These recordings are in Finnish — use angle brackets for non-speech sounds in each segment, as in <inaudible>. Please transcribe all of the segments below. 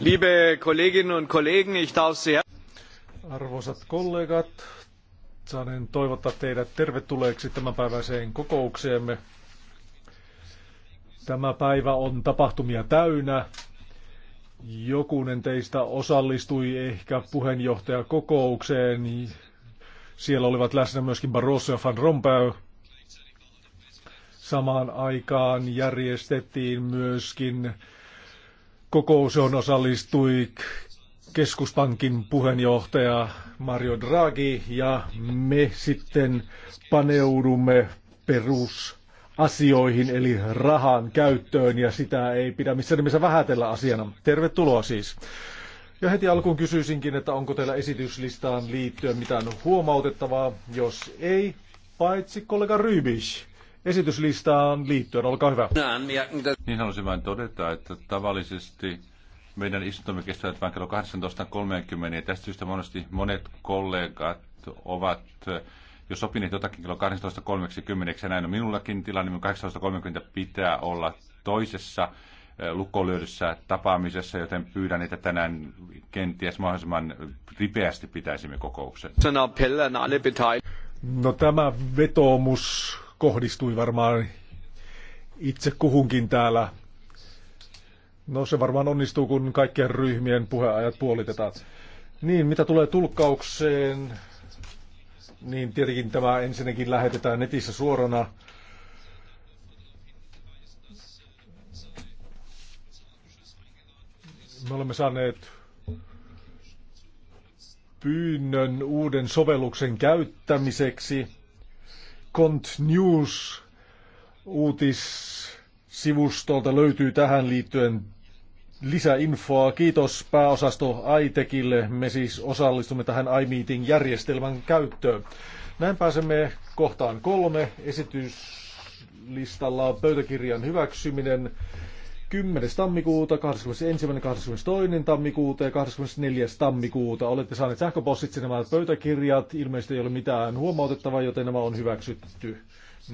Liebe Kolleginnen und Kollegen, ich darf Sie Arvoisat kollegat, saanen toivottaa teidät tervetulleeksi tämänpäiväiseen kokoukseemme. Tämä päivä on tapahtumia täynnä. Jokunen teistä osallistui ehkä puheenjohtajakokoukseen. Siellä olivat läsnä myöskin Barroso ja Van Rompuy, Samaan aikaan järjestettiin myöskin kokous, johon osallistui keskuspankin puheenjohtaja Mario Draghi ja me sitten paneudumme perusasioihin eli rahan käyttöön ja sitä ei pidä missään nimessä vähätellä asiana. Tervetuloa siis. Ja heti alkuun kysyisinkin, että onko teillä esityslistaan liittyen mitään huomautettavaa. Jos ei, paitsi kollega Rybisch esityslistaan liittyen. Olkaa hyvä. Niin halusin vain todeta, että tavallisesti meidän istuntomme kestävät vain kello 18.30 ja tästä syystä monesti monet kollegat ovat jo sopineet jotakin kello 18.30 ja näin on minullakin tilanne, niin 18.30 pitää olla toisessa eh, lukolyödyssä tapaamisessa, joten pyydän, että tänään kenties mahdollisimman ripeästi pitäisimme kokouksen. No tämä vetoomus kohdistui varmaan itse kuhunkin täällä. No se varmaan onnistuu, kun kaikkien ryhmien puheajat puolitetaan. Niin, mitä tulee tulkkaukseen, niin tietenkin tämä ensinnäkin lähetetään netissä suorana. Me olemme saaneet pyynnön uuden sovelluksen käyttämiseksi. Cont News uutissivustolta löytyy tähän liittyen lisäinfoa. Kiitos pääosasto Aitekille. Me siis osallistumme tähän iMeeting järjestelmän käyttöön. Näin pääsemme kohtaan kolme. Esityslistalla on pöytäkirjan hyväksyminen. 10. tammikuuta, 21. 22. tammikuuta ja 24. tammikuuta. Olette saaneet sähköpostitse nämä pöytäkirjat. Ilmeisesti ei ole mitään huomautettavaa, joten nämä on hyväksytty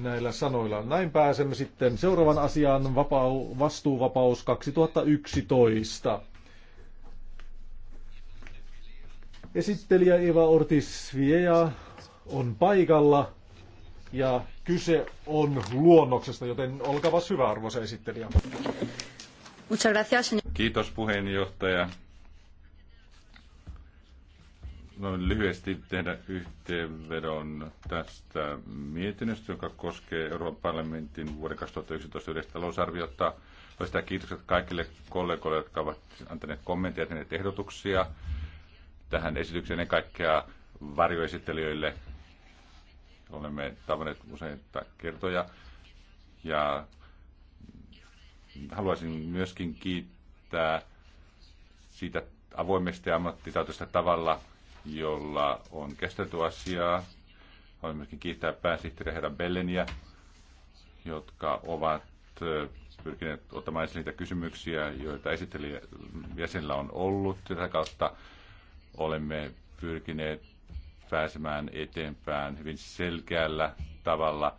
näillä sanoilla. Näin pääsemme sitten seuraavan asiaan, vapau- vastuuvapaus 2011. Esittelijä Eva ortiz on paikalla ja kyse on luonnoksesta, joten olkaa hyvä arvoisa esittelijä. Kiitos puheenjohtaja. Voin no, lyhyesti tehdä yhteenvedon tästä mietinnöstä, joka koskee Euroopan parlamentin vuoden 2011 yleistä talousarviota. Sitä kiitokset kaikille kollegoille, jotka ovat antaneet kommentteja ja ehdotuksia tähän esitykseen ennen kaikkea varjoesittelijöille. Olemme tavanneet useita kertoja ja haluaisin myöskin kiittää siitä avoimesta ja ammattitaitoista tavalla, jolla on käsitelty asiaa. Haluaisin myöskin kiittää pääsihteeri herra Belleniä, jotka ovat pyrkineet ottamaan esille niitä kysymyksiä, joita esittelijä jäsenillä on ollut. Tätä kautta olemme pyrkineet pääsemään eteenpäin hyvin selkeällä tavalla.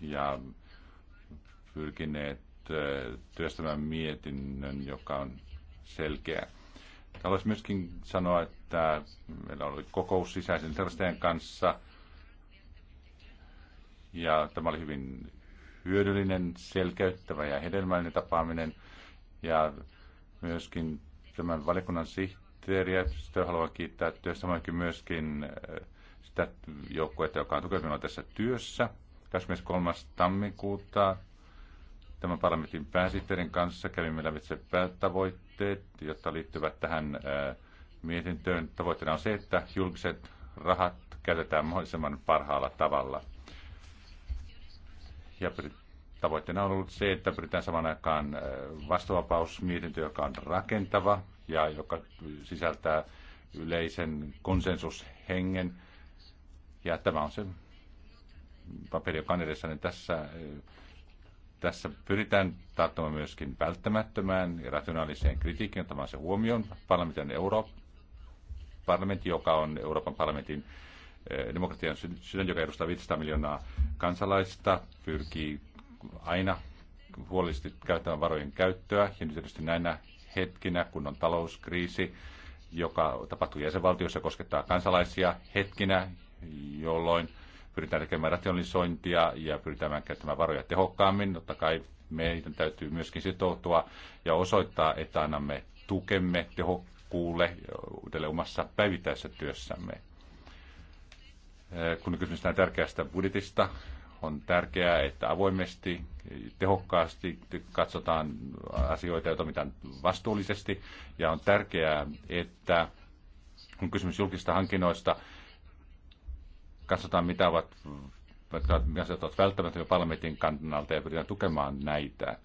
Ja pyrkineet työstämään mietinnön, joka on selkeä. Haluaisin myöskin sanoa, että meillä oli kokous sisäisen selvittäjän kanssa, ja tämä oli hyvin hyödyllinen, selkeyttävä ja hedelmällinen tapaaminen. Ja myöskin tämän valiokunnan sihteeriä haluan kiittää työstä, samoinkin myöskin sitä joukkuetta, joka on tukenut tässä työssä. 23. tammikuuta tämän parlamentin pääsihteerin kanssa. Kävimme lävitse päätavoitteet, jotka liittyvät tähän mietintöön. Tavoitteena on se, että julkiset rahat käytetään mahdollisimman parhaalla tavalla. Ja tavoitteena on ollut se, että pyritään saman aikaan vastuvapausmietintö, joka on rakentava ja joka sisältää yleisen konsensushengen. Ja tämä on se paperi, joka on niin tässä tässä pyritään tarttumaan myöskin välttämättömään ja rationaaliseen kritiikkiin, ottamaan se huomioon. Parlamentin Euro, parlamentti, joka on Euroopan parlamentin eh, demokratian sydän, joka edustaa 500 miljoonaa kansalaista, pyrkii aina huolellisesti käyttämään varojen käyttöä. Ja nyt tietysti näinä hetkinä, kun on talouskriisi, joka tapahtuu jäsenvaltiossa koskettaa kansalaisia hetkinä, jolloin – pyritään tekemään rationalisointia ja pyritään käyttämään varoja tehokkaammin. Totta kai meidän täytyy myöskin sitoutua ja osoittaa, että annamme tukemme tehokkuulle uudelle omassa päivittäisessä työssämme. Kun kysymys on tärkeästä budjetista, on tärkeää, että avoimesti, tehokkaasti katsotaan asioita ja toimitaan vastuullisesti. Ja on tärkeää, että kun kysymys julkisista hankinnoista, katsotaan, mitä ovat asiat ovat välttämättömiä parlamentin kannalta ja pyritään tukemaan näitä.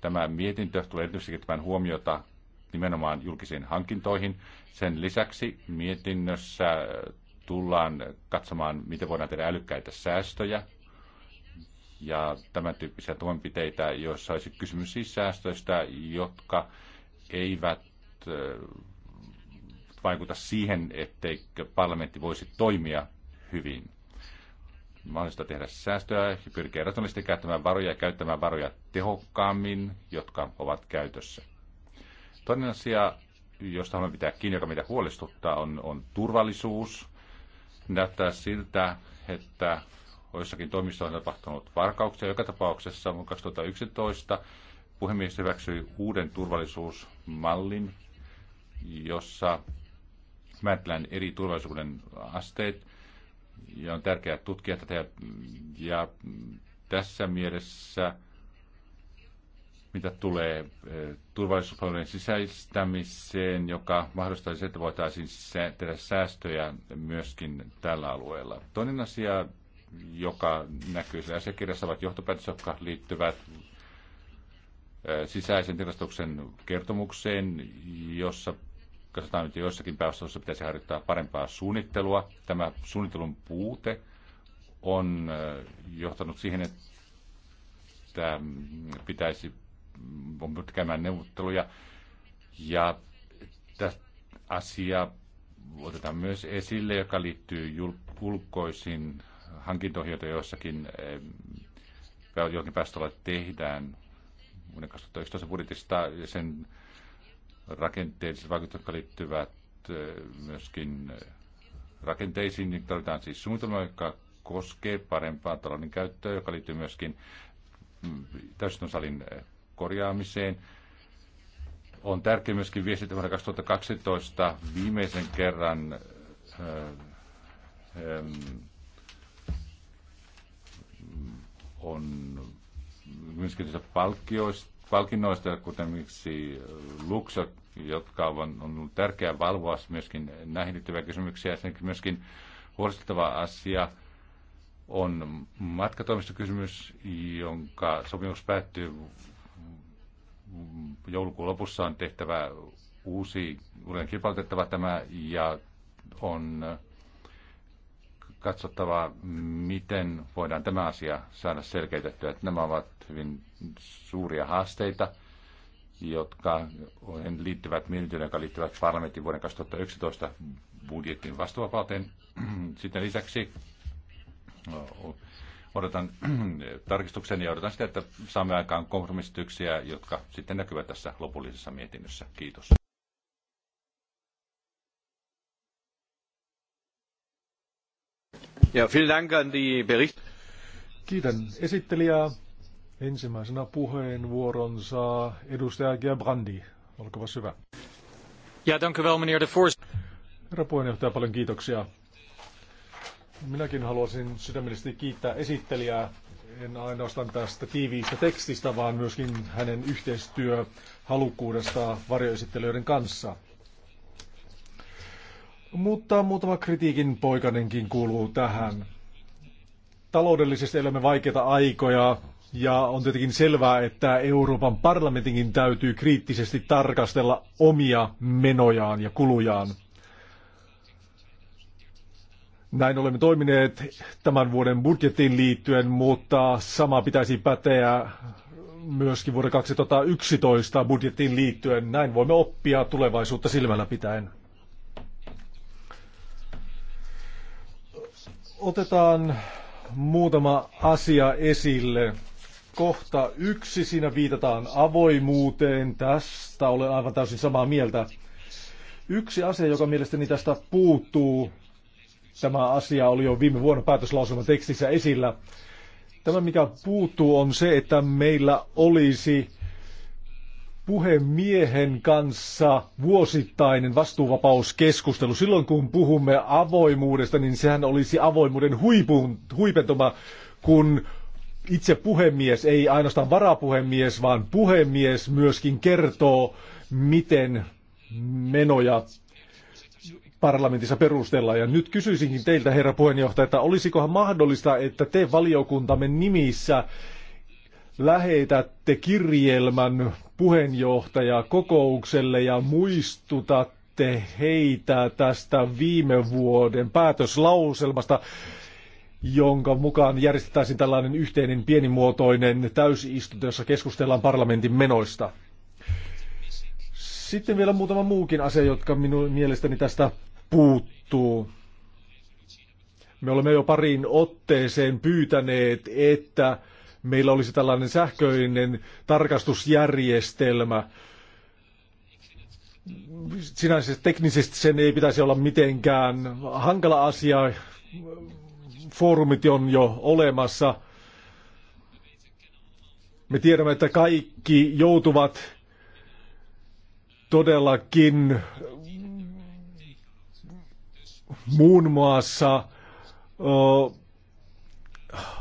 Tämä mietintö tulee erityisesti kiinnittämään huomiota nimenomaan julkisiin hankintoihin. Sen lisäksi mietinnössä tullaan katsomaan, miten voidaan tehdä älykkäitä säästöjä ja tämän tyyppisiä toimenpiteitä, joissa olisi kysymys siis säästöistä, jotka eivät äh, vaikuta siihen, etteikö parlamentti voisi toimia hyvin. Mahdollista tehdä säästöä pyrkiä rationaalisesti käyttämään varoja ja käyttämään varoja tehokkaammin, jotka ovat käytössä. Toinen asia, josta haluan pitää kiinni, joka mitä huolestuttaa, on, on turvallisuus. Näyttää siltä, että joissakin toimissa on tapahtunut varkauksia. Joka tapauksessa vuonna 2011 puhemies hyväksyi uuden turvallisuusmallin, jossa määritellään eri turvallisuuden asteet ja on tärkeää tutkia tätä. Ja, ja tässä mielessä, mitä tulee eh, turvallisuuspalvelujen sisäistämiseen, joka mahdollistaisi, että voitaisiin tehdä säästöjä myöskin tällä alueella. Toinen asia, joka näkyy siellä asiakirjassa, ovat johtopäätökset, jotka liittyvät eh, sisäisen tilastuksen kertomukseen, jossa katsotaan nyt joissakin pääosassa pitäisi harjoittaa parempaa suunnittelua. Tämä suunnittelun puute on äh, johtanut siihen, että mm, pitäisi mm, käymään neuvotteluja. Ja tästä asiaa otetaan myös esille, joka liittyy ulkoisiin hankintoihin, joita joissakin äh, jokin päästöllä tehdään vuoden 2011 budjetista ja sen rakenteelliset siis vaikutukset, jotka liittyvät myöskin rakenteisiin, niin tarvitaan siis suunnitelma, joka koskee parempaa talouden käyttöä, joka liittyy myöskin mm, salin korjaamiseen. On tärkeää myöskin viestiä vuonna 2012 viimeisen kerran äh, on myöskin palkkioista palkinnoista, kuten miksi äh, Luxa, jotka on, on ollut tärkeää valvoa myöskin näihin liittyviä kysymyksiä. Sen myöskin huolestuttava asia on matkatoimistokysymys, jonka sopimus päättyy joulukuun lopussa on tehtävä uusi, uuden kilpailutettava tämä ja on katsottava, miten voidaan tämä asia saada selkeytettyä. Että nämä ovat hyvin suuria haasteita, jotka liittyvät mietintöön, joka liittyvät parlamentin vuoden 2011 budjettiin vastuvapauteen. <clears throat> Sitten lisäksi odotan <clears throat> tarkistuksen ja odotan sitä, että saamme aikaan kompromissityksiä, jotka sitten näkyvät tässä lopullisessa mietinnössä. Kiitos. Ja vielen Dank an die Bericht. Kiitän esittelijää Ensimmäisenä puheenvuoron saa edustaja Gebrandi. Olkaa hyvä. Ja, dank u wel, meneer de voorzitter. Herra puheenjohtaja, paljon kiitoksia. Minäkin haluaisin sydämellisesti kiittää esittelijää, en ainoastaan tästä tiiviistä tekstistä, vaan myöskin hänen yhteistyöhalukkuudesta varjoesittelijöiden kanssa. Mutta muutama kritiikin poikanenkin kuuluu tähän. Taloudellisesti elämme vaikeita aikoja, ja on tietenkin selvää, että Euroopan parlamentinkin täytyy kriittisesti tarkastella omia menojaan ja kulujaan. Näin olemme toimineet tämän vuoden budjettiin liittyen, mutta sama pitäisi päteä myöskin vuoden 2011 budjettiin liittyen. Näin voimme oppia tulevaisuutta silmällä pitäen. Otetaan muutama asia esille kohta yksi, siinä viitataan avoimuuteen. Tästä olen aivan täysin samaa mieltä. Yksi asia, joka mielestäni tästä puuttuu, tämä asia oli jo viime vuonna päätöslausuman tekstissä esillä. Tämä, mikä puuttuu, on se, että meillä olisi puhemiehen kanssa vuosittainen vastuuvapauskeskustelu. Silloin kun puhumme avoimuudesta, niin sehän olisi avoimuuden huipun, huipentuma, kun itse puhemies, ei ainoastaan varapuhemies, vaan puhemies myöskin kertoo, miten menoja parlamentissa perustellaan. Ja nyt kysyisinkin teiltä, herra puheenjohtaja, että olisikohan mahdollista, että te valiokuntamme nimissä lähetätte kirjelmän puheenjohtaja kokoukselle ja muistutatte heitä tästä viime vuoden päätöslauselmasta jonka mukaan järjestettäisiin tällainen yhteinen pienimuotoinen täysistunto, jossa keskustellaan parlamentin menoista. Sitten vielä muutama muukin asia, jotka minun mielestäni tästä puuttuu. Me olemme jo pariin otteeseen pyytäneet, että meillä olisi tällainen sähköinen tarkastusjärjestelmä. Sinänsä teknisesti sen ei pitäisi olla mitenkään hankala asia foorumit on jo olemassa. Me tiedämme, että kaikki joutuvat todellakin muun muassa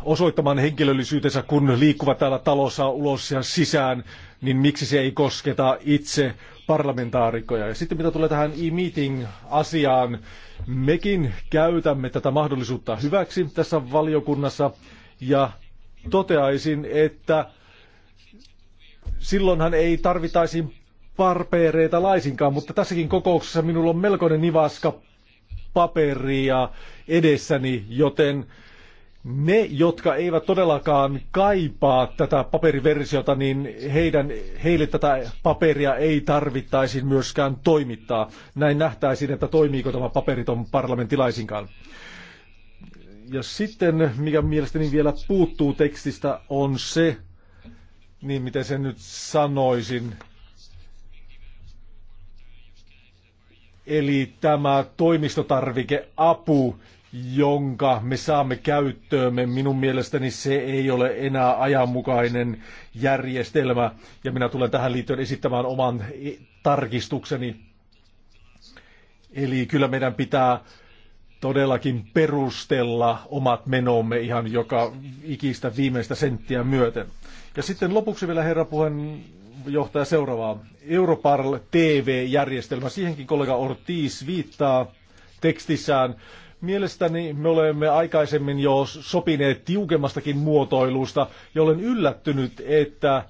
osoittamaan henkilöllisyytensä, kun liikkuvat täällä talossa ulos ja sisään, niin miksi se ei kosketa itse parlamentaarikkoja. Ja sitten mitä tulee tähän e-meeting-asiaan, mekin käytämme tätä mahdollisuutta hyväksi tässä valiokunnassa ja toteaisin, että silloinhan ei tarvitaisi parpeereita laisinkaan, mutta tässäkin kokouksessa minulla on melkoinen nivaska paperia edessäni, joten ne, jotka eivät todellakaan kaipaa tätä paperiversiota, niin heidän, heille tätä paperia ei tarvittaisi myöskään toimittaa. Näin nähtäisiin, että toimiiko tämä paperiton parlamentti parlamentilaisinkaan. Ja sitten, mikä mielestäni vielä puuttuu tekstistä, on se, niin miten sen nyt sanoisin, eli tämä toimistotarvikeapu, apu jonka me saamme käyttöömme. Minun mielestäni se ei ole enää ajanmukainen järjestelmä ja minä tulen tähän liittyen esittämään oman tarkistukseni. Eli kyllä meidän pitää todellakin perustella omat menomme ihan joka ikistä viimeistä senttiä myöten. Ja sitten lopuksi vielä herra puheenjohtaja seuraavaa. Europarl TV-järjestelmä, siihenkin kollega Ortiz viittaa tekstissään. Mielestäni me olemme aikaisemmin jo sopineet tiukemmastakin muotoilusta, ja olen yllättynyt, että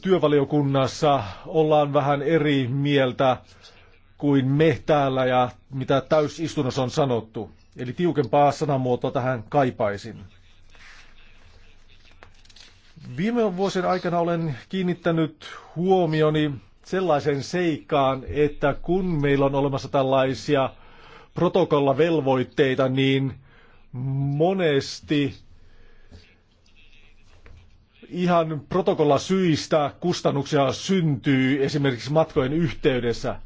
työvaliokunnassa ollaan vähän eri mieltä kuin me täällä ja mitä täysistunnossa on sanottu. Eli tiukempaa sanamuotoa tähän kaipaisin. Viime vuosien aikana olen kiinnittänyt huomioni sellaisen seikkaan, että kun meillä on olemassa tällaisia protokollavelvoitteita, niin monesti ihan protokollasyistä kustannuksia syntyy esimerkiksi matkojen yhteydessä.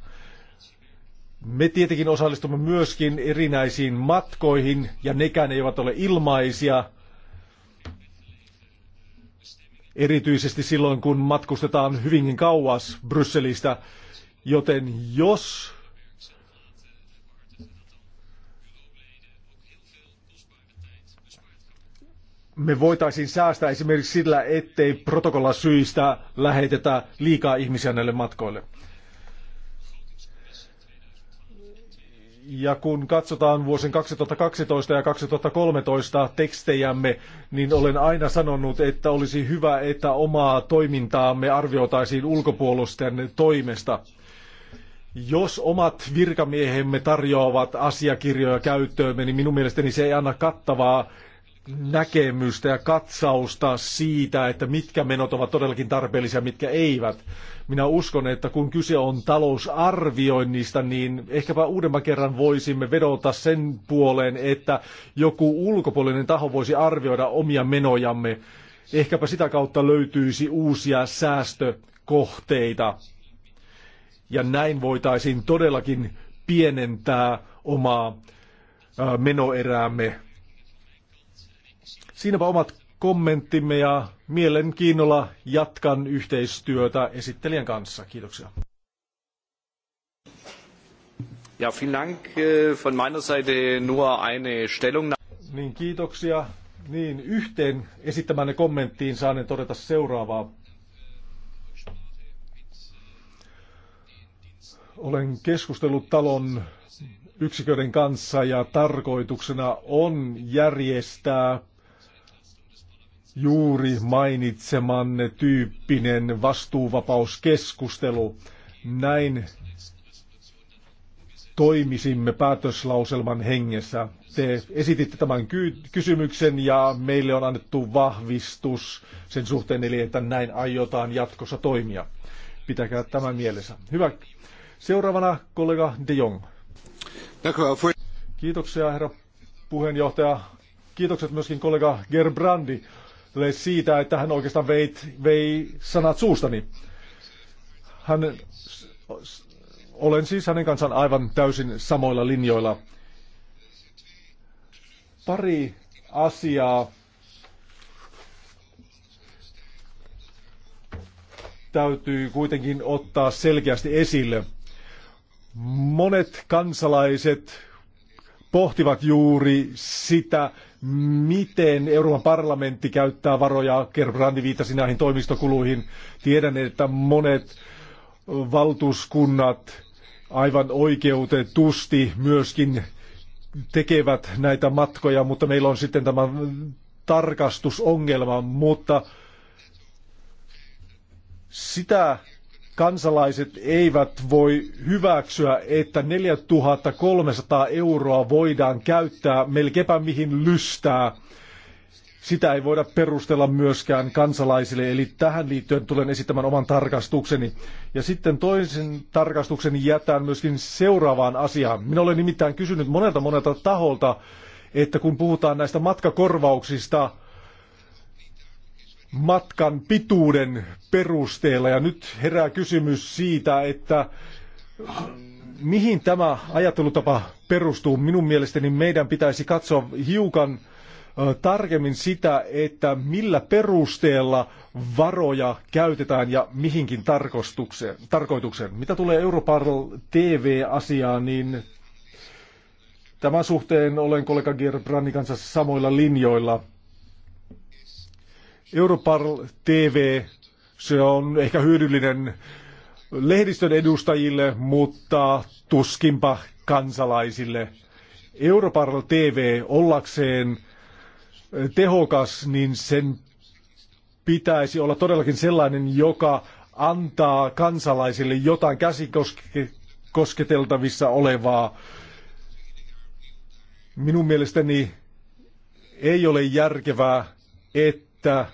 Me tietenkin osallistumme myöskin erinäisiin matkoihin ja nekään eivät ole ilmaisia. Erityisesti silloin, kun matkustetaan hyvinkin kauas Brysselistä. Joten jos me voitaisiin säästää esimerkiksi sillä, ettei protokolla syistä lähetetä liikaa ihmisiä näille matkoille. Ja kun katsotaan vuosien 2012 ja 2013 tekstejämme, niin olen aina sanonut, että olisi hyvä, että omaa toimintaamme arvioitaisiin ulkopuolusten toimesta. Jos omat virkamiehemme tarjoavat asiakirjoja käyttöömme, niin minun mielestäni se ei anna kattavaa näkemystä ja katsausta siitä, että mitkä menot ovat todellakin tarpeellisia, mitkä eivät. Minä uskon, että kun kyse on talousarvioinnista, niin ehkäpä uudemman kerran voisimme vedota sen puoleen, että joku ulkopuolinen taho voisi arvioida omia menojamme. Ehkäpä sitä kautta löytyisi uusia säästökohteita. Ja näin voitaisiin todellakin pienentää omaa menoeräämme Siinäpä omat kommenttimme ja mielenkiinnolla jatkan yhteistyötä esittelijän kanssa. Kiitoksia. Ja, vielen Dank äh, von meiner Seite nur eine Stellungnahme. Niin, kiitoksia. Niin, yhteen esittämänne kommenttiin saanen todeta seuraavaa. Olen keskustellut talon yksiköiden kanssa ja tarkoituksena on järjestää juuri mainitsemanne tyyppinen vastuuvapauskeskustelu. Näin toimisimme päätöslauselman hengessä. Te esititte tämän ky- kysymyksen ja meille on annettu vahvistus sen suhteen, eli että näin aiotaan jatkossa toimia. Pitäkää tämä mielessä. Hyvä. Seuraavana kollega De Jong. Kiitoksia herra puheenjohtaja. Kiitokset myöskin kollega Gerbrandi siitä, että hän oikeastaan vei, vei sanat suustani. Hän, olen siis hänen kanssaan aivan täysin samoilla linjoilla. Pari asiaa täytyy kuitenkin ottaa selkeästi esille. Monet kansalaiset pohtivat juuri sitä, miten Euroopan parlamentti käyttää varoja. Kerbrandi viittasi näihin toimistokuluihin. Tiedän, että monet valtuuskunnat aivan oikeutetusti myöskin tekevät näitä matkoja, mutta meillä on sitten tämä tarkastusongelma, mutta sitä kansalaiset eivät voi hyväksyä, että 4300 euroa voidaan käyttää melkeinpä mihin lystää. Sitä ei voida perustella myöskään kansalaisille, eli tähän liittyen tulen esittämään oman tarkastukseni. Ja sitten toisen tarkastukseni jätän myöskin seuraavaan asiaan. Minä olen nimittäin kysynyt monelta monelta taholta, että kun puhutaan näistä matkakorvauksista, matkan pituuden perusteella. Ja nyt herää kysymys siitä, että mihin tämä ajattelutapa perustuu. Minun mielestäni meidän pitäisi katsoa hiukan tarkemmin sitä, että millä perusteella varoja käytetään ja mihinkin tarkoitukseen. Mitä tulee Europarl TV-asiaan, niin tämän suhteen olen kollega Gerbrandin kanssa samoilla linjoilla – Europarl TV, se on ehkä hyödyllinen lehdistön edustajille, mutta tuskinpa kansalaisille. Europarl TV ollakseen tehokas, niin sen pitäisi olla todellakin sellainen, joka antaa kansalaisille jotain käsikosketeltavissa olevaa. Minun mielestäni ei ole järkevää, että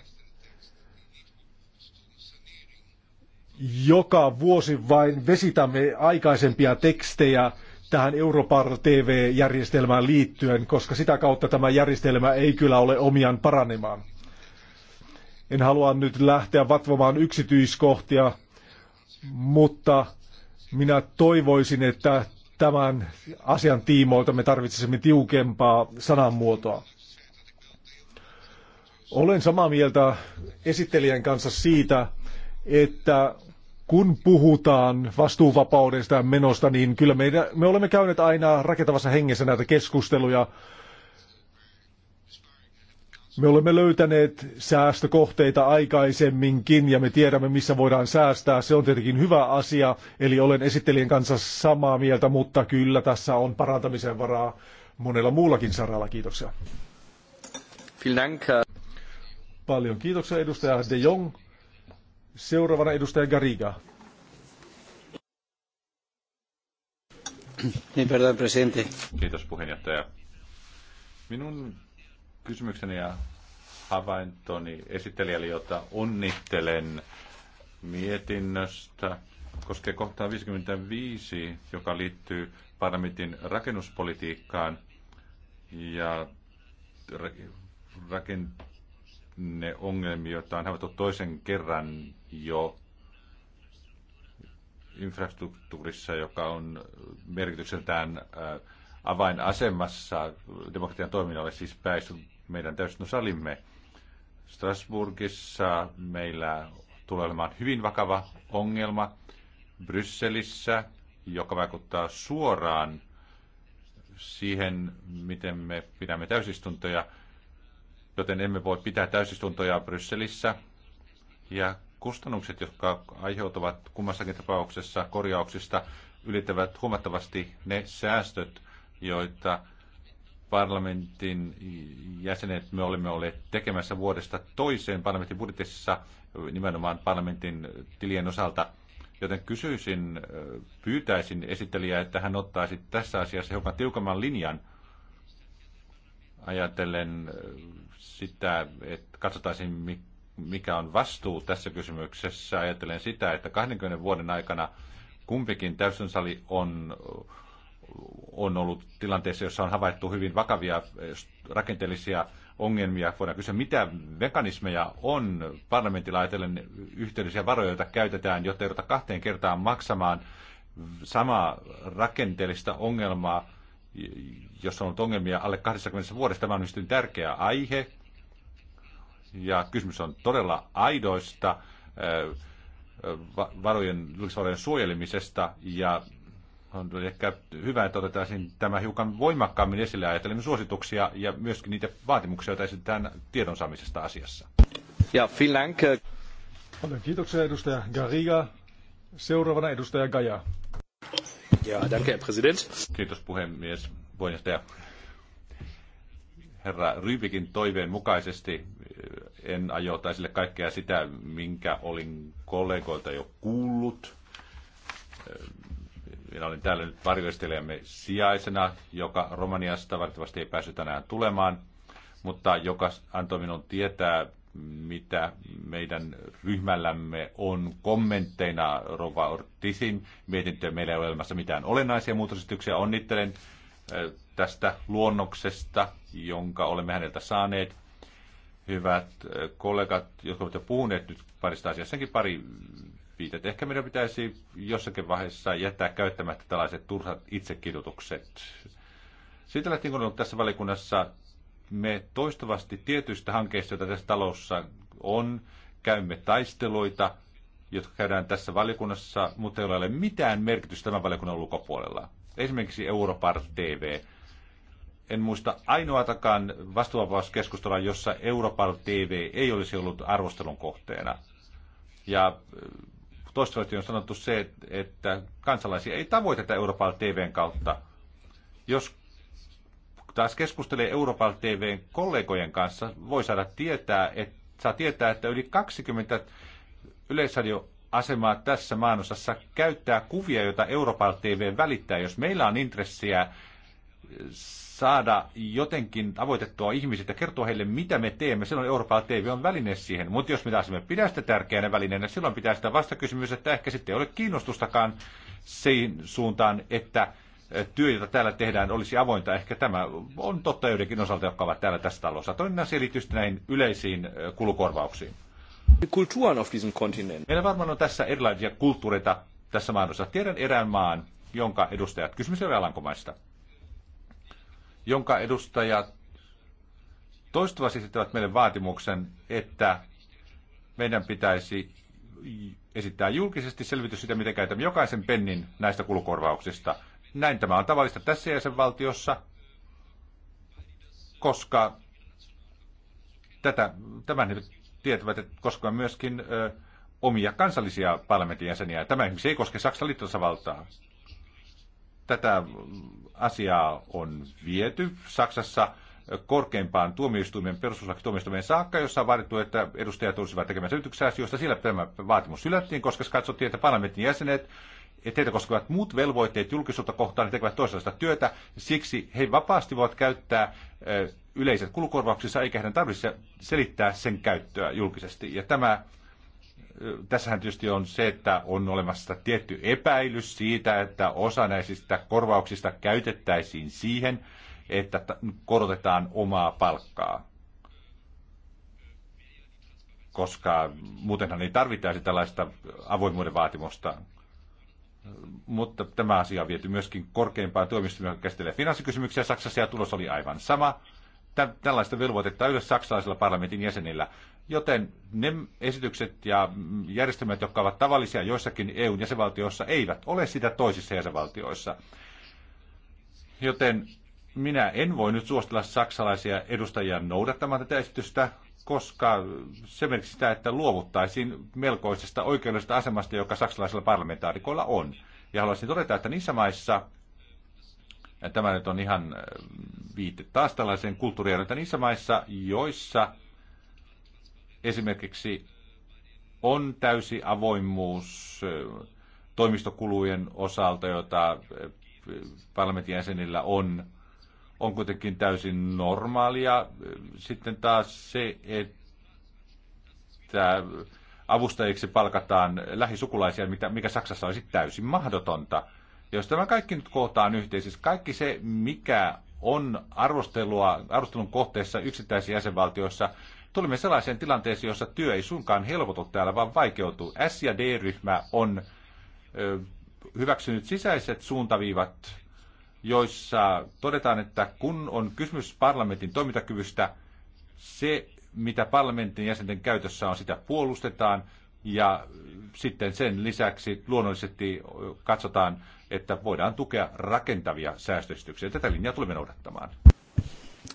joka vuosi vain vesitämme aikaisempia tekstejä tähän Europar TV-järjestelmään liittyen, koska sitä kautta tämä järjestelmä ei kyllä ole omiaan paranemaan. En halua nyt lähteä vatvomaan yksityiskohtia, mutta minä toivoisin, että tämän asian tiimoilta me tarvitsisimme tiukempaa sananmuotoa. Olen samaa mieltä esittelijän kanssa siitä, että kun puhutaan vastuuvapaudesta ja menosta, niin kyllä meidän, me olemme käyneet aina rakentavassa hengessä näitä keskusteluja. Me olemme löytäneet säästökohteita aikaisemminkin ja me tiedämme, missä voidaan säästää. Se on tietenkin hyvä asia, eli olen esittelijän kanssa samaa mieltä, mutta kyllä tässä on parantamisen varaa monella muullakin saralla. Kiitoksia. Äh. Paljon kiitoksia edustaja De Jong. Seuraavana edustaja Gariga. Niin, Kiitos puheenjohtaja. Minun kysymykseni ja havaintoni esittelijälle, jota onnittelen mietinnöstä, koskee kohtaa 55, joka liittyy parlamentin rakennuspolitiikkaan ja rakentamiseen ne ongelmia, joita on havaittu toisen kerran jo infrastruktuurissa, joka on merkitykseltään äh, avainasemassa demokratian toiminnalle, siis päässyt meidän täysistuntosalimme. Strasbourgissa meillä tulee olemaan hyvin vakava ongelma Brysselissä, joka vaikuttaa suoraan siihen, miten me pidämme täysistuntoja – joten emme voi pitää täysistuntoja Brysselissä. Ja kustannukset, jotka aiheutuvat kummassakin tapauksessa korjauksista, ylittävät huomattavasti ne säästöt, joita parlamentin jäsenet me olemme olleet tekemässä vuodesta toiseen parlamentin budjetissa nimenomaan parlamentin tilien osalta. Joten kysyisin, pyytäisin esittelijää, että hän ottaisi tässä asiassa hiukan tiukamman linjan – ajatellen äh, sitä, että katsotaan mikä on vastuu tässä kysymyksessä, ajatellen sitä, että 20 vuoden aikana kumpikin täysinsali on, on ollut tilanteessa, jossa on havaittu hyvin vakavia äh, rakenteellisia ongelmia. Voidaan kysyä, mitä mekanismeja on parlamentilla ajatellen yhteydessä varoja, joita käytetään, jotta ei kahteen kertaan maksamaan samaa rakenteellista ongelmaa, jossa on ollut ongelmia alle 20 vuodessa. Tämä on hyvin tärkeä aihe ja kysymys on todella aidoista varojen, julkisvarojen suojelemisesta ja on ehkä hyvä, että otetaan tämä hiukan voimakkaammin esille ajatellen suosituksia ja myöskin niitä vaatimuksia, joita esitetään tiedon saamisesta asiassa. Ja Finlank. Paljon kiitoksia edustaja Gariga. Seuraavana edustaja Gaja. Ja, danke, Kiitos puhemies, puheenjohtaja. Herra Rybikin toiveen mukaisesti eh, en aio sille kaikkea sitä, minkä olin kollegoilta jo kuullut. Eh, minä olin täällä nyt varjoistelijamme sijaisena, joka Romaniasta valitettavasti ei päässyt tänään tulemaan, mutta joka antoi minun tietää mitä meidän ryhmällämme on kommentteina Rova Ortisin mietintöön. Meillä ei ole olemassa mitään olennaisia muutosesityksiä. Onnittelen tästä luonnoksesta, jonka olemme häneltä saaneet. Hyvät kollegat, jotka ovat jo puhuneet nyt parista asiassakin pari viitet. Ehkä meidän pitäisi jossakin vaiheessa jättää käyttämättä tällaiset turhat itsekirjoitukset. Siitä lähtien, kun on ollut tässä valikunnassa me toistuvasti tietyistä hankkeista, joita tässä talossa on, käymme taisteluita, jotka käydään tässä valiokunnassa, mutta ei ole mitään merkitystä tämän valiokunnan ulkopuolella. Esimerkiksi Europar TV. En muista ainoatakaan vastuuvapauskeskustelua, jossa Europar TV ei olisi ollut arvostelun kohteena. Ja äh, toistuvasti on sanottu se, että kansalaisia ei tavoiteta Europar TVn kautta. Jos taas keskustelee Euroopan TVn kollegojen kanssa, voi saada tietää, että, saa tietää, että yli 20 yleisradio asemaa tässä maanosassa käyttää kuvia, joita Euroopan TV välittää. Jos meillä on intressiä eh, saada jotenkin avoitettua ihmisiä ja kertoa heille, mitä me teemme, silloin Euroopan TV on väline siihen. Mutta jos me taas me pidä sitä tärkeänä välineenä, silloin pitää sitä vastakysymys, että ehkä sitten ei ole kiinnostustakaan siihen suuntaan, että työ, jota täällä tehdään, olisi avointa. Ehkä tämä on totta joidenkin osalta, jotka ovat täällä tässä talossa. Toinen asia liittyy näihin yleisiin kulukorvauksiin. Meillä varmaan on tässä erilaisia kulttuureita tässä maailmassa. Tiedän erään maan, jonka edustajat, kysymys ei Alankomaista, jonka edustajat toistuvasti esittävät meille vaatimuksen, että meidän pitäisi esittää julkisesti selvitys siitä, miten käytämme jokaisen pennin näistä kulukorvauksista. Näin tämä on tavallista tässä jäsenvaltiossa, koska tätä, tämän he tietävät, että koska myöskin ö, omia kansallisia parlamentin jäseniä. Tämä esimerkiksi ei koske Saksan liittosavaltaa. Tätä asiaa on viety Saksassa korkeimpaan tuomioistuimen, perustuslakituomioistuimen saakka, jossa on vaadittu, että edustajat olisivat tekemässä yrityksiä asioista. Siellä tämä vaatimus hylättiin, koska katsottiin, että parlamentin jäsenet teitä koskevat muut velvoitteet julkisuutta kohtaan, he tekevät toisenlaista työtä. Siksi he vapaasti voivat käyttää eh, yleiset kulukorvauksissa, eikä heidän tarvitse selittää sen käyttöä julkisesti. Ja tämä, eh, tässähän tietysti on se, että on olemassa tietty epäilys siitä, että osa näistä korvauksista käytettäisiin siihen, että korotetaan omaa palkkaa koska muutenhan ei tarvittaisi tällaista avoimuuden vaatimusta mutta tämä asia on viety myöskin korkeimpaan tuomioistuimeen, joka käsittelee finanssikysymyksiä Saksassa, ja tulos oli aivan sama. Tällaista velvoitetta ei ole saksalaisilla parlamentin jäsenillä. Joten ne esitykset ja järjestelmät, jotka ovat tavallisia joissakin eu jäsenvaltioissa, eivät ole sitä toisissa jäsenvaltioissa. Joten minä en voi nyt suostella saksalaisia edustajia noudattamaan tätä esitystä, koska se merkitsi sitä, että luovuttaisiin melkoisesta oikeudellisesta asemasta, joka saksalaisilla parlamentaarikoilla on. Ja haluaisin todeta, että niissä maissa, ja tämä nyt on ihan äh, viite taas tällaiseen kulttuuriin, että niissä maissa, joissa esimerkiksi on täysi avoimuus äh, toimistokulujen osalta, jota äh, parlamentin jäsenillä on, on kuitenkin täysin normaalia. Sitten taas se, että avustajiksi palkataan lähisukulaisia, mikä Saksassa olisi täysin mahdotonta. Jos tämä kaikki nyt kootaan yhteen, siis kaikki se, mikä on arvostelua, arvostelun kohteessa yksittäisissä jäsenvaltioissa, tulimme sellaiseen tilanteeseen, jossa työ ei suinkaan helpotu täällä, vaan vaikeutuu. S- ja D-ryhmä on ö, hyväksynyt sisäiset suuntaviivat joissa todetaan, että kun on kysymys parlamentin toimintakyvystä, se, mitä parlamentin jäsenten käytössä on, sitä puolustetaan. Ja sitten sen lisäksi luonnollisesti katsotaan, että voidaan tukea rakentavia säästöstyksiä. Tätä linjaa tulemme noudattamaan.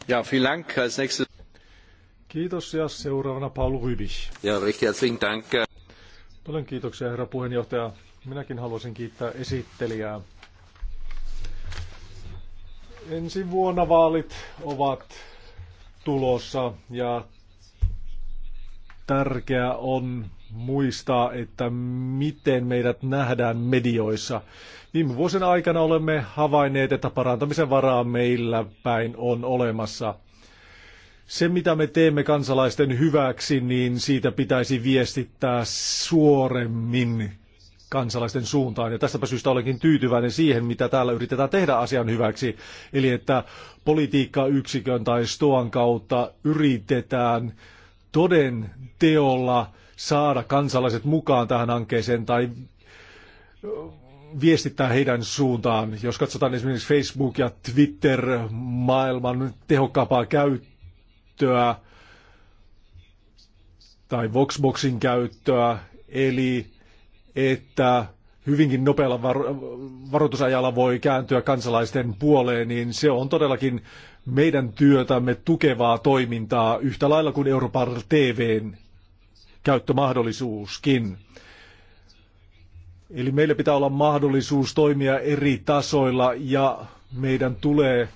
Ja, vielen Dank. Als nächstes... Kiitos ja seuraavana Paul Rybich. Ja, recht herzlichen Dank. Paljon kiitoksia herra puheenjohtaja. Minäkin haluaisin kiittää esittelijää Ensi vuonna vaalit ovat tulossa ja tärkeää on muistaa, että miten meidät nähdään medioissa. Viime vuosien aikana olemme havainneet, että parantamisen varaa meillä päin on olemassa. Se, mitä me teemme kansalaisten hyväksi, niin siitä pitäisi viestittää suoremmin kansalaisten suuntaan. Ja tästäpä syystä olenkin tyytyväinen siihen, mitä täällä yritetään tehdä asian hyväksi. Eli että politiikkayksikön tai STOAN kautta yritetään toden teolla saada kansalaiset mukaan tähän hankkeeseen tai viestittää heidän suuntaan. Jos katsotaan esimerkiksi Facebook ja Twitter maailman tehokkaampaa käyttöä tai Voxboxin käyttöä, eli että hyvinkin nopealla var- varoitusajalla voi kääntyä kansalaisten puoleen, niin se on todellakin meidän työtämme tukevaa toimintaa yhtä lailla kuin Euroopan TVn käyttömahdollisuuskin. Eli meillä pitää olla mahdollisuus toimia eri tasoilla ja meidän tulee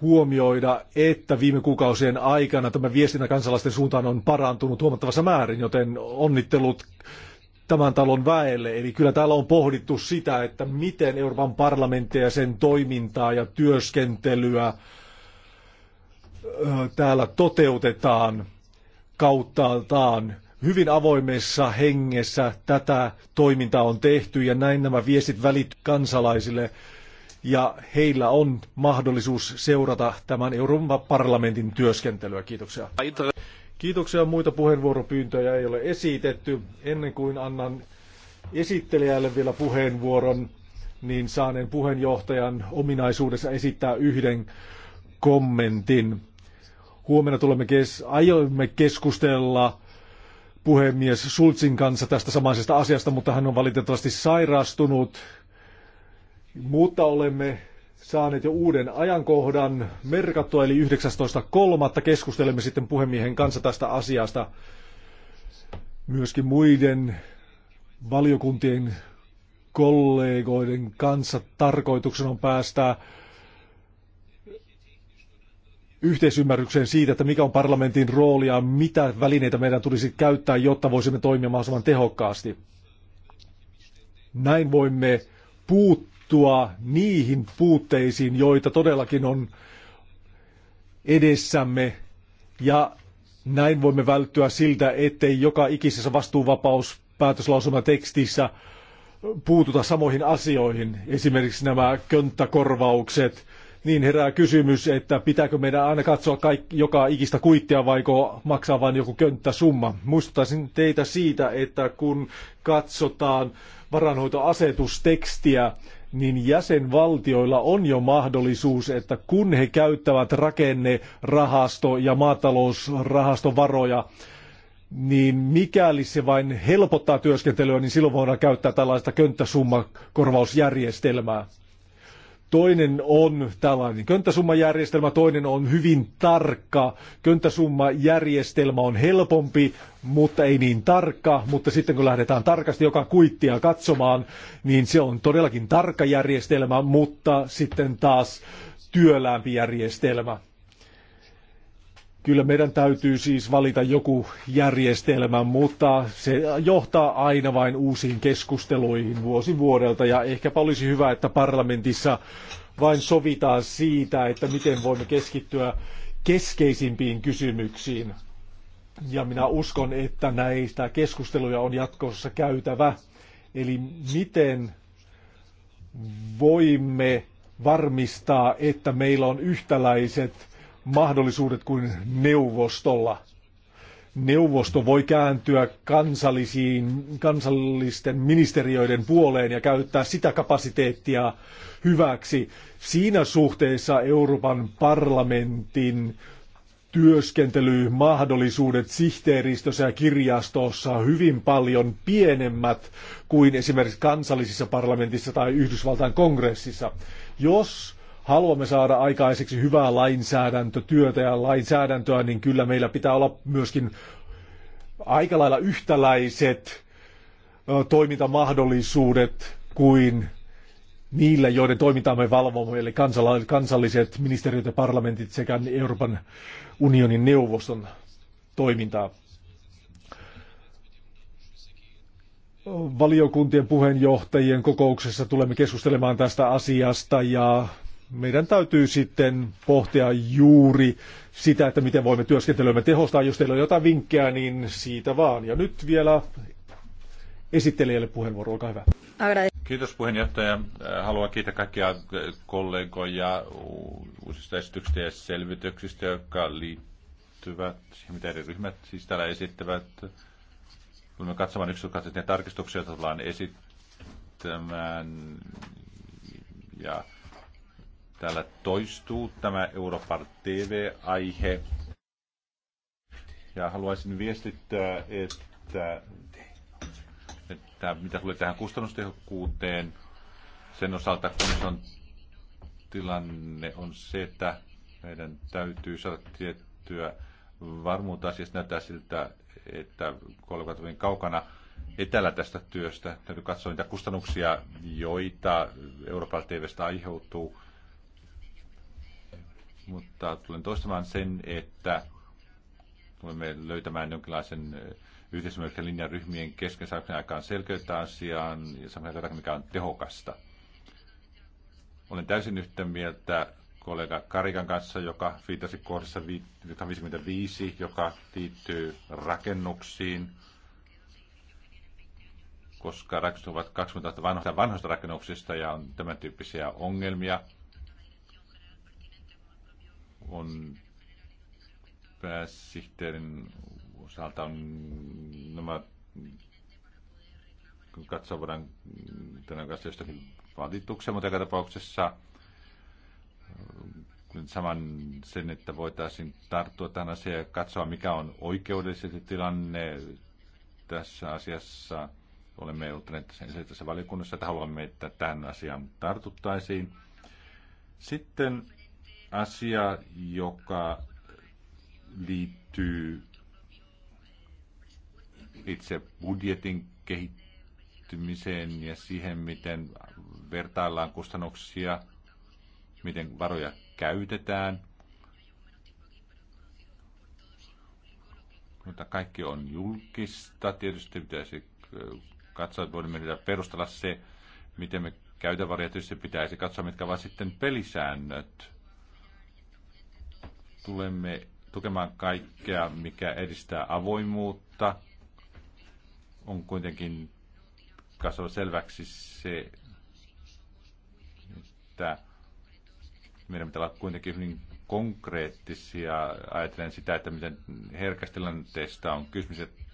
huomioida, että viime kuukausien aikana tämä viestintä kansalaisten suuntaan on parantunut huomattavassa määrin, joten onnittelut tämän talon väelle. Eli kyllä täällä on pohdittu sitä, että miten Euroopan parlamenttia ja sen toimintaa ja työskentelyä täällä toteutetaan kauttaaltaan hyvin avoimessa hengessä tätä toimintaa on tehty ja näin nämä viestit välit kansalaisille ja heillä on mahdollisuus seurata tämän Euroopan parlamentin työskentelyä. Kiitoksia. Kiitoksia. Muita puheenvuoropyyntöjä ei ole esitetty. Ennen kuin annan esittelijälle vielä puheenvuoron, niin saaneen puheenjohtajan ominaisuudessa esittää yhden kommentin. Huomenna tulemme kes- aiomme keskustella puhemies Sultsin kanssa tästä samaisesta asiasta, mutta hän on valitettavasti sairastunut. Mutta olemme saaneet jo uuden ajankohdan merkattua, eli 19.3. keskustelemme sitten puhemiehen kanssa tästä asiasta. Myöskin muiden valiokuntien kollegoiden kanssa tarkoituksena on päästä yhteisymmärrykseen siitä, että mikä on parlamentin rooli ja mitä välineitä meidän tulisi käyttää, jotta voisimme toimia mahdollisimman tehokkaasti. Näin voimme puuttua puuttua niihin puutteisiin, joita todellakin on edessämme ja näin voimme välttyä siltä, ettei joka ikisessä vastuuvapaus puututa samoihin asioihin, esimerkiksi nämä könttäkorvaukset, niin herää kysymys, että pitääkö meidän aina katsoa kaikki, joka ikistä kuittia vaiko maksaa vain joku könttäsumma. Muistuttaisin teitä siitä, että kun katsotaan varanhoitoasetustekstiä, niin jäsenvaltioilla on jo mahdollisuus, että kun he käyttävät rakennerahasto- ja maatalousrahastovaroja, niin mikäli se vain helpottaa työskentelyä, niin silloin voidaan käyttää tällaista könttäsummakorvausjärjestelmää. Toinen on tällainen könttäsummajärjestelmä, toinen on hyvin tarkka. Könttäsummajärjestelmä on helpompi, mutta ei niin tarkka. Mutta sitten kun lähdetään tarkasti joka kuittia katsomaan, niin se on todellakin tarkka järjestelmä, mutta sitten taas työlämpi järjestelmä. Kyllä meidän täytyy siis valita joku järjestelmä, mutta se johtaa aina vain uusiin keskusteluihin vuosi vuodelta ja ehkä olisi hyvä, että parlamentissa vain sovitaan siitä, että miten voimme keskittyä keskeisimpiin kysymyksiin. Ja minä uskon, että näistä keskusteluja on jatkossa käytävä. Eli miten voimme varmistaa, että meillä on yhtäläiset mahdollisuudet kuin neuvostolla. Neuvosto voi kääntyä kansallisiin, kansallisten ministeriöiden puoleen ja käyttää sitä kapasiteettia hyväksi. Siinä suhteessa Euroopan parlamentin työskentelymahdollisuudet sihteeristössä ja kirjastossa hyvin paljon pienemmät kuin esimerkiksi kansallisissa parlamentissa tai Yhdysvaltain kongressissa. Jos haluamme saada aikaiseksi hyvää lainsäädäntötyötä ja lainsäädäntöä, niin kyllä meillä pitää olla myöskin aika lailla yhtäläiset toimintamahdollisuudet kuin niillä, joiden toimintaa me valvomme, eli kansalliset ministeriöt ja parlamentit sekä Euroopan unionin neuvoston toimintaa. Valiokuntien puheenjohtajien kokouksessa tulemme keskustelemaan tästä asiasta ja meidän täytyy sitten pohtia juuri sitä, että miten voimme työskentelyämme tehostaa. Jos teillä on jotain vinkkejä, niin siitä vaan. Ja nyt vielä esittelijälle puheenvuoro, olkaa hyvä. Kiitos puheenjohtaja. Äh, haluan kiittää kaikkia äh, kollegoja uusista esityksistä ja selvityksistä, jotka liittyvät siihen, mitä eri ryhmät siis täällä esittävät. Tulemme katsomaan yksityiskohtaisesti ne tarkistuksia, joita tullaan esittämään. Ja Täällä toistuu tämä Europar TV-aihe. Ja haluaisin viestittää, että, että mitä tulee tähän kustannustehokkuuteen, sen osalta kun se on tilanne on se, että meidän täytyy saada tiettyä varmuutta asiasta. Näyttää siltä, että kollegat ovat kaukana etelä tästä työstä. Täytyy katsoa niitä kustannuksia, joita Euroopan TVstä aiheutuu mutta tulen toistamaan sen, että tulemme löytämään jonkinlaisen yhteisymmärryksen linjan ryhmien kesken saadakseen aikaan selkeyttä asiaan ja saman jotakin, mikä on tehokasta. Olen täysin yhtä mieltä kollega Karikan kanssa, joka viitasi kohdassa 55, joka liittyy rakennuksiin, koska rakennukset ovat 20 vanhoista, vanhoista rakennuksista ja on tämän tyyppisiä ongelmia – on pääsihteerin osalta on nämä katsoa voidaan tänään kanssa jostakin valituksia, mutta joka tapauksessa äh, saman sen, että voitaisiin tarttua tähän asiaan ja katsoa, mikä on oikeudellisesti tilanne tässä asiassa. Olemme ottaneet sen tässä valiokunnassa, että haluamme, että tähän asiaan tartuttaisiin. Sitten asia, joka liittyy itse budjetin kehittymiseen ja siihen, miten vertaillaan kustannuksia, miten varoja käytetään. Mutta kaikki on julkista. Tietysti pitäisi katsoa, että voimme perustella se, miten me käytävariä tietysti pitäisi katsoa, mitkä ovat sitten pelisäännöt tulemme tukemaan kaikkea, mikä edistää avoimuutta. On kuitenkin kasvava selväksi se, että meidän pitää olla kuitenkin hyvin konkreettisia. Ajattelen sitä, että miten herkästä tilanteesta on kysymys, että,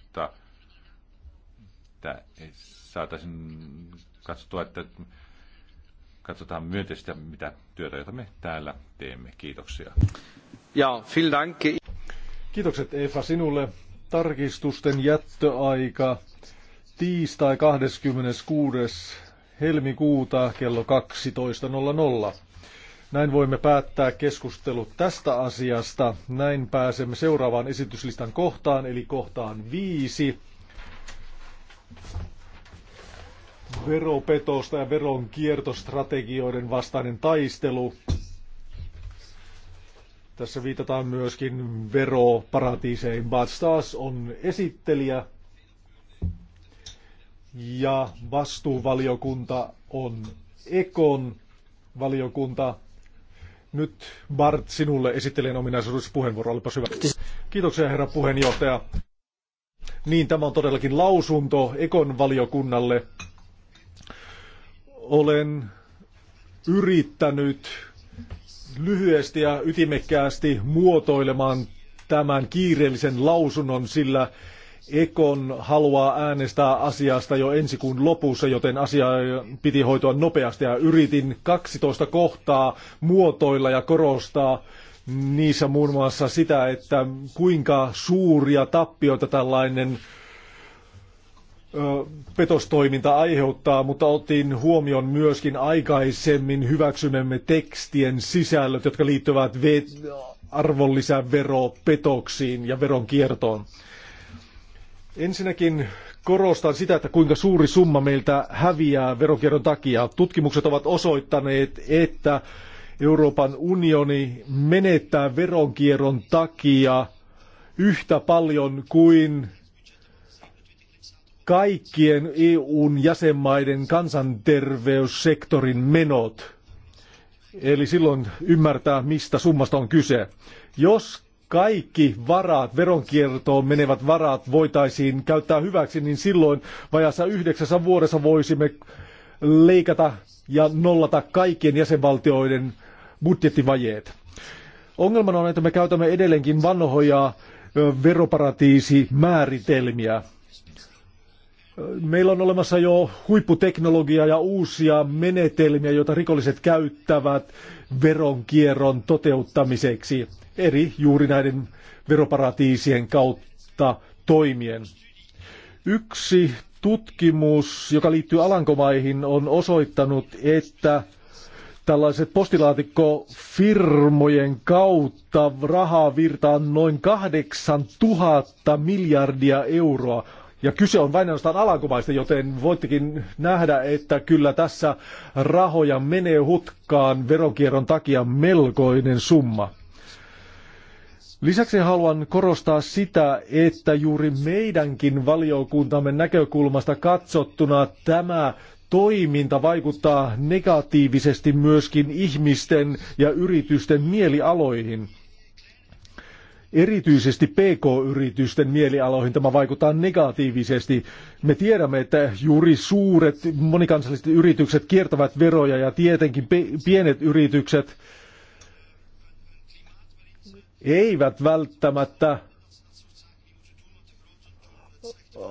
että saataisiin katsoa, että katsotaan myönteistä, mitä työtä, jota me täällä teemme. Kiitoksia. Kiitokset Eva sinulle. Tarkistusten jättöaika tiistai 26. helmikuuta kello 12.00. Näin voimme päättää keskustelut tästä asiasta. Näin pääsemme seuraavaan esityslistan kohtaan, eli kohtaan viisi. Veropetosta ja veronkiertostrategioiden vastainen taistelu. Tässä viitataan myöskin veroparatiiseihin. Bad Stars on esittelijä ja vastuuvaliokunta on Ekon valiokunta. Nyt Bart, sinulle esittelen ominaisuudessa puheenvuoro, olipa hyvä. Kiitoksia herra puheenjohtaja. Niin, tämä on todellakin lausunto Ekon valiokunnalle. Olen yrittänyt lyhyesti ja ytimekkäästi muotoilemaan tämän kiireellisen lausunnon, sillä Ekon haluaa äänestää asiasta jo ensi kuun lopussa, joten asia piti hoitua nopeasti ja yritin 12 kohtaa muotoilla ja korostaa niissä muun muassa sitä, että kuinka suuria tappioita tällainen petostoiminta aiheuttaa, mutta otin huomioon myöskin aikaisemmin hyväksymemme tekstien sisällöt, jotka liittyvät arvonlisäveropetoksiin ja veronkiertoon. Ensinnäkin korostan sitä, että kuinka suuri summa meiltä häviää veronkierron takia. Tutkimukset ovat osoittaneet, että Euroopan unioni menettää veronkierron takia yhtä paljon kuin kaikkien EUn jäsenmaiden kansanterveyssektorin menot. Eli silloin ymmärtää, mistä summasta on kyse. Jos kaikki varat, veronkiertoon menevät varat voitaisiin käyttää hyväksi, niin silloin vajassa yhdeksässä vuodessa voisimme leikata ja nollata kaikkien jäsenvaltioiden budjettivajeet. Ongelmana on, että me käytämme edelleenkin vanhoja veroparatiisimääritelmiä. Meillä on olemassa jo huipputeknologiaa ja uusia menetelmiä, joita rikolliset käyttävät veronkierron toteuttamiseksi eri juuri näiden veroparatiisien kautta toimien. Yksi tutkimus, joka liittyy Alankomaihin, on osoittanut, että tällaiset postilaatikkofirmojen kautta rahaa virtaa noin 8000 miljardia euroa ja kyse on vain ainoastaan alankomaista, joten voittekin nähdä, että kyllä tässä rahoja menee hutkaan veronkierron takia melkoinen summa. Lisäksi haluan korostaa sitä, että juuri meidänkin valiokuntamme näkökulmasta katsottuna tämä toiminta vaikuttaa negatiivisesti myöskin ihmisten ja yritysten mielialoihin – Erityisesti PK-yritysten mielialoihin tämä vaikuttaa negatiivisesti. Me tiedämme, että juuri suuret monikansalliset yritykset kiertävät veroja ja tietenkin pienet yritykset eivät välttämättä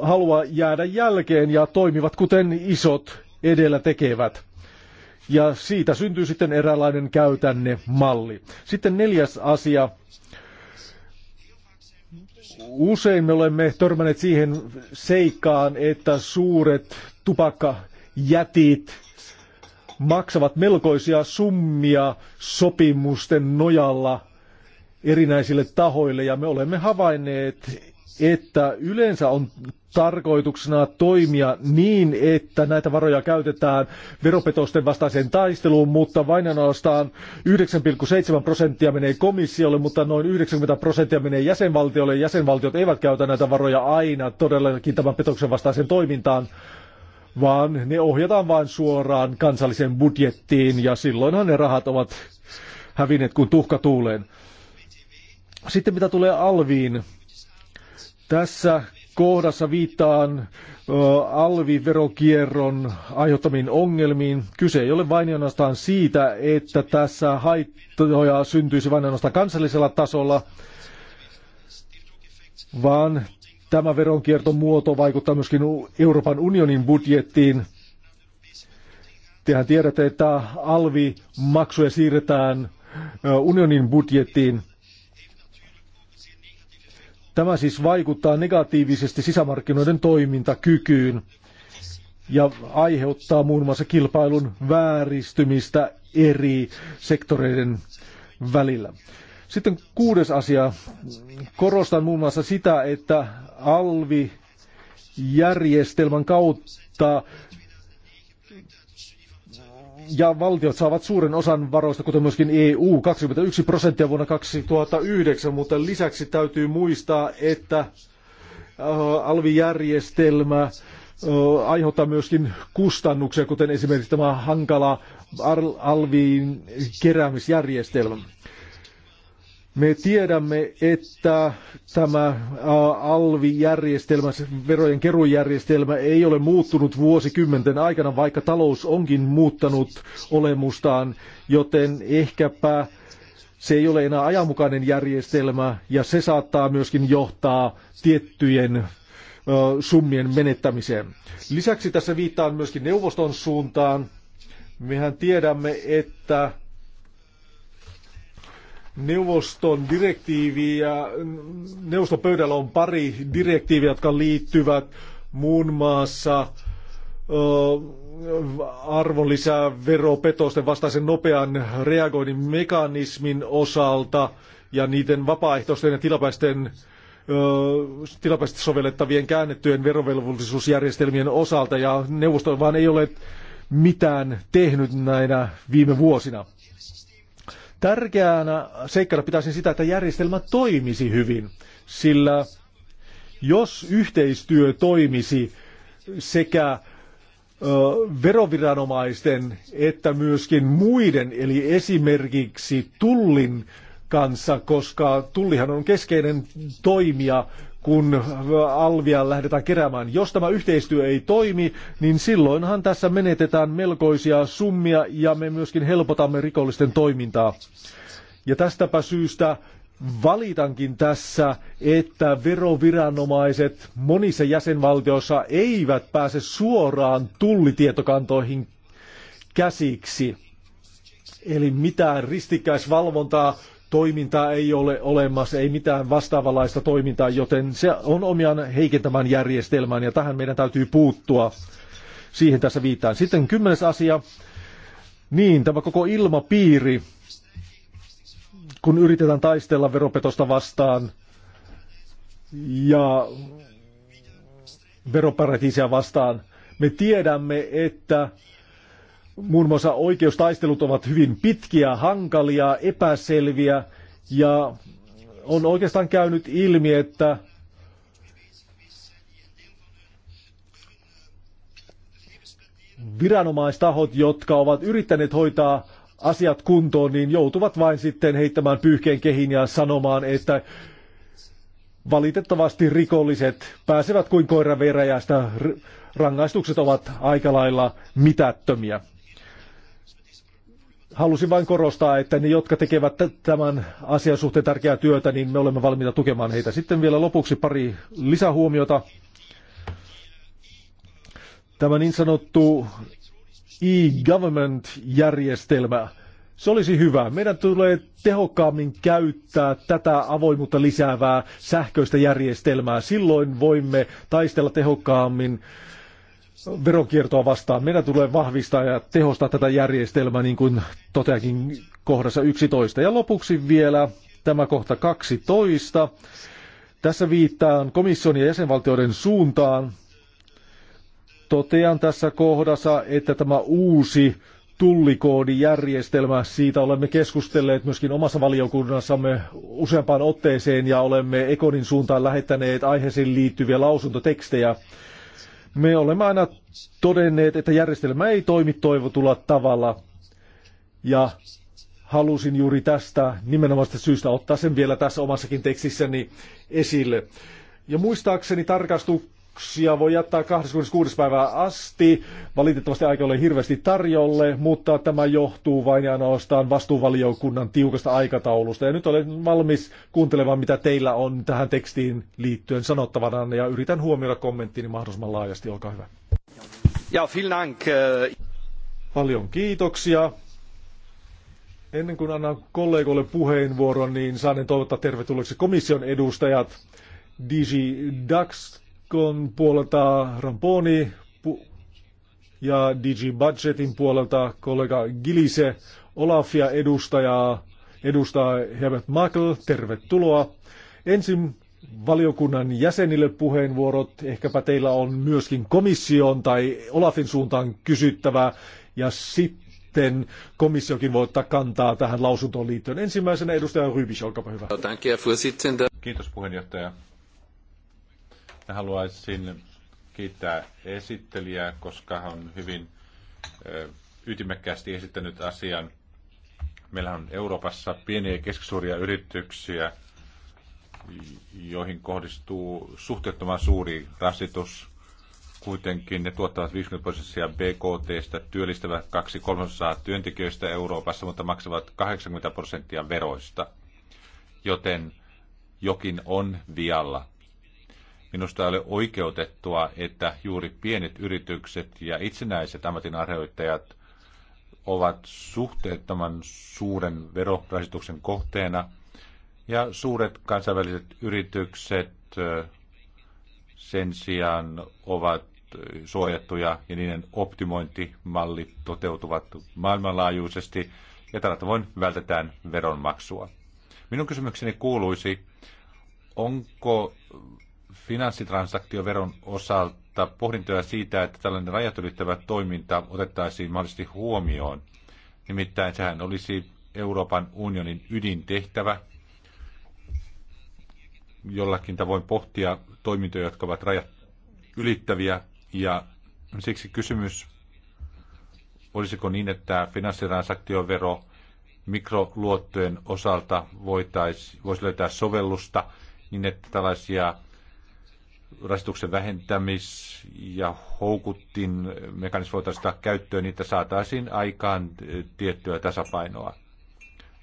halua jäädä jälkeen ja toimivat kuten isot edellä tekevät. Ja siitä syntyy sitten eräänlainen käytänne malli. Sitten neljäs asia usein me olemme törmänneet siihen seikkaan, että suuret tupakkajätit maksavat melkoisia summia sopimusten nojalla erinäisille tahoille ja me olemme havainneet, että yleensä on tarkoituksena toimia niin, että näitä varoja käytetään veropetosten vastaiseen taisteluun, mutta vain ainoastaan 9,7 prosenttia menee komissiolle, mutta noin 90 prosenttia menee jäsenvaltiolle. Jäsenvaltiot eivät käytä näitä varoja aina todellakin tämän petoksen vastaiseen toimintaan, vaan ne ohjataan vain suoraan kansalliseen budjettiin ja silloinhan ne rahat ovat hävinneet kuin tuhka tuuleen. Sitten mitä tulee Alviin, tässä kohdassa viittaan alviverokierron aiheuttamiin ongelmiin. Kyse ei ole vain ainoastaan siitä, että tässä haittoja syntyisi vain ainoastaan kansallisella tasolla, vaan tämä veronkiertomuoto vaikuttaa myöskin Euroopan unionin budjettiin. Tehän tiedätte, että alvimaksuja siirretään unionin budjettiin – Tämä siis vaikuttaa negatiivisesti sisämarkkinoiden toimintakykyyn ja aiheuttaa muun muassa kilpailun vääristymistä eri sektoreiden välillä. Sitten kuudes asia. Korostan muun muassa sitä, että alvi järjestelmän kautta ja valtiot saavat suuren osan varoista, kuten myöskin EU, 21 prosenttia vuonna 2009, mutta lisäksi täytyy muistaa, että äh, alvijärjestelmä äh, aiheuttaa myöskin kustannuksia, kuten esimerkiksi tämä hankala alviin keräämisjärjestelmä. Me tiedämme, että tämä alvijärjestelmä, verojen kerujärjestelmä ei ole muuttunut vuosikymmenten aikana, vaikka talous onkin muuttanut olemustaan, joten ehkäpä se ei ole enää ajanmukainen järjestelmä ja se saattaa myöskin johtaa tiettyjen summien menettämiseen. Lisäksi tässä viittaan myöskin neuvoston suuntaan. Mehän tiedämme, että Neuvoston direktiiviä, pöydällä on pari direktiiviä, jotka liittyvät muun muassa arvonlisäveropetosten vastaisen nopean reagoinnin mekanismin osalta ja niiden vapaaehtoisten ja tilapäisten tilapäisesti sovellettavien käännettyjen verovelvollisuusjärjestelmien osalta ja neuvosto vaan ei ole mitään tehnyt näinä viime vuosina. Tärkeänä seikkana pitäisin sitä, että järjestelmä toimisi hyvin, sillä jos yhteistyö toimisi sekä veroviranomaisten että myöskin muiden, eli esimerkiksi tullin kanssa, koska tullihan on keskeinen toimija, kun alvia lähdetään keräämään. Jos tämä yhteistyö ei toimi, niin silloinhan tässä menetetään melkoisia summia ja me myöskin helpotamme rikollisten toimintaa. Ja tästäpä syystä valitankin tässä, että veroviranomaiset monissa jäsenvaltioissa eivät pääse suoraan tullitietokantoihin käsiksi. Eli mitään ristikkäisvalvontaa toimintaa ei ole olemassa, ei mitään vastaavanlaista toimintaa, joten se on omiaan heikentämään järjestelmään ja tähän meidän täytyy puuttua. Siihen tässä viittaan. Sitten kymmenes asia. Niin, tämä koko ilmapiiri, kun yritetään taistella veropetosta vastaan ja veroparatiisia vastaan. Me tiedämme, että Muun muassa oikeustaistelut ovat hyvin pitkiä, hankalia, epäselviä ja on oikeastaan käynyt ilmi, että viranomaistahot, jotka ovat yrittäneet hoitaa asiat kuntoon, niin joutuvat vain sitten heittämään pyyhkeen kehin ja sanomaan, että valitettavasti rikolliset pääsevät kuin koira veräjästä. Rangaistukset ovat aika lailla mitättömiä halusin vain korostaa, että ne, jotka tekevät tämän asian suhteen tärkeää työtä, niin me olemme valmiita tukemaan heitä. Sitten vielä lopuksi pari lisähuomiota. Tämä niin sanottu e-government-järjestelmä, se olisi hyvä. Meidän tulee tehokkaammin käyttää tätä avoimuutta lisäävää sähköistä järjestelmää. Silloin voimme taistella tehokkaammin äh, veronkiertoa vastaan. Meidän tulee vahvistaa ja tehostaa tätä järjestelmää, niin kuin toteakin kohdassa 11. Ja lopuksi vielä tämä kohta 12. Tässä viittaan komission ja jäsenvaltioiden suuntaan. Totean tässä kohdassa, että tämä uusi tullikoodijärjestelmä, siitä olemme keskustelleet myöskin omassa valiokunnassamme useampaan otteeseen ja olemme Ekonin suuntaan lähettäneet aiheeseen liittyviä lausuntotekstejä. Me olemme aina todenneet, että järjestelmä ei toimi toivotulla tavalla. Ja halusin juuri tästä nimenomaisesta syystä ottaa sen vielä tässä omassakin tekstissäni esille. Ja muistaakseni tarkastu, tarkistuksia voi jättää 26. päivää asti. Valitettavasti aika ole hirveästi tarjolle, mutta tämä johtuu vain ja ainoastaan vastuuvaliokunnan tiukasta aikataulusta. Ja nyt olen valmis kuuntelemaan, mitä teillä on tähän tekstiin liittyen sanottavana, ja yritän huomioida kommenttiini mahdollisimman laajasti. Olkaa hyvä. Ja, vielen dank. Äh, Paljon kiitoksia. Ennen kuin annan kollegoille puheenvuoron, niin saan toivottaa tervetulleeksi komission edustajat. DG Dax Kon puolelta Ramponi pu- ja DigiBudgetin puolelta kollega Gilise Olafia edustajaa edustaa Herbert Makel. Tervetuloa. Ensin valiokunnan jäsenille puheenvuorot. Ehkäpä teillä on myöskin komission tai Olafin suuntaan kysyttävää. Ja sitten komissiokin voi ottaa kantaa tähän lausuntoon liittyen. Ensimmäisenä edustaja Rybisch, olkaapa hyvä. Kiitos puheenjohtaja haluaisin kiittää esittelijää, koska hän on hyvin ytimekkäästi esittänyt asian. Meillä on Euroopassa pieniä ja keskisuuria yrityksiä, joihin kohdistuu suhteettoman suuri rasitus. Kuitenkin ne tuottavat 50 prosenttia BKTstä, työllistävät kaksi kolmasosaa työntekijöistä Euroopassa, mutta maksavat 80 prosenttia veroista. Joten jokin on vialla Minusta ei ole oikeutettua, että juuri pienet yritykset ja itsenäiset ammatinharjoittajat ovat suhteettoman suuren verorasituksen kohteena ja suuret kansainväliset yritykset sen sijaan ovat suojattuja ja niiden optimointimallit toteutuvat maailmanlaajuisesti ja tällä tavoin vältetään veronmaksua. Minun kysymykseni kuuluisi, onko finanssitransaktioveron osalta pohdintoja siitä, että tällainen rajat ylittävä toiminta otettaisiin mahdollisesti huomioon. Nimittäin sehän olisi Euroopan unionin ydintehtävä jollakin tavoin pohtia toimintoja, jotka ovat rajat ylittäviä. Ja siksi kysymys, olisiko niin, että finanssitransaktiovero mikroluottojen osalta voitaisi, voisi löytää sovellusta niin, että tällaisia rasituksen vähentämis- ja houkuttin mekanismi voitaisiin ottaa käyttöön, niin että saataisiin aikaan tiettyä tasapainoa.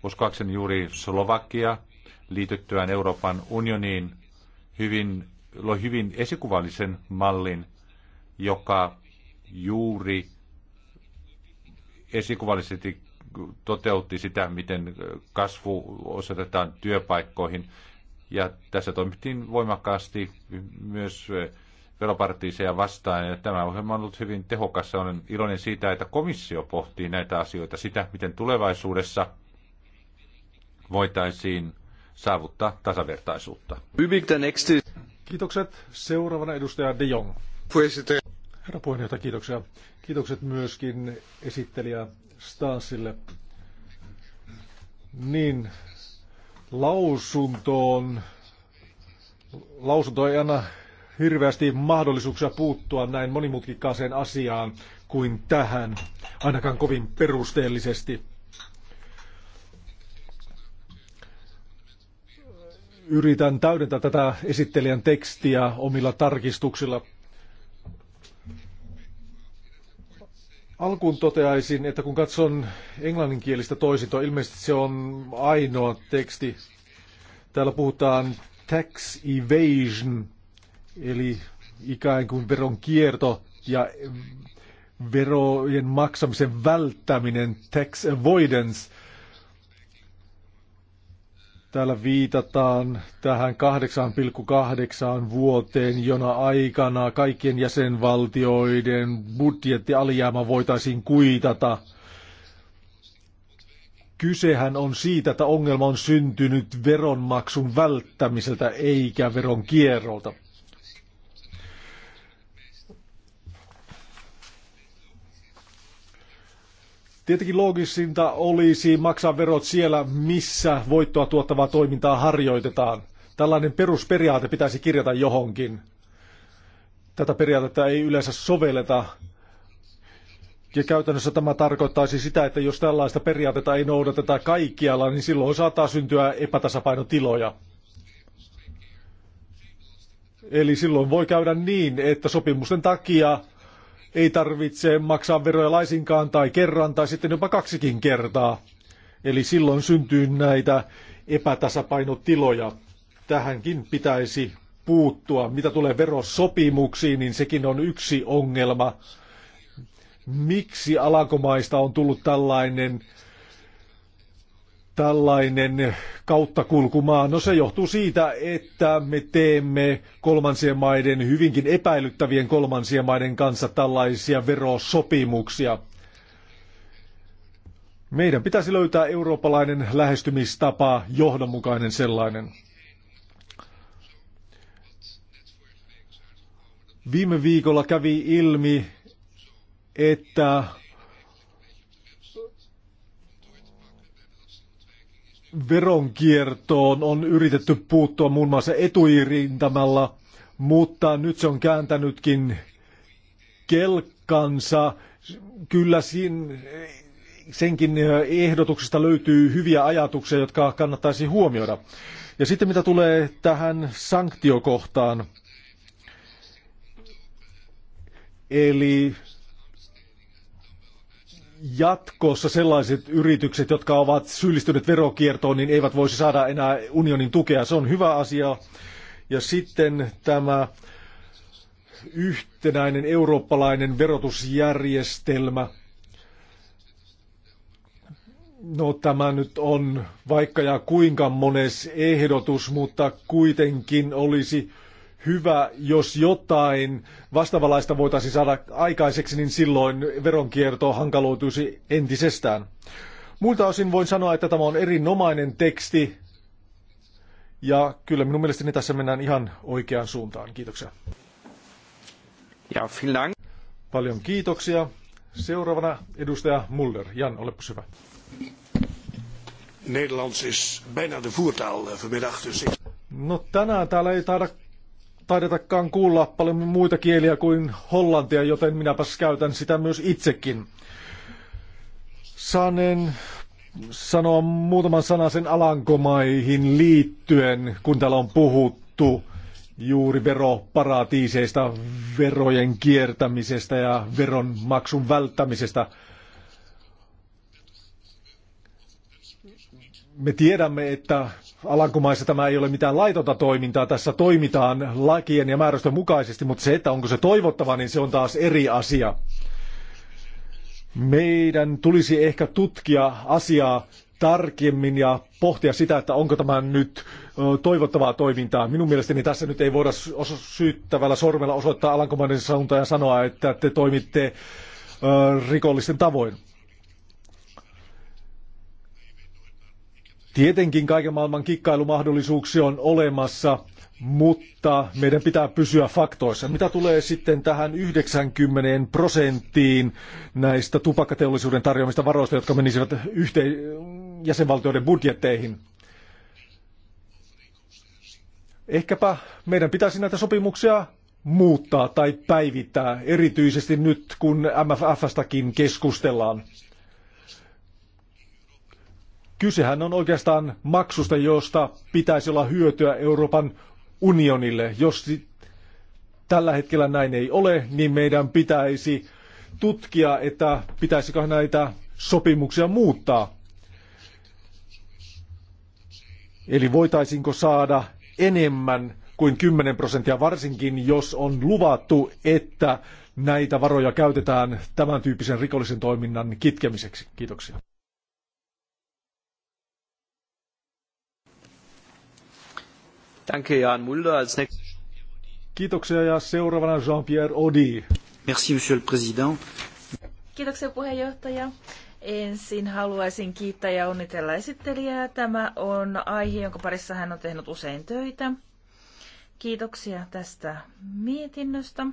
Uskoakseni juuri Slovakia liityttyään Euroopan unioniin hyvin, loi hyvin esikuvallisen mallin, joka juuri esikuvallisesti toteutti sitä, miten kasvu osoitetaan työpaikkoihin ja tässä toimittiin voimakkaasti myös veropartiiseja vastaan. Ja tämä ohjelma on ollut hyvin tehokas. Olen iloinen siitä, että komissio pohtii näitä asioita, sitä, miten tulevaisuudessa voitaisiin saavuttaa tasavertaisuutta. Kiitokset. Seuraavana edustaja De Jong. Herra puheenjohtaja, kiitoksia. Kiitokset myöskin esittelijä Stansille. Niin, lausuntoon. Lausunto ei anna hirveästi mahdollisuuksia puuttua näin monimutkikkaaseen asiaan kuin tähän, ainakaan kovin perusteellisesti. Yritän täydentää tätä esittelijän tekstiä omilla tarkistuksilla. Alkuun toteaisin, että kun katson englanninkielistä toisintoa, ilmeisesti se on ainoa teksti. Täällä puhutaan tax evasion, eli ikään kuin veron kierto ja verojen maksamisen välttäminen, tax avoidance – Täällä viitataan tähän 8,8 vuoteen, jona aikana kaikkien jäsenvaltioiden budjettialijäämä voitaisiin kuitata. Kysehän on siitä, että ongelma on syntynyt veronmaksun välttämiseltä eikä veron kierrolta. Tietenkin loogisinta olisi maksaa verot siellä, missä voittoa tuottavaa toimintaa harjoitetaan. Tällainen perusperiaate pitäisi kirjata johonkin. Tätä periaatetta ei yleensä sovelleta. Ja käytännössä tämä tarkoittaisi sitä, että jos tällaista periaatetta ei noudateta kaikkialla, niin silloin saattaa syntyä epätasapainotiloja. Eli silloin voi käydä niin, että sopimusten takia ei tarvitse maksaa veroja laisinkaan tai kerran tai sitten jopa kaksikin kertaa. Eli silloin syntyy näitä epätasapainotiloja. Tähänkin pitäisi puuttua. Mitä tulee verosopimuksiin, niin sekin on yksi ongelma. Miksi Alankomaista on tullut tällainen tällainen kauttakulkumaa? No se johtuu siitä, että me teemme kolmansien maiden, hyvinkin epäilyttävien kolmansien maiden kanssa tällaisia verosopimuksia. Meidän pitäisi löytää eurooppalainen lähestymistapa, johdonmukainen sellainen. Viime viikolla kävi ilmi, että veronkiertoon on yritetty puuttua muun muassa etuirintamalla, mutta nyt se on kääntänytkin kelkkansa. Kyllä siinä, senkin ehdotuksesta löytyy hyviä ajatuksia, jotka kannattaisi huomioida. Ja sitten mitä tulee tähän sanktiokohtaan, eli jatkossa sellaiset yritykset, jotka ovat syyllistyneet verokiertoon, niin eivät voisi saada enää unionin tukea. Se on hyvä asia. Ja sitten tämä yhtenäinen eurooppalainen verotusjärjestelmä. No tämä nyt on vaikka ja kuinka mones ehdotus, mutta kuitenkin olisi hyvä, jos jotain vastavalaista voitaisiin saada aikaiseksi, niin silloin veronkierto hankaloituisi entisestään. Muilta osin voin sanoa, että tämä on erinomainen teksti, ja kyllä minun mielestäni tässä mennään ihan oikeaan suuntaan. Kiitoksia. Ja vielen Dank. Paljon kiitoksia. Seuraavana edustaja Muller. Jan, olepas hyvä. Nederlands is bijna de voertaal eh, vanmiddag, dus ik... No tänään täällä ei taida taidetakaan kuulla paljon muita kieliä kuin hollantia, joten minäpäs käytän sitä myös itsekin. Saanen sanoa muutaman sanan sen Alankomaihin liittyen, kun täällä on puhuttu juuri veroparatiiseista, verojen kiertämisestä ja veronmaksun välttämisestä. Me tiedämme, että Alankomaissa tämä ei ole mitään laitonta toimintaa, tässä toimitaan lakien ja määräysten mukaisesti, mutta se, että onko se toivottava, niin se on taas eri asia. Meidän tulisi ehkä tutkia asiaa tarkemmin ja pohtia sitä, että onko tämä nyt toivottavaa toimintaa. Minun mielestäni tässä nyt ei voida syyttävällä sormella osoittaa Alankomaiden suuntaan ja sanoa, että te toimitte rikollisten tavoin. Tietenkin kaiken maailman kikkailumahdollisuuksia on olemassa, mutta meidän pitää pysyä faktoissa. Mitä tulee sitten tähän 90 prosenttiin näistä tupakkateollisuuden tarjoamista varoista, jotka menisivät yhteen jäsenvaltioiden budjetteihin? Ehkäpä meidän pitäisi näitä sopimuksia muuttaa tai päivittää, erityisesti nyt kun MFFstäkin keskustellaan. Kysehän on oikeastaan maksusta, josta pitäisi olla hyötyä Euroopan unionille. Jos tällä hetkellä näin ei ole, niin meidän pitäisi tutkia, että pitäisikö näitä sopimuksia muuttaa. Eli voitaisiinko saada enemmän kuin 10 prosenttia, varsinkin jos on luvattu, että näitä varoja käytetään tämän tyyppisen rikollisen toiminnan kitkemiseksi. Kiitoksia. Danke, Jan Mulder. Als Kiitoksia ja seuraavana Jean-Pierre Audi. Merci, monsieur le président. Kiitoksia puheenjohtaja. Ensin haluaisin kiittää ja onnitella esittelijää. Tämä on aihe, jonka parissa hän on tehnyt usein töitä. Kiitoksia tästä mietinnöstä.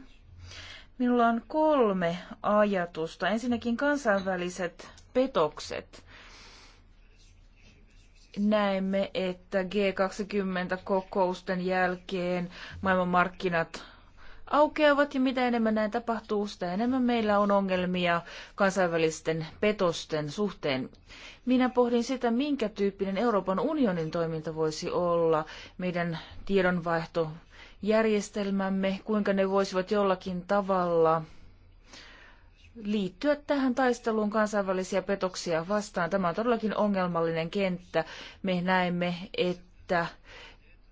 Minulla on kolme ajatusta. Ensinnäkin kansainväliset petokset näemme, että G20-kokousten jälkeen maailmanmarkkinat aukeavat ja mitä enemmän näin tapahtuu, sitä enemmän meillä on ongelmia kansainvälisten petosten suhteen. Minä pohdin sitä, minkä tyyppinen Euroopan unionin toiminta voisi olla, meidän tiedonvaihtojärjestelmämme, kuinka ne voisivat jollakin tavalla – liittyä tähän taisteluun kansainvälisiä petoksia vastaan. Tämä on todellakin ongelmallinen kenttä. Me näemme, että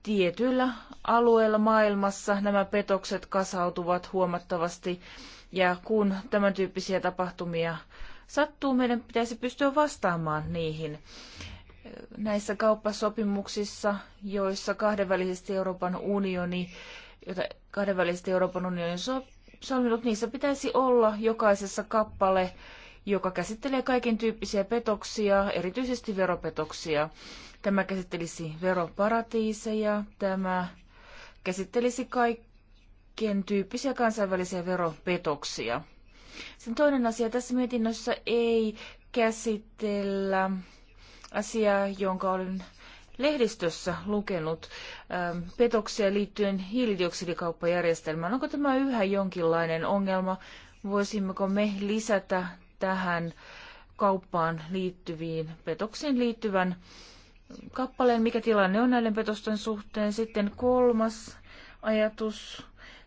tietyillä alueilla maailmassa nämä petokset kasautuvat huomattavasti ja kun tämän tyyppisiä tapahtumia sattuu, meidän pitäisi pystyä vastaamaan niihin. Näissä kauppasopimuksissa, joissa kahdenvälisesti Euroopan unioni, jota kahdenvälisesti Euroopan unioni sopii, solminut, niissä pitäisi olla jokaisessa kappale, joka käsittelee kaiken tyyppisiä petoksia, erityisesti veropetoksia. Tämä käsittelisi veroparatiiseja, tämä käsittelisi kaiken tyyppisiä kansainvälisiä veropetoksia. Sen toinen asia tässä mietinnössä ei käsitellä asiaa, jonka olen lehdistössä lukenut ähm, petoksia liittyen hiilidioksidikauppajärjestelmään. Onko tämä yhä jonkinlainen ongelma? Voisimmeko me lisätä tähän kauppaan liittyviin petoksiin liittyvän kappaleen, mikä tilanne on näiden petosten suhteen. Sitten kolmas ajatus,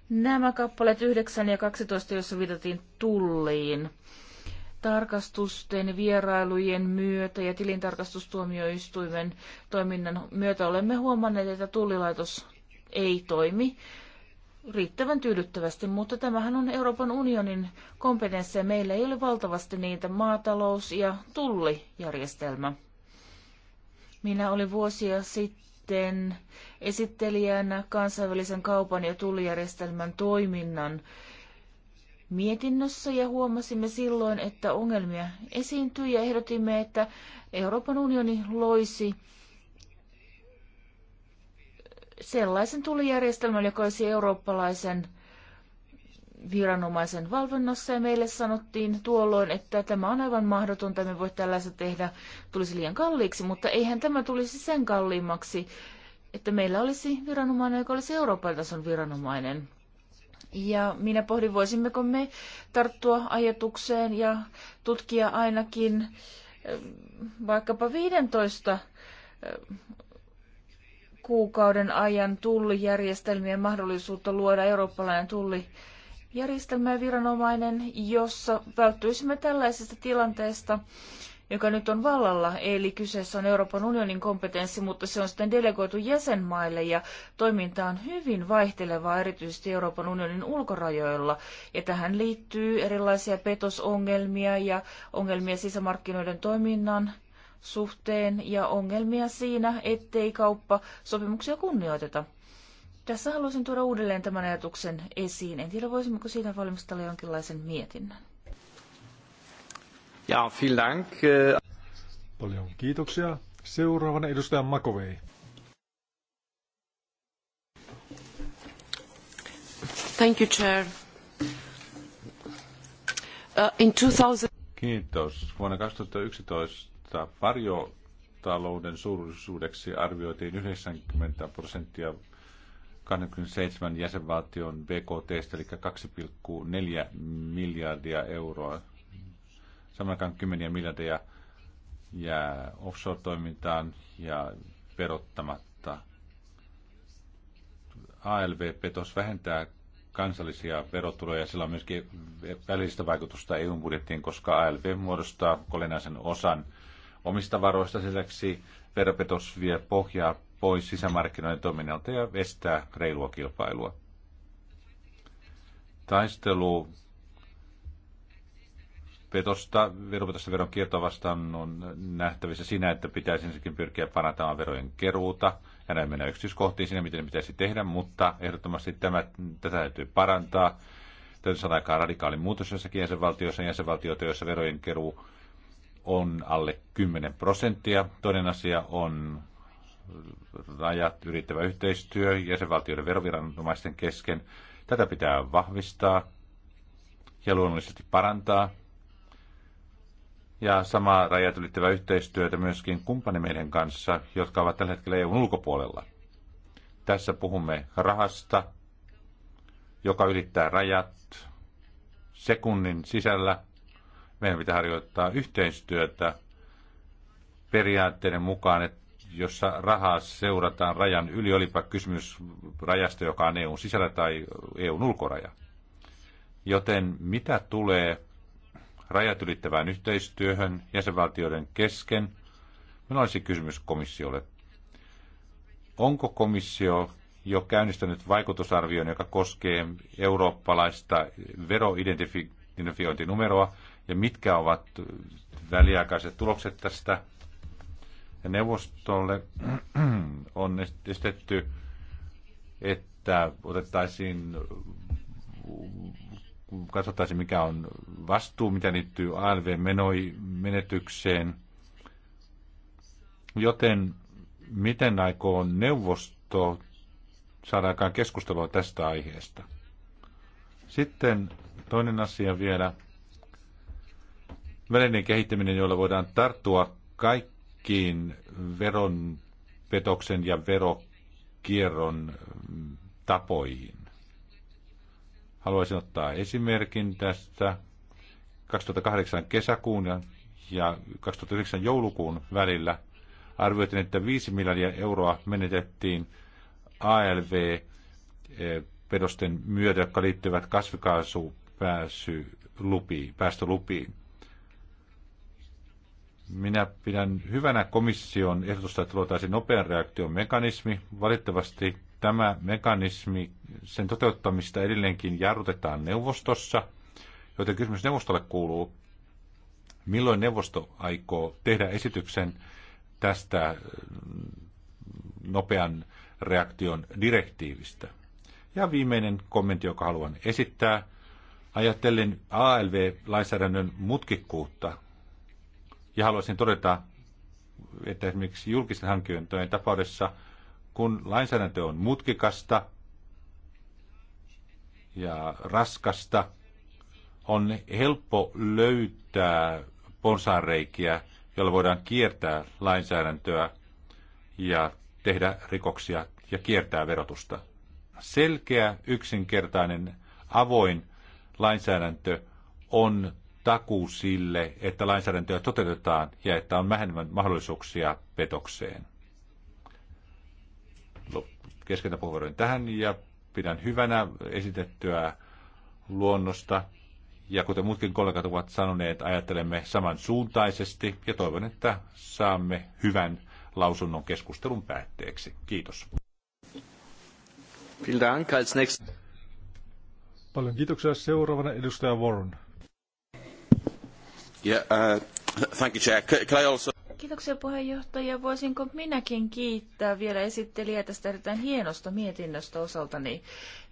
nämä kappaleet 9 ja 12, joissa viitattiin tulliin tarkastusten, vierailujen myötä ja tilintarkastustuomioistuimen toiminnan myötä olemme huomanneet, että tullilaitos ei toimi riittävän tyydyttävästi, mutta tämähän on Euroopan unionin ja Meillä ei ole valtavasti niitä maatalous- ja tullijärjestelmä. Minä olin vuosia sitten esittelijänä kansainvälisen kaupan ja tullijärjestelmän toiminnan mietinnössä ja huomasimme silloin, että ongelmia esiintyi ja ehdotimme, että Euroopan unioni loisi sellaisen tulijärjestelmän, joka olisi eurooppalaisen viranomaisen valvonnassa ja meille sanottiin tuolloin, että tämä on aivan mahdotonta, me voi tällaista tehdä, tulisi liian kalliiksi, mutta eihän tämä tulisi sen kalliimmaksi, että meillä olisi viranomainen, joka olisi Euroopan tason viranomainen. Ja minä pohdin, voisimmeko me tarttua ajatukseen ja tutkia ainakin eh, vaikkapa 15 eh, kuukauden ajan tullijärjestelmien mahdollisuutta luoda eurooppalainen tulli ja viranomainen, jossa välttyisimme tällaisesta tilanteesta, joka nyt on vallalla, eli kyseessä on Euroopan unionin kompetenssi, mutta se on sitten delegoitu jäsenmaille ja toiminta on hyvin vaihtelevaa erityisesti Euroopan unionin ulkorajoilla. Ja tähän liittyy erilaisia petosongelmia ja ongelmia sisämarkkinoiden toiminnan suhteen ja ongelmia siinä, ettei kauppa sopimuksia kunnioiteta. Tässä haluaisin tuoda uudelleen tämän ajatuksen esiin. En tiedä, voisimmeko siitä valmistella jonkinlaisen mietinnän. Ja, vielen Dank. Äh, Paljon kiitoksia. Seuraavana edustaja Makovei. Thank you, Chair. Uh, in 2000... Kiitos. Vuonna 2011 varjotalouden suuruisuudeksi arvioitiin 90 prosenttia 27 jäsenvaltion BKT, eli 2,4 miljardia euroa samankaan kymmeniä miljardeja jää offshore-toimintaan ja verottamatta. ALV-petos vähentää kansallisia verotuloja. Sillä on myöskin välistä vaikutusta EU-budjettiin, koska ALV muodostaa olennaisen osan omista varoista. Lisäksi veropetos vie pohjaa pois sisämarkkinoiden toiminnalta ja estää reilua kilpailua. Taistelu petosta, veropetosta veron kiertoa vastaan on nähtävissä siinä, että pitäisi ensinnäkin pyrkiä parantamaan verojen keruuta. Ja näin mennään yksityiskohtiin siinä, miten ne pitäisi tehdä, mutta ehdottomasti tämä, tätä täytyy parantaa. Täytyy saada aikaan radikaali muutos jossakin jäsenvaltioissa, jäsenvaltioita, joissa verojen keruu on alle 10 prosenttia. Toinen asia on rajat yrittävä yhteistyö jäsenvaltioiden veroviranomaisten kesken. Tätä pitää vahvistaa ja luonnollisesti parantaa ja samaa rajat ylittävää yhteistyötä myöskin kumppanimeiden kanssa, jotka ovat tällä hetkellä EUn ulkopuolella. Tässä puhumme rahasta, joka ylittää rajat sekunnin sisällä. Meidän pitää harjoittaa yhteistyötä periaatteiden mukaan, että jossa rahaa seurataan rajan yli, olipa kysymys rajasta, joka on EUn sisällä tai EUn ulkoraja. Joten mitä tulee rajat ylittävään yhteistyöhön jäsenvaltioiden kesken. Minulla olisi kysymys komissiolle. Onko komissio jo käynnistänyt vaikutusarvion, joka koskee eurooppalaista veroidentifiointinumeroa, ja mitkä ovat väliaikaiset tulokset tästä? Ja neuvostolle <clears throat> on estetty, että otettaisiin kun katsottaisiin mikä on vastuu, mitä liittyy ALV-menetykseen. Joten miten aikoo neuvosto saada aikaan keskustelua tästä aiheesta? Sitten toinen asia vielä. Välineen kehittäminen, jolla voidaan tarttua kaikkiin veronpetoksen ja verokierron tapoihin. Haluaisin ottaa esimerkin tästä 2008 kesäkuun ja, 2009 joulukuun välillä arvioitiin, että 5 miljardia euroa menetettiin ALV-pedosten eh, myötä, jotka liittyvät kasvikaasupäästölupiin. Minä pidän hyvänä komission ehdotusta, että luotaisiin nopean reaktion mekanismi. Valitettavasti tämä mekanismi, sen toteuttamista edelleenkin jarrutetaan neuvostossa, joten kysymys neuvostolle kuuluu, milloin neuvosto aikoo tehdä esityksen tästä mm, nopean reaktion direktiivistä. Ja viimeinen kommentti, joka haluan esittää, ajattelin ALV-lainsäädännön mutkikkuutta. Ja haluaisin todeta, että esimerkiksi julkisten hankintojen tapaudessa – kun lainsäädäntö on mutkikasta ja raskasta, on helppo löytää ponsaanreikiä, joilla voidaan kiertää lainsäädäntöä ja tehdä rikoksia ja kiertää verotusta. Selkeä, yksinkertainen, avoin lainsäädäntö on takuu sille, että lainsäädäntöä toteutetaan ja että on vähemmän mahdollisuuksia petokseen keskeytän puheenvuoron tähän ja pidän hyvänä esitettyä luonnosta. Ja kuten muutkin kollegat ovat sanoneet, ajattelemme samansuuntaisesti ja toivon, että saamme hyvän lausunnon keskustelun päätteeksi. Kiitos. Paljon kiitoksia. Seuraavana edustaja Warren. Yeah, uh, thank you, Chair. Can I also... Kiitoksia puheenjohtaja. Voisinko minäkin kiittää vielä esittelijää tästä erittäin hienosta mietinnöstä osaltani?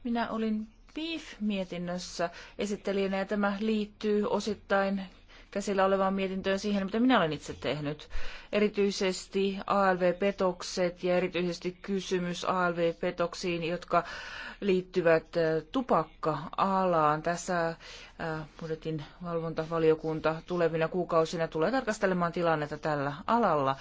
Minä olin BIF-mietinnössä esittelijänä ja tämä liittyy osittain käsillä olevaan mietintöön siihen, mitä minä olen itse tehnyt. Erityisesti ALV-petokset ja erityisesti kysymys ALV-petoksiin, jotka liittyvät äh, tupakka-alaan. Tässä äh, budjetin valvontavaliokunta tulevina kuukausina tulee tarkastelemaan tilannetta tällä alalla.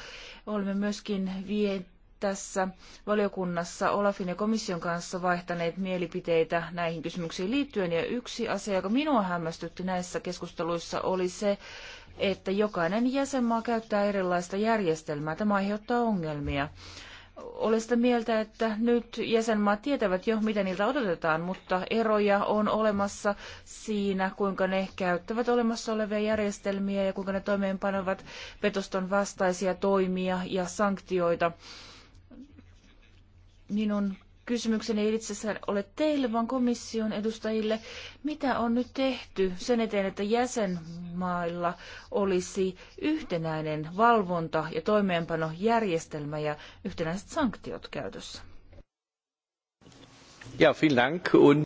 Olemme myöskin vie- tässä valiokunnassa Olafin ja komission kanssa vaihtaneet mielipiteitä näihin kysymyksiin liittyen. Ja yksi asia, joka minua hämmästytti näissä keskusteluissa, oli se, että jokainen jäsenmaa käyttää erilaista järjestelmää. Tämä aiheuttaa ongelmia. Olen sitä mieltä, että nyt jäsenmaat tietävät jo, mitä niiltä odotetaan, mutta eroja on olemassa siinä, kuinka ne käyttävät olemassa olevia järjestelmiä ja kuinka ne toimeenpanevat petoston vastaisia toimia ja sanktioita minun kysymykseni ei itse asiassa ole teille, vaan komission edustajille. Mitä on nyt tehty sen eteen, että jäsenmailla olisi yhtenäinen valvonta- ja toimeenpanojärjestelmä ja yhtenäiset sanktiot käytössä? Ja, vielen Dank. Und...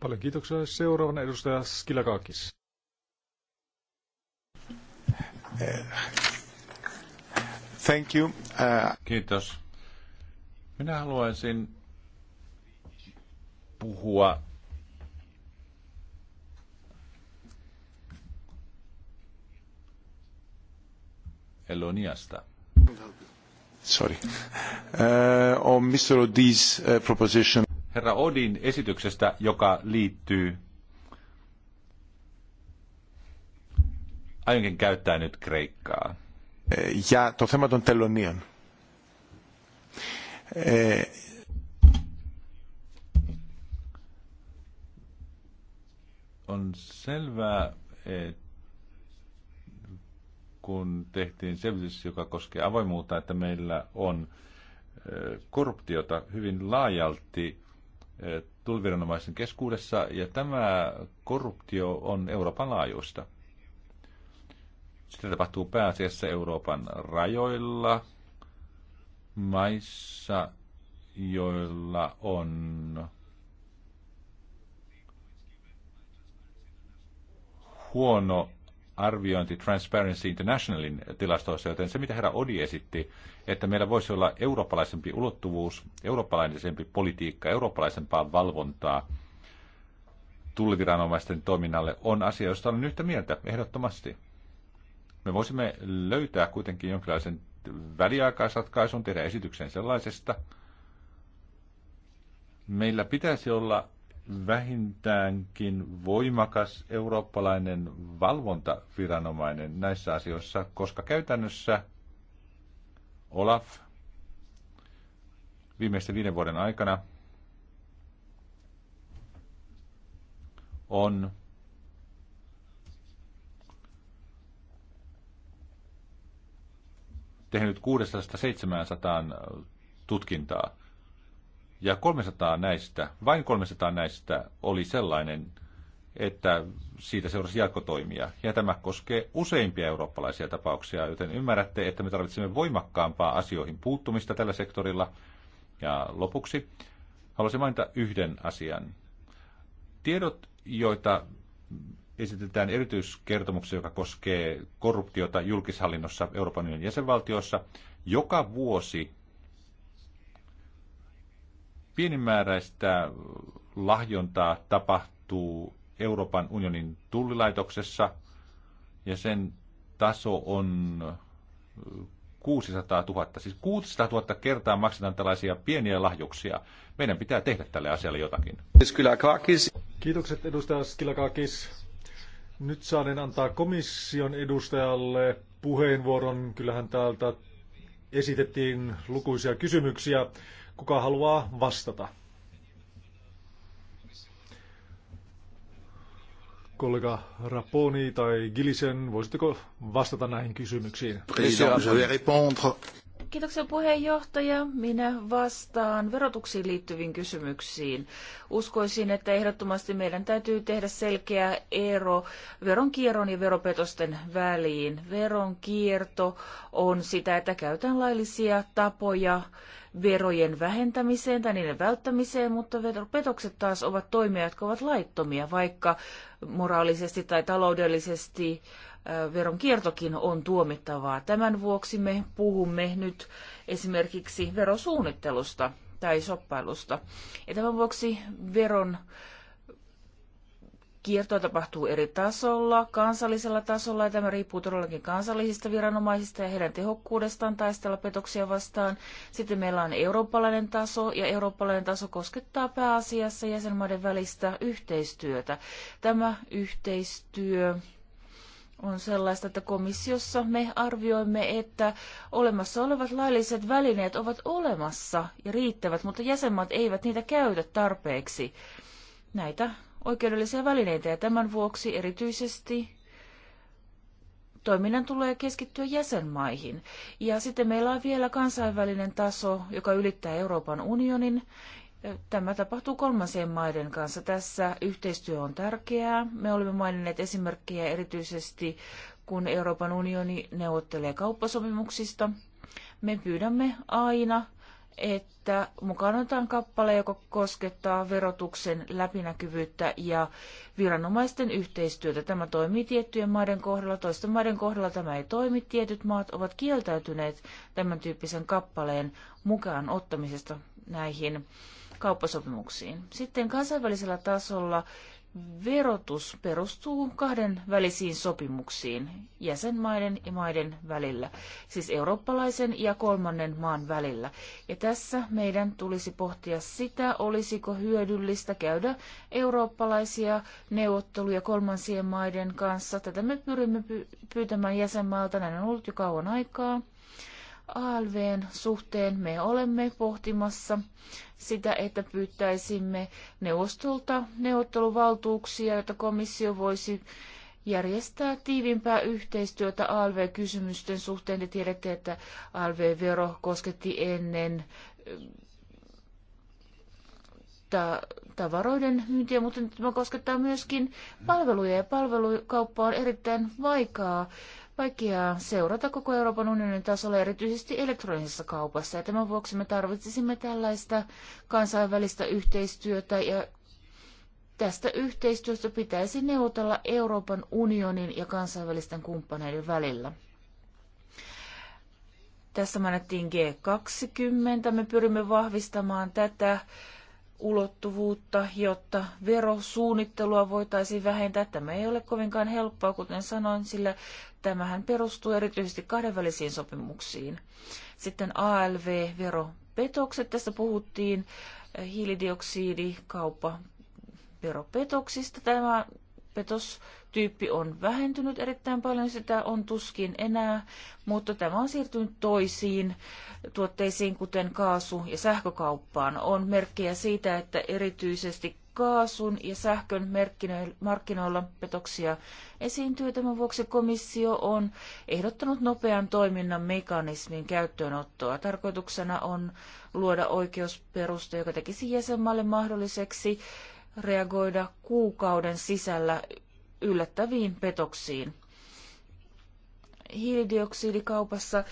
Paljon kiitoksia. Seuraavana edustaja Skilakakis. Thank you. Uh... Kiitos minä haluaisin puhua Eloniasta. Sorry. Uh, on Mr. Odin's uh, proposition. Herra Odin esityksestä, joka liittyy... Aionkin käyttää nyt Kreikkaa. Uh, ja to Thema των τελωνίων. Eh, on selvää, että kun tehtiin selvitys, joka koskee avoimuutta, että meillä on eh, korruptiota hyvin laajalti eh, tulviranomaisen keskuudessa, ja tämä korruptio on Euroopan laajuista. Sitä tapahtuu pääasiassa Euroopan rajoilla, maissa, joilla on huono arviointi Transparency Internationalin tilastoissa, joten se mitä herra Odi esitti, että meillä voisi olla eurooppalaisempi ulottuvuus, eurooppalaisempi politiikka, eurooppalaisempaa valvontaa tulliviranomaisten toiminnalle, on asia, josta olen yhtä mieltä ehdottomasti. Me voisimme löytää kuitenkin jonkinlaisen väliaikaisratkaisun, tehdä esityksen sellaisesta. Meillä pitäisi olla vähintäänkin voimakas eurooppalainen valvontaviranomainen näissä asioissa, koska käytännössä Olaf viimeisten viiden vuoden aikana on tehnyt 600-700 tutkintaa. Ja 300 näistä, vain 300 näistä oli sellainen, että siitä seurasi jatkotoimia. Ja tämä koskee useimpia eurooppalaisia tapauksia, joten ymmärrätte, että me tarvitsemme voimakkaampaa asioihin puuttumista tällä sektorilla. Ja lopuksi haluaisin mainita yhden asian. Tiedot, joita esitetään erityiskertomuksia, joka koskee korruptiota julkishallinnossa Euroopan unionin jäsenvaltioissa. Joka vuosi pienimääräistä lahjontaa tapahtuu Euroopan unionin tullilaitoksessa ja sen taso on 600 000. Siis 600 000 kertaa maksetaan tällaisia pieniä lahjuksia. Meidän pitää tehdä tälle asialle jotakin. Kiitokset edustaja Skilakakis. Nyt saanen antaa komission edustajalle puheenvuoron. Kyllähän täältä esitettiin lukuisia kysymyksiä. Kuka haluaa vastata? kollega Raponi tai Gilisen, voisitteko vastata näihin kysymyksiin? Kiitoksia puheenjohtaja. Minä vastaan verotuksiin liittyviin kysymyksiin. Uskoisin, että ehdottomasti meidän täytyy tehdä selkeä ero veronkierron ja veropetosten väliin. Veronkierto on sitä, että käytetään laillisia tapoja verojen vähentämiseen tai niiden välttämiseen, mutta veropetokset taas ovat toimia, jotka ovat laittomia, vaikka moraalisesti tai taloudellisesti veron kiertokin on tuomittavaa. Tämän vuoksi me puhumme nyt esimerkiksi verosuunnittelusta tai soppailusta. Ja tämän vuoksi veron kiertoa tapahtuu eri tasolla, kansallisella tasolla, ja tämä riippuu todellakin kansallisista viranomaisista ja heidän tehokkuudestaan taistella petoksia vastaan. Sitten meillä on eurooppalainen taso, ja eurooppalainen taso koskettaa pääasiassa jäsenmaiden välistä yhteistyötä. Tämä yhteistyö on sellaista, että komissiossa me arvioimme, että olemassa olevat lailliset välineet ovat olemassa ja riittävät, mutta jäsenmaat eivät niitä käytä tarpeeksi. Näitä oikeudellisia välineitä ja tämän vuoksi erityisesti toiminnan tulee keskittyä jäsenmaihin. Ja sitten meillä on vielä kansainvälinen taso, joka ylittää Euroopan unionin Tämä tapahtuu kolmansien maiden kanssa. Tässä yhteistyö on tärkeää. Me olemme maininneet esimerkkejä erityisesti, kun Euroopan unioni neuvottelee kauppasopimuksista. Me pyydämme aina, että mukana otetaan kappale, joka koskettaa verotuksen läpinäkyvyyttä ja viranomaisten yhteistyötä. Tämä toimii tiettyjen maiden kohdalla, toisten maiden kohdalla tämä ei toimi. Tietyt maat ovat kieltäytyneet tämän tyyppisen kappaleen mukaan ottamisesta näihin kauppasopimuksiin. Sitten kansainvälisellä tasolla verotus perustuu kahden välisiin sopimuksiin jäsenmaiden ja maiden välillä, siis eurooppalaisen ja kolmannen maan välillä. Ja tässä meidän tulisi pohtia sitä, olisiko hyödyllistä käydä eurooppalaisia neuvotteluja kolmansien maiden kanssa. Tätä me pyrimme pyytämään jäsenmaalta, näin on ollut jo kauan aikaa. ALVn suhteen me olemme pohtimassa sitä, että pyytäisimme neuvostolta neuvotteluvaltuuksia, jotta komissio voisi järjestää tiivimpää yhteistyötä ALV-kysymysten suhteen. Te tiedätte, että ALV-vero kosketti ennen tavaroiden myyntiä, mutta nyt tämä koskettaa myöskin palveluja ja palvelukauppa on erittäin vaikaa vaikeaa seurata koko Euroopan unionin tasolla, erityisesti elektronisessa kaupassa. Ja tämän vuoksi me tarvitsisimme tällaista kansainvälistä yhteistyötä ja tästä yhteistyöstä pitäisi neuvotella Euroopan unionin ja kansainvälisten kumppaneiden välillä. Tässä mainittiin G20. Me pyrimme vahvistamaan tätä ulottuvuutta, jotta verosuunnittelua voitaisiin vähentää. Tämä ei ole kovinkaan helppoa, kuten sanoin, sillä tämähän perustuu erityisesti kahdenvälisiin sopimuksiin. Sitten ALV-veropetokset, tässä puhuttiin eh, hiilidioksidikauppa veropetoksista. Tämä petos tyyppi on vähentynyt erittäin paljon, sitä on tuskin enää, mutta tämä on siirtynyt toisiin tuotteisiin, kuten kaasu- ja sähkökauppaan. On merkkejä siitä, että erityisesti kaasun ja sähkön markkinoilla petoksia esiintyy. Tämän vuoksi komissio on ehdottanut nopean toiminnan mekanismin käyttöönottoa. Tarkoituksena on luoda oikeusperusta, joka tekisi jäsenmaalle mahdolliseksi reagoida kuukauden sisällä yllättäviin petoksiin. Hiilidioksidikaupassa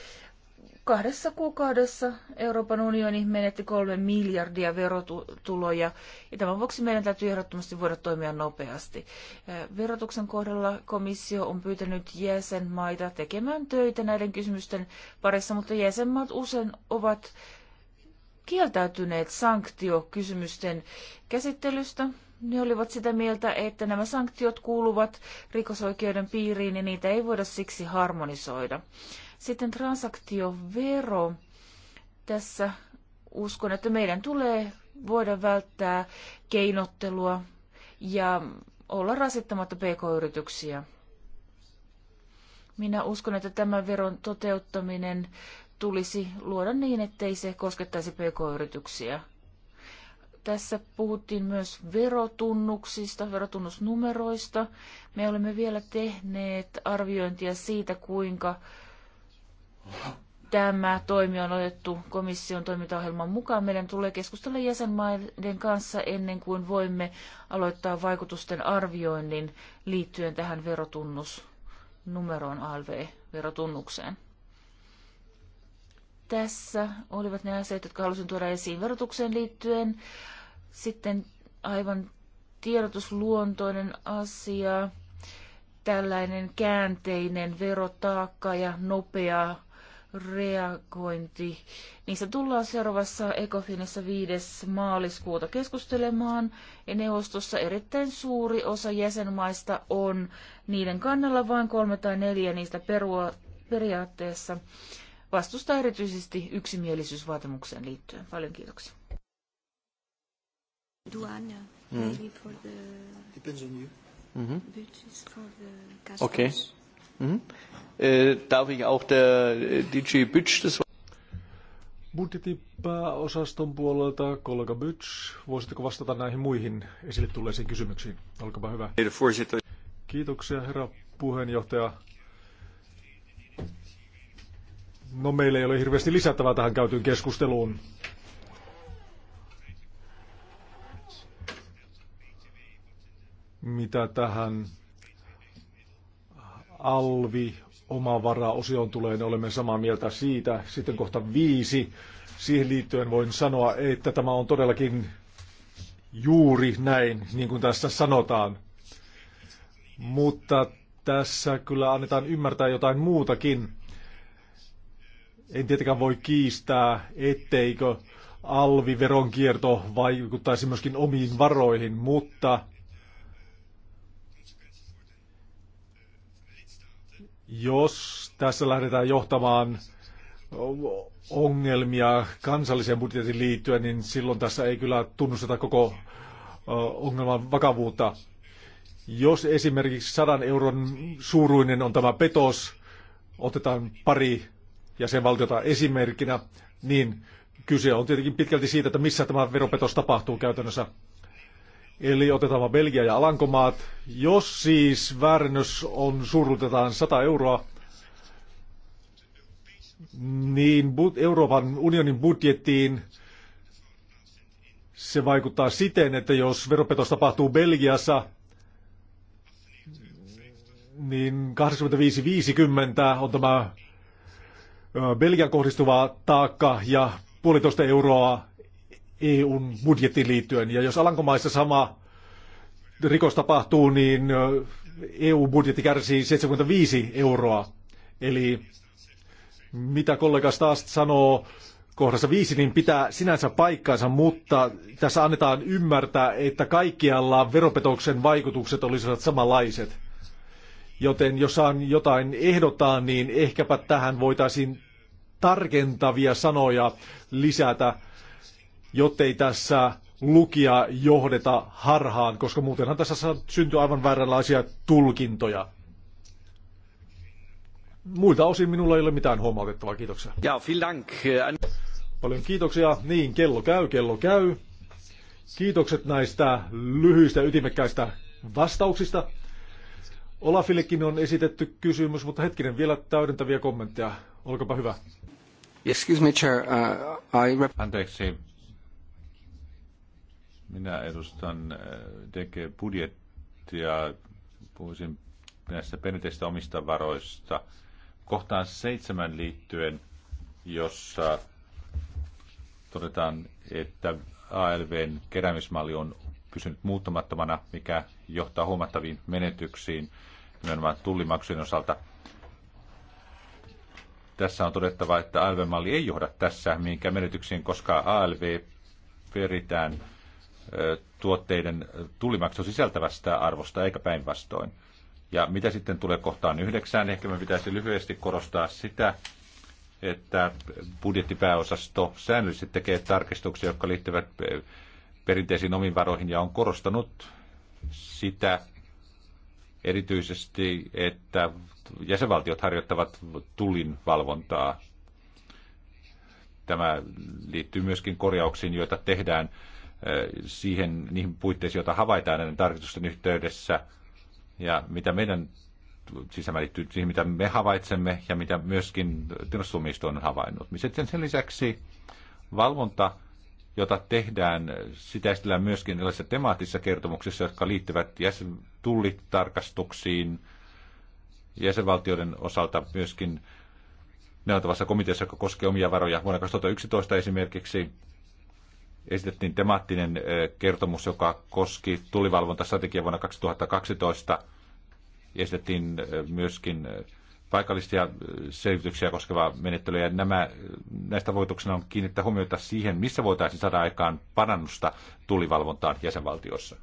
kahdessa kuukaudessa Euroopan unioni menetti kolme miljardia verotuloja, ja tämän vuoksi meidän täytyy ehdottomasti voida toimia nopeasti. Verotuksen kohdalla komissio on pyytänyt jäsenmaita tekemään töitä näiden kysymysten parissa, mutta jäsenmaat usein ovat kieltäytyneet sanktiokysymysten käsittelystä ne olivat sitä mieltä, että nämä sanktiot kuuluvat rikosoikeuden piiriin ja niitä ei voida siksi harmonisoida. Sitten transaktiovero. Tässä uskon, että meidän tulee voida välttää keinottelua ja olla rasittamatta pk-yrityksiä. Minä uskon, että tämän veron toteuttaminen tulisi luoda niin, ettei se koskettaisi pk-yrityksiä. Tässä puhuttiin myös verotunnuksista, verotunnusnumeroista. Me olemme vielä tehneet arviointia siitä, kuinka tämä toimi on otettu komission toimintaohjelman mukaan. Meidän tulee keskustella jäsenmaiden kanssa ennen kuin voimme aloittaa vaikutusten arvioinnin liittyen tähän verotunnusnumeroon ALV-verotunnukseen. Tässä olivat ne asiat, jotka halusin tuoda esiin verotukseen liittyen. Sitten aivan tiedotusluontoinen asia, tällainen käänteinen verotaakka ja nopea reagointi. Niistä tullaan seuraavassa Ecofinissa 5. maaliskuuta keskustelemaan. Ja neuvostossa erittäin suuri osa jäsenmaista on niiden kannalla, vain kolme tai neljä niistä perua, periaatteessa vastustaa erityisesti yksimielisyysvaatimukseen liittyen. Paljon kiitoksia. Duana, hmm. for the... Depends on you. Mm-hmm. okay. Mm-hmm. Äh, darf ich auch der äh, Bütsch das Budjetipääosaston puolelta kollega Bytch, voisitteko vastata näihin muihin esille tulleisiin kysymyksiin? Olkaapa hyvä. Kiitoksia herra puheenjohtaja. No meillä ei ole hirveästi lisättävää tähän käytyyn keskusteluun. Mitä tähän alvi osioon tulee, niin olemme samaa mieltä siitä. Sitten kohta viisi. Siihen liittyen voin sanoa, että tämä on todellakin juuri näin, niin kuin tässä sanotaan. Mutta tässä kyllä annetaan ymmärtää jotain muutakin. En tietenkään voi kiistää, etteikö Veronkierto vaikuttaisi myöskin omiin varoihin, mutta jos tässä lähdetään johtamaan ongelmia kansalliseen budjetin liittyen, niin silloin tässä ei kyllä tunnusteta koko ongelman vakavuutta. Jos esimerkiksi 100 euron suuruinen on tämä petos, otetaan pari jäsenvaltiota esimerkkinä, niin kyse on tietenkin pitkälti siitä, että missä tämä veropetos tapahtuu käytännössä. Eli otetaan Belgia ja Alankomaat. Jos siis väärennös on surrutetaan 100 euroa, niin Euroopan unionin budjettiin se vaikuttaa siten, että jos veropetos tapahtuu Belgiassa, niin 85-50 on tämä Belgian kohdistuva taakka ja puolitoista euroa EUn budjettiin liittyen. Ja jos Alankomaissa sama rikos tapahtuu, niin EU-budjetti kärsii 75 euroa. Eli mitä kollega taas sanoo kohdassa viisi, niin pitää sinänsä paikkaansa, mutta tässä annetaan ymmärtää, että kaikkialla veropetoksen vaikutukset olisivat samanlaiset. Joten jos saan jotain ehdottaa, niin ehkäpä tähän voitaisiin tarkentavia sanoja lisätä, jottei tässä lukia johdeta harhaan, koska muutenhan tässä syntyy aivan vääränlaisia tulkintoja. Muilta osin minulla ei ole mitään huomautettavaa. Kiitoksia. Ja, dank. Paljon kiitoksia. Niin, kello käy, kello käy. Kiitokset näistä lyhyistä ytimekkäistä vastauksista. Olafillekin on esitetty kysymys, mutta hetkinen, vielä täydentäviä kommentteja. Olkapa hyvä. Excuse me, chair. Uh, I... Anteeksi. Minä edustan äh, DG budjettia. Puhuisin näistä perinteistä omista varoista. Kohtaan seitsemän liittyen, jossa todetaan, että ALVn keräämismalli on pysynyt muuttumattomana, mikä johtaa huomattaviin menetyksiin nimenomaan tullimaksujen osalta. Tässä on todettava, että ALV-malli ei johda tässä mihinkään menetyksiin, koska ALV peritään tuotteiden tullimaksu sisältävästä arvosta eikä päinvastoin. Ja mitä sitten tulee kohtaan yhdeksään, ehkä me pitäisi lyhyesti korostaa sitä, että budjettipääosasto säännöllisesti tekee tarkistuksia, jotka liittyvät perinteisiin omiin varoihin ja on korostanut sitä, erityisesti, että jäsenvaltiot harjoittavat tullin valvontaa. Tämä liittyy myöskin korjauksiin, joita tehdään eh, siihen niihin puitteisiin, joita havaitaan näiden tarkistusten yhteydessä ja mitä meidän sisämä liittyy siihen, mitä me havaitsemme ja mitä myöskin tilastumisto on havainnut. Niin sen lisäksi valvonta jota tehdään, sitä esitellään myöskin erilaisissa temaattisissa kertomuksissa, jotka liittyvät jäsen, tullitarkastuksiin jäsenvaltioiden osalta myöskin neuvottavassa komiteassa, joka koskee omia varoja. Vuonna 2011 esimerkiksi esitettiin temaattinen kertomus, joka koski tulivalvontastrategiaa vuonna 2012. Esitettiin myöskin paikallisia äh, selvityksiä koskevaa menettelyä. Nämä, äh, näistä voituksena on kiinnittää huomiota siihen, missä voitaisiin saada aikaan parannusta tulivalvontaan jäsenvaltiossa.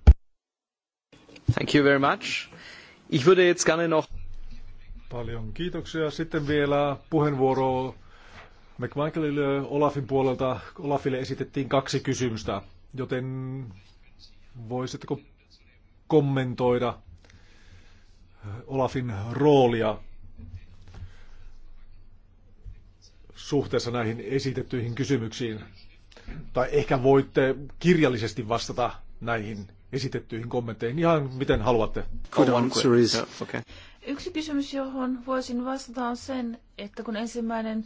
Thank you very much. Ich würde jetzt gerne noch... Paljon kiitoksia. Sitten vielä puheenvuoro McMichaelille Olafin puolelta. Olafille esitettiin kaksi kysymystä, joten voisitteko kommentoida Olafin roolia suhteessa näihin esitettyihin kysymyksiin? Tai ehkä voitte kirjallisesti vastata näihin esitettyihin kommentteihin ihan miten haluatte. Yksi kysymys, johon voisin vastata on sen, että kun ensimmäinen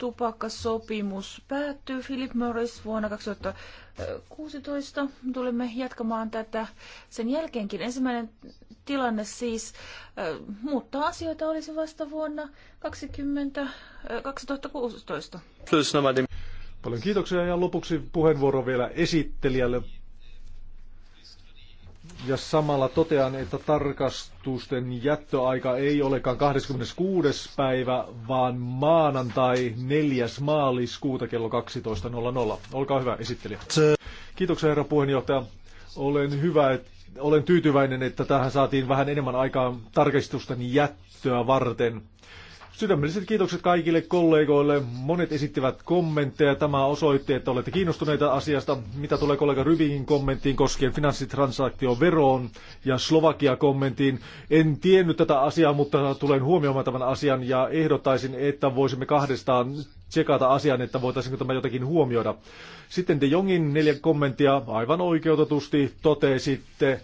tupakkasopimus päättyy Philip Morris vuonna 2016. Tulemme jatkamaan tätä sen jälkeenkin. Ensimmäinen tilanne siis äh, muuttaa asioita olisi vasta vuonna 20, 2016. Äh, Paljon kiitoksia ja lopuksi puheenvuoro vielä esittelijälle ja samalla totean, että tarkastusten jättöaika ei olekaan 26. päivä, vaan maanantai 4. maaliskuuta kello 12.00. Olkaa hyvä, esittelijä. Kiitoksia, herra puheenjohtaja. Olen hyvä, että olen tyytyväinen, että tähän saatiin vähän enemmän aikaa tarkastusten jättöä varten. Sydämelliset kiitokset kaikille kollegoille. Monet esittivät kommentteja. Tämä osoitti, että olette kiinnostuneita asiasta. Mitä tulee kollega Rybingin kommenttiin koskien finanssitransaktioveroon ja Slovakia-kommenttiin. En tiennyt tätä asiaa, mutta tulen huomioimaan tämän asian ja ehdottaisin, että voisimme kahdestaan tsekata asian, että voitaisiinko tämä jotakin huomioida. Sitten De Jongin neljä kommenttia aivan oikeutetusti totesitte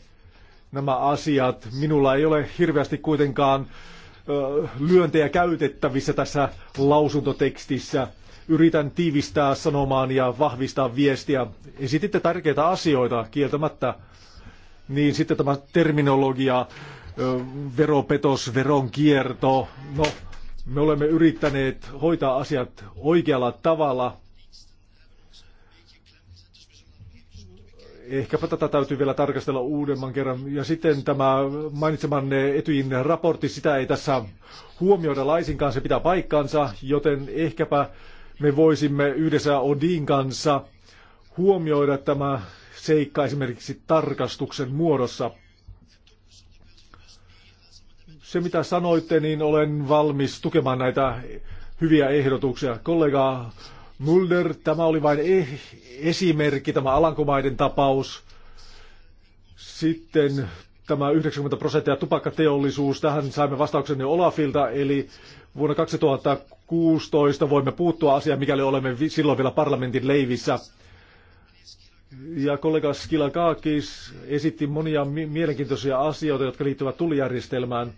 nämä asiat. Minulla ei ole hirveästi kuitenkaan lyöntejä käytettävissä tässä lausuntotekstissä. Yritän tiivistää sanomaan ja vahvistaa viestiä. Esititte tärkeitä asioita kieltämättä, niin sitten tämä terminologia, veropetos, veronkierto, no me olemme yrittäneet hoitaa asiat oikealla tavalla – Ehkäpä tätä täytyy vielä tarkastella uudemman kerran. Ja sitten tämä mainitsemanne Etyin raportti, sitä ei tässä huomioida laisinkaan, se pitää paikkansa, joten ehkäpä me voisimme yhdessä Odin kanssa huomioida tämä seikka esimerkiksi tarkastuksen muodossa. Se mitä sanoitte, niin olen valmis tukemaan näitä hyviä ehdotuksia. Kollega Mulder, tämä oli vain eh- esimerkki, tämä Alankomaiden tapaus. Sitten tämä 90 prosenttia tupakkateollisuus, tähän saimme vastauksen jo Olafilta, eli vuonna 2016 voimme puuttua asiaan, mikäli olemme silloin vielä parlamentin leivissä. Ja kollega Skilakakis esitti monia mielenkiintoisia asioita, jotka liittyvät tulijärjestelmään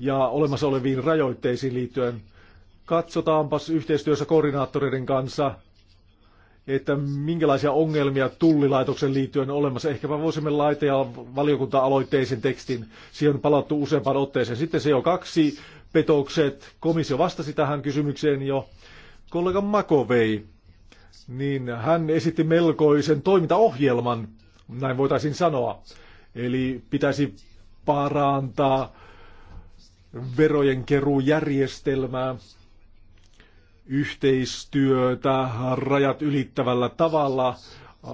ja olemassa oleviin rajoitteisiin liittyen. Katsotaanpas yhteistyössä koordinaattoreiden kanssa, että minkälaisia ongelmia tullilaitoksen liittyen on olemassa. Ehkäpä voisimme laitaa valiokunta-aloitteisen tekstin. Siihen on palattu useampaan otteeseen. Sitten CO2 petokset. Komissio vastasi tähän kysymykseen jo. Kollega Makovei, niin hän esitti melkoisen toimintaohjelman, näin voitaisiin sanoa. Eli pitäisi parantaa verojen keruujärjestelmää yhteistyötä rajat ylittävällä tavalla,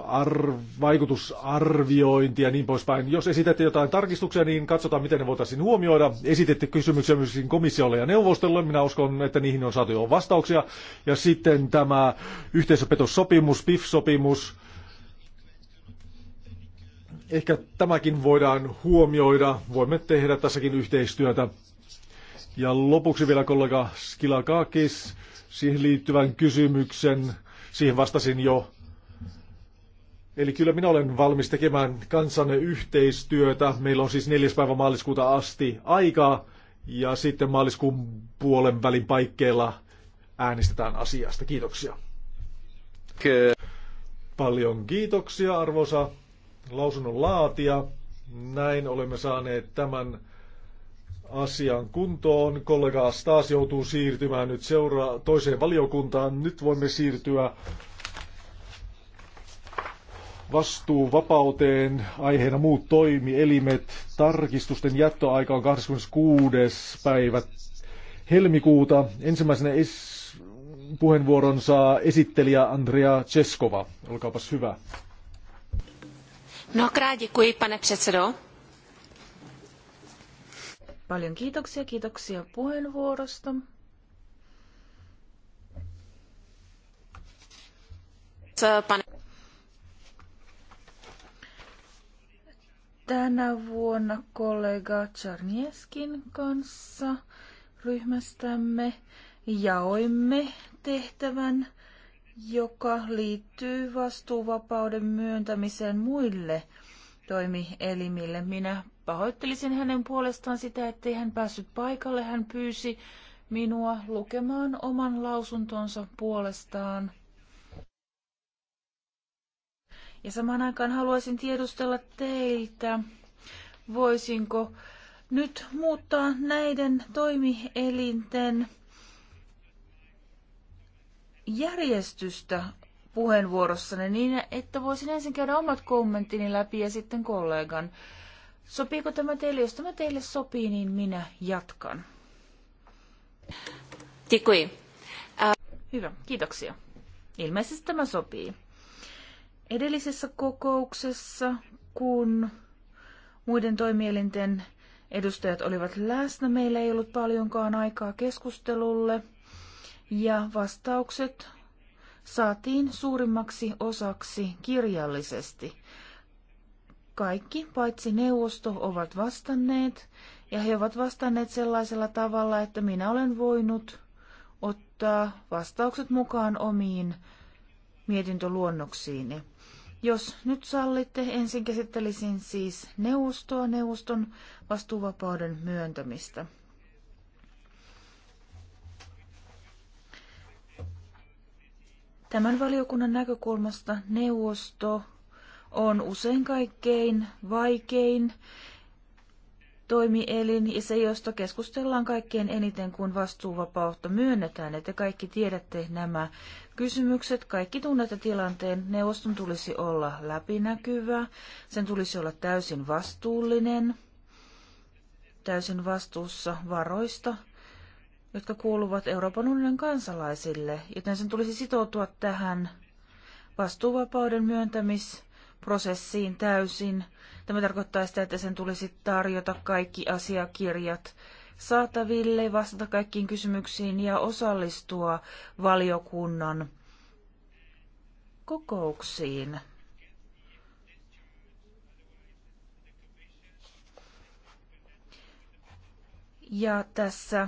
ar- vaikutusarviointi ja niin poispäin. Jos esitätte jotain tarkistuksia, niin katsotaan, miten ne voitaisiin huomioida. Esitette kysymyksiä myös komissiolle ja neuvostolle. Minä uskon, että niihin on saatu jo vastauksia. Ja sitten tämä yhteisöpetossopimus, PIF-sopimus. Ehkä tämäkin voidaan huomioida. Voimme tehdä tässäkin yhteistyötä. Ja lopuksi vielä kollega Skilakakis siihen liittyvän kysymyksen. Siihen vastasin jo. Eli kyllä minä olen valmis tekemään kansanne yhteistyötä. Meillä on siis 4. päivä maaliskuuta asti aikaa ja sitten maaliskuun puolen välin paikkeilla äänestetään asiasta. Kiitoksia. Okay. Paljon kiitoksia arvoisa lausunnon laatia Näin olemme saaneet tämän asian kuntoon. Kollega Stas joutuu siirtymään nyt seura toiseen valiokuntaan. Nyt voimme siirtyä vastuuvapauteen aiheena muut toimielimet. Tarkistusten jättöaika on 26. päivä helmikuuta. Ensimmäisenä es- puheenvuoron saa esittelijä Andrea Cheskova. Olkaapas hyvä. No, děkuji, pane předsedo. Paljon kiitoksia, kiitoksia puheenvuorosta. Tänä vuonna kollega Czarnieskin kanssa ryhmästämme jaoimme tehtävän, joka liittyy vastuuvapauden myöntämiseen muille toimielimille. Minä Pahoittelisin hänen puolestaan sitä, ettei hän päässyt paikalle. Hän pyysi minua lukemaan oman lausuntonsa puolestaan. Ja samaan aikaan haluaisin tiedustella teiltä, voisinko nyt muuttaa näiden toimielinten järjestystä puheenvuorossanne niin, että voisin ensin käydä omat kommenttini läpi ja sitten kollegan. Sopiiko tämä teille? Jos tämä teille sopii, niin minä jatkan. Tikui. Hyvä, kiitoksia. Ilmeisesti tämä sopii. Edellisessä kokouksessa, kun muiden toimielinten edustajat olivat läsnä, meillä ei ollut paljonkaan aikaa keskustelulle ja vastaukset saatiin suurimmaksi osaksi kirjallisesti. Kaikki paitsi neuvosto ovat vastanneet, ja he ovat vastanneet sellaisella tavalla, että minä olen voinut ottaa vastaukset mukaan omiin mietintöluonnoksiini. Jos nyt sallitte, ensin käsittelisin siis neuvostoa, neuvoston vastuuvapauden myöntämistä. Tämän valiokunnan näkökulmasta neuvosto on usein kaikkein vaikein toimielin ja se, josta keskustellaan kaikkein eniten, kun vastuuvapautta myönnetään. Että kaikki tiedätte nämä kysymykset, kaikki tunnette tilanteen. Neuvoston tulisi olla läpinäkyvä, sen tulisi olla täysin vastuullinen, täysin vastuussa varoista, jotka kuuluvat Euroopan unionin kansalaisille, joten sen tulisi sitoutua tähän vastuuvapauden myöntämis- prosessiin täysin. Tämä tarkoittaa sitä, että sen tulisi tarjota kaikki asiakirjat saataville, vastata kaikkiin kysymyksiin ja osallistua valiokunnan kokouksiin. Ja tässä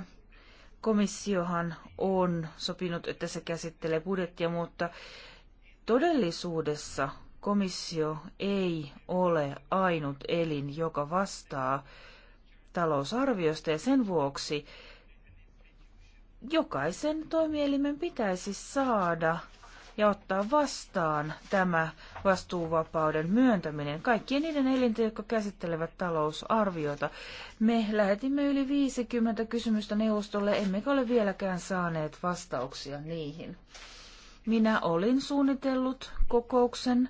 komissiohan on sopinut, että se käsittelee budjettia, mutta todellisuudessa komissio ei ole ainut elin, joka vastaa talousarviosta ja sen vuoksi jokaisen toimielimen pitäisi saada ja ottaa vastaan tämä vastuuvapauden myöntäminen kaikkien niiden elinten, jotka käsittelevät talousarviota. Me lähetimme yli 50 kysymystä neuvostolle, emmekä ole vieläkään saaneet vastauksia niihin. Minä olin suunnitellut kokouksen.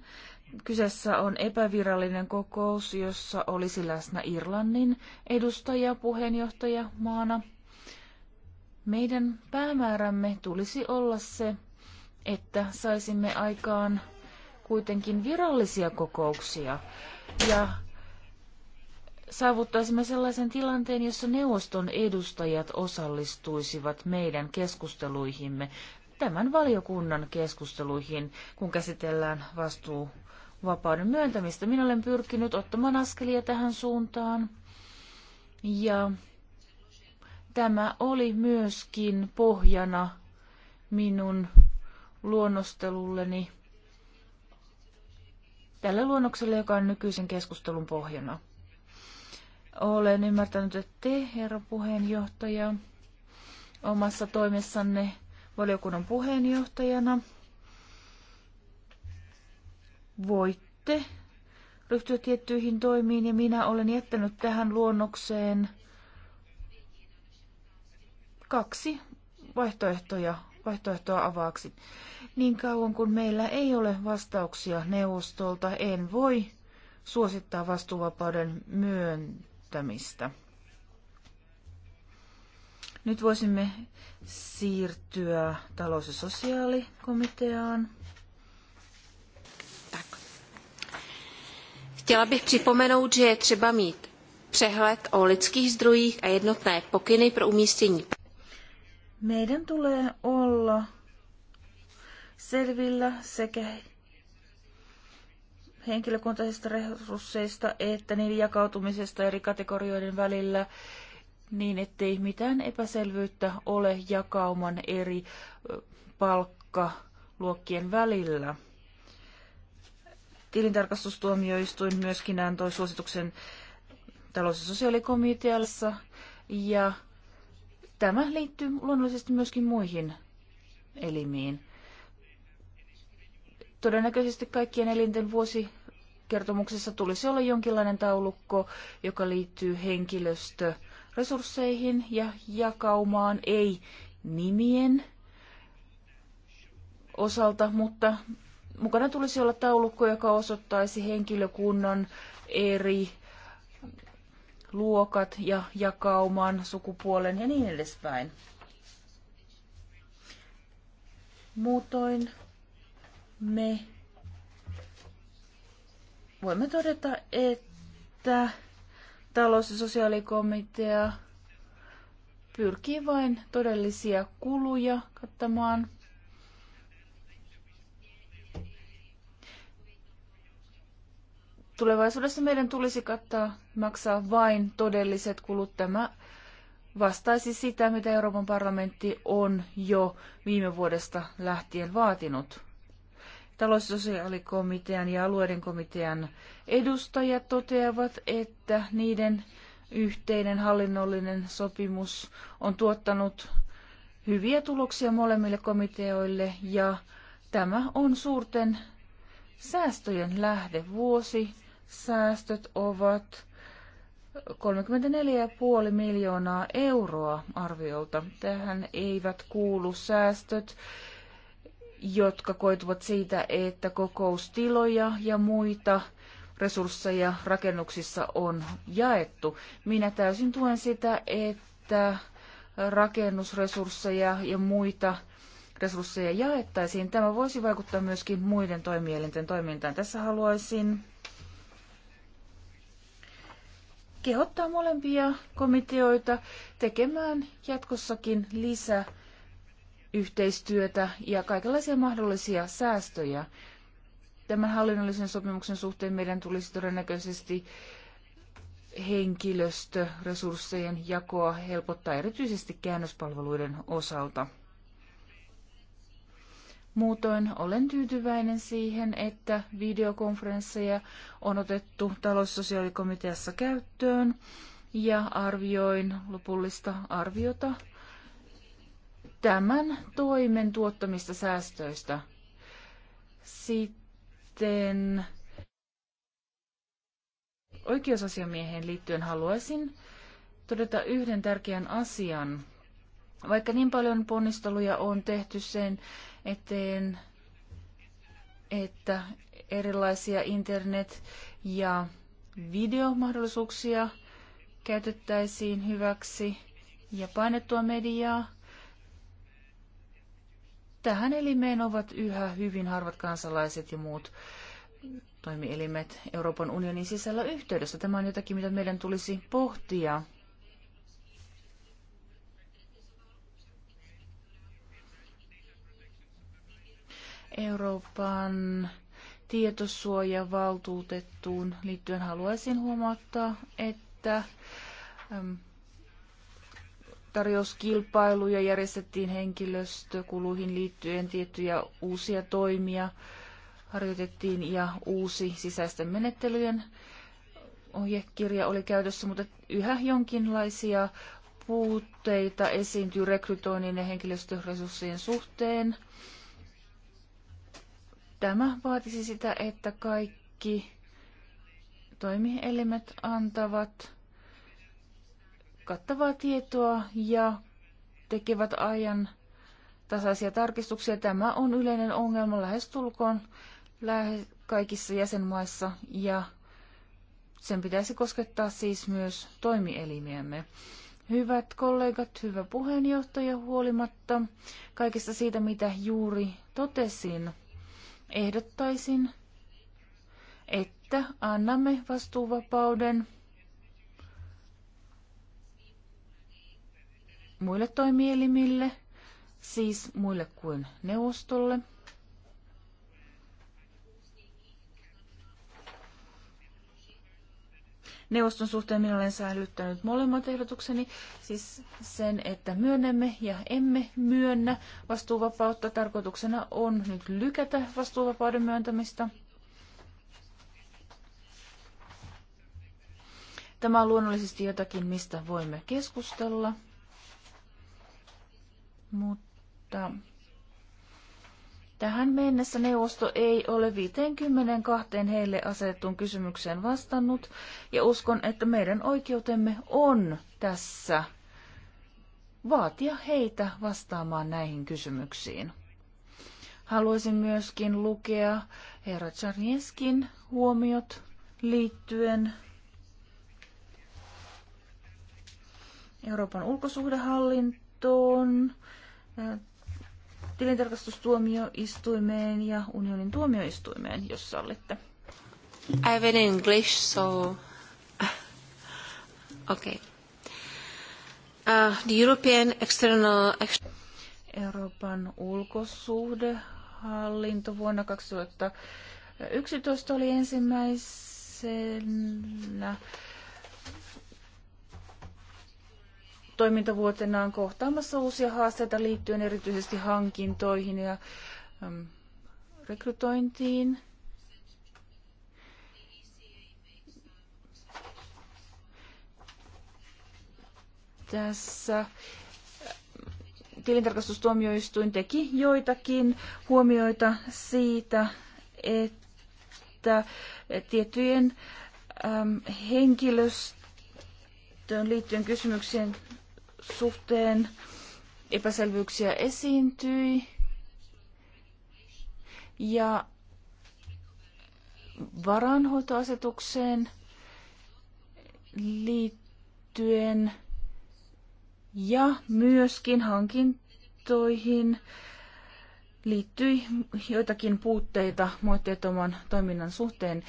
Kyseessä on epävirallinen kokous, jossa olisi läsnä Irlannin edustaja puheenjohtaja maana. Meidän päämäärämme tulisi olla se, että saisimme aikaan kuitenkin virallisia kokouksia ja saavuttaisimme sellaisen tilanteen, jossa neuvoston edustajat osallistuisivat meidän keskusteluihimme tämän valiokunnan keskusteluihin, kun käsitellään vapauden myöntämistä. Minä olen pyrkinyt ottamaan askelia tähän suuntaan. Ja tämä oli myöskin pohjana minun luonnostelulleni tälle luonnokselle, joka on nykyisen keskustelun pohjana. Olen ymmärtänyt, että te, herra puheenjohtaja, omassa toimessanne valiokunnan puheenjohtajana voitte ryhtyä tiettyihin toimiin ja minä olen jättänyt tähän luonnokseen kaksi vaihtoehtoja, vaihtoehtoa avaaksi. Niin kauan kuin meillä ei ole vastauksia neuvostolta, en voi suosittaa vastuuvapauden myöntämistä. Nyt voisimme siirtyä talous- ja sosiaalikomiteaan. Tak. Chtěla bych připomenout, že je třeba mít přehled o lidských zdrojích a jednotné pokyny pro umístění. Meidän tulee olla selvillä sekä henkilökohtaisista resursseista että niiden jakautumisesta eri kategorioiden välillä niin, ettei mitään epäselvyyttä ole jakauman eri palkkaluokkien välillä. Tilintarkastustuomioistuin myöskin antoi suosituksen talous- ja sosiaalikomiteassa ja tämä liittyy luonnollisesti myöskin muihin elimiin. Todennäköisesti kaikkien elinten vuosikertomuksessa tulisi olla jonkinlainen taulukko, joka liittyy henkilöstö- resursseihin ja jakaumaan, ei nimien osalta, mutta mukana tulisi olla taulukko, joka osoittaisi henkilökunnan eri luokat ja jakauman, sukupuolen ja niin edespäin. Muutoin me voimme todeta, että talous- ja sosiaalikomitea pyrkii vain todellisia kuluja kattamaan. Tulevaisuudessa meidän tulisi kattaa maksaa vain todelliset kulut. Tämä vastaisi sitä, mitä Euroopan parlamentti on jo viime vuodesta lähtien vaatinut talous- ja sosiaalikomitean ja alueiden komitean edustajat toteavat, että niiden yhteinen hallinnollinen sopimus on tuottanut hyviä tuloksia molemmille komiteoille ja tämä on suurten säästöjen lähde vuosi. Säästöt ovat 34,5 miljoonaa euroa arviolta. Tähän eivät kuulu säästöt, jotka koituvat siitä, että kokoustiloja ja muita resursseja rakennuksissa on jaettu. Minä täysin tuen sitä, että rakennusresursseja ja muita resursseja jaettaisiin. Tämä voisi vaikuttaa myöskin muiden toimielinten toimintaan. Tässä haluaisin kehottaa molempia komiteoita tekemään jatkossakin lisää yhteistyötä ja kaikenlaisia mahdollisia säästöjä. Tämän hallinnollisen sopimuksen suhteen meidän tulisi todennäköisesti henkilöstöresurssien jakoa helpottaa erityisesti käännöspalveluiden osalta. Muutoin olen tyytyväinen siihen, että videokonferensseja on otettu taloussosiaalikomiteassa käyttöön ja arvioin lopullista arviota tämän toimen tuottamista säästöistä. Sitten oikeusasiamieheen liittyen haluaisin todeta yhden tärkeän asian. Vaikka niin paljon ponnisteluja on tehty sen eteen, että erilaisia internet- ja videomahdollisuuksia käytettäisiin hyväksi ja painettua mediaa, tähän elimeen ovat yhä hyvin harvat kansalaiset ja muut toimielimet Euroopan unionin sisällä yhteydessä. Tämä on jotakin, mitä meidän tulisi pohtia. Euroopan tietosuojavaltuutettuun liittyen haluaisin huomauttaa, että tarjouskilpailuja, järjestettiin henkilöstökuluihin liittyen tiettyjä uusia toimia, harjoitettiin ja uusi sisäisten menettelyjen ohjekirja oli käytössä, mutta yhä jonkinlaisia puutteita esiintyy rekrytoinnin ja henkilöstöresurssien suhteen. Tämä vaatisi sitä, että kaikki toimielimet antavat kattavaa tietoa ja tekevät ajan tasaisia tarkistuksia. Tämä on yleinen ongelma lähestulkoon lähe kaikissa jäsenmaissa ja sen pitäisi koskettaa siis myös toimielimiämme. Hyvät kollegat, hyvä puheenjohtaja, huolimatta kaikesta siitä, mitä juuri totesin, ehdottaisin, että annamme vastuuvapauden muille toimielimille, siis muille kuin neuvostolle. Neuvoston suhteen minä olen säilyttänyt molemmat ehdotukseni, siis sen, että myönnämme ja emme myönnä vastuuvapautta. Tarkoituksena on nyt lykätä vastuuvapauden myöntämistä. Tämä on luonnollisesti jotakin, mistä voimme keskustella. Mutta tähän mennessä neuvosto ei ole 52 heille asetettuun kysymykseen vastannut, ja uskon, että meidän oikeutemme on tässä vaatia heitä vastaamaan näihin kysymyksiin. Haluaisin myöskin lukea herra Czarnieskin huomiot liittyen Euroopan ulkosuhdehallintoon tilintarkastustuomioistuimeen ja unionin tuomioistuimeen, jos sallitte. I have an English, so... Okay. Uh, the European External... Euroopan ulkosuhdehallinto vuonna 2011 oli ensimmäisenä toimintavuotenaan kohtaamassa uusia haasteita liittyen erityisesti hankintoihin ja äm, rekrytointiin. Tässä tilintarkastustuomioistuin teki joitakin huomioita siitä, että tiettyjen äm, henkilöstöön liittyen kysymykseen suhteen epäselvyyksiä esiintyi. Ja varanhoitoasetukseen liittyen ja myöskin hankintoihin liittyi joitakin puutteita moitteettoman toiminnan suhteen.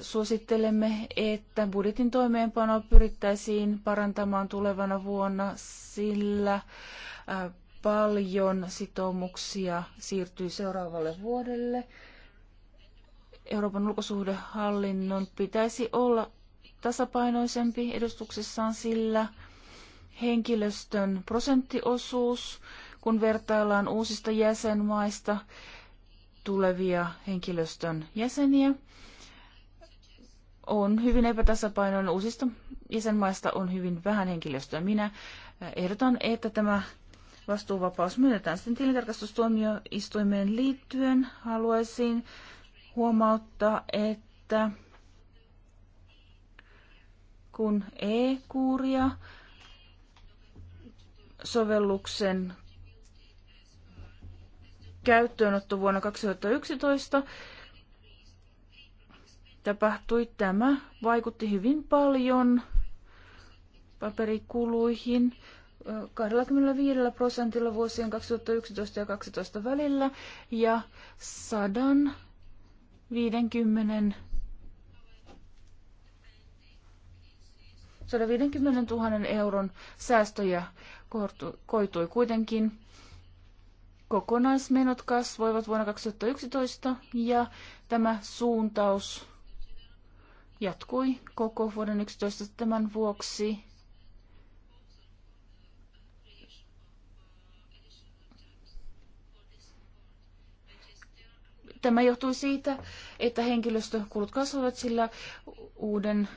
Suosittelemme, että budjetin toimeenpanoa pyrittäisiin parantamaan tulevana vuonna, sillä paljon sitoumuksia siirtyy seuraavalle vuodelle. Euroopan ulkosuhdehallinnon pitäisi olla tasapainoisempi edustuksessaan, sillä henkilöstön prosenttiosuus, kun vertaillaan uusista jäsenmaista tulevia henkilöstön jäseniä, on hyvin epätasapainoinen. Uusista jäsenmaista on hyvin vähän henkilöstöä. Minä eh, ehdotan, että tämä vastuuvapaus myönnetään. Sitten tilintarkastustuomioistuimeen liittyen haluaisin huomauttaa, että kun e-kuuria sovelluksen käyttöönotto vuonna 2011 tapahtui. Tämä vaikutti hyvin paljon paperikuluihin 25 prosentilla vuosien 2011 ja 2012 välillä ja 150 150 000 euron säästöjä koitui kuitenkin. Kokonaismenot kasvoivat vuonna 2011 ja tämä suuntaus jatkui koko vuoden 11 tämän vuoksi. Tämä johtui siitä, että henkilöstökulut kasvavat, sillä uuden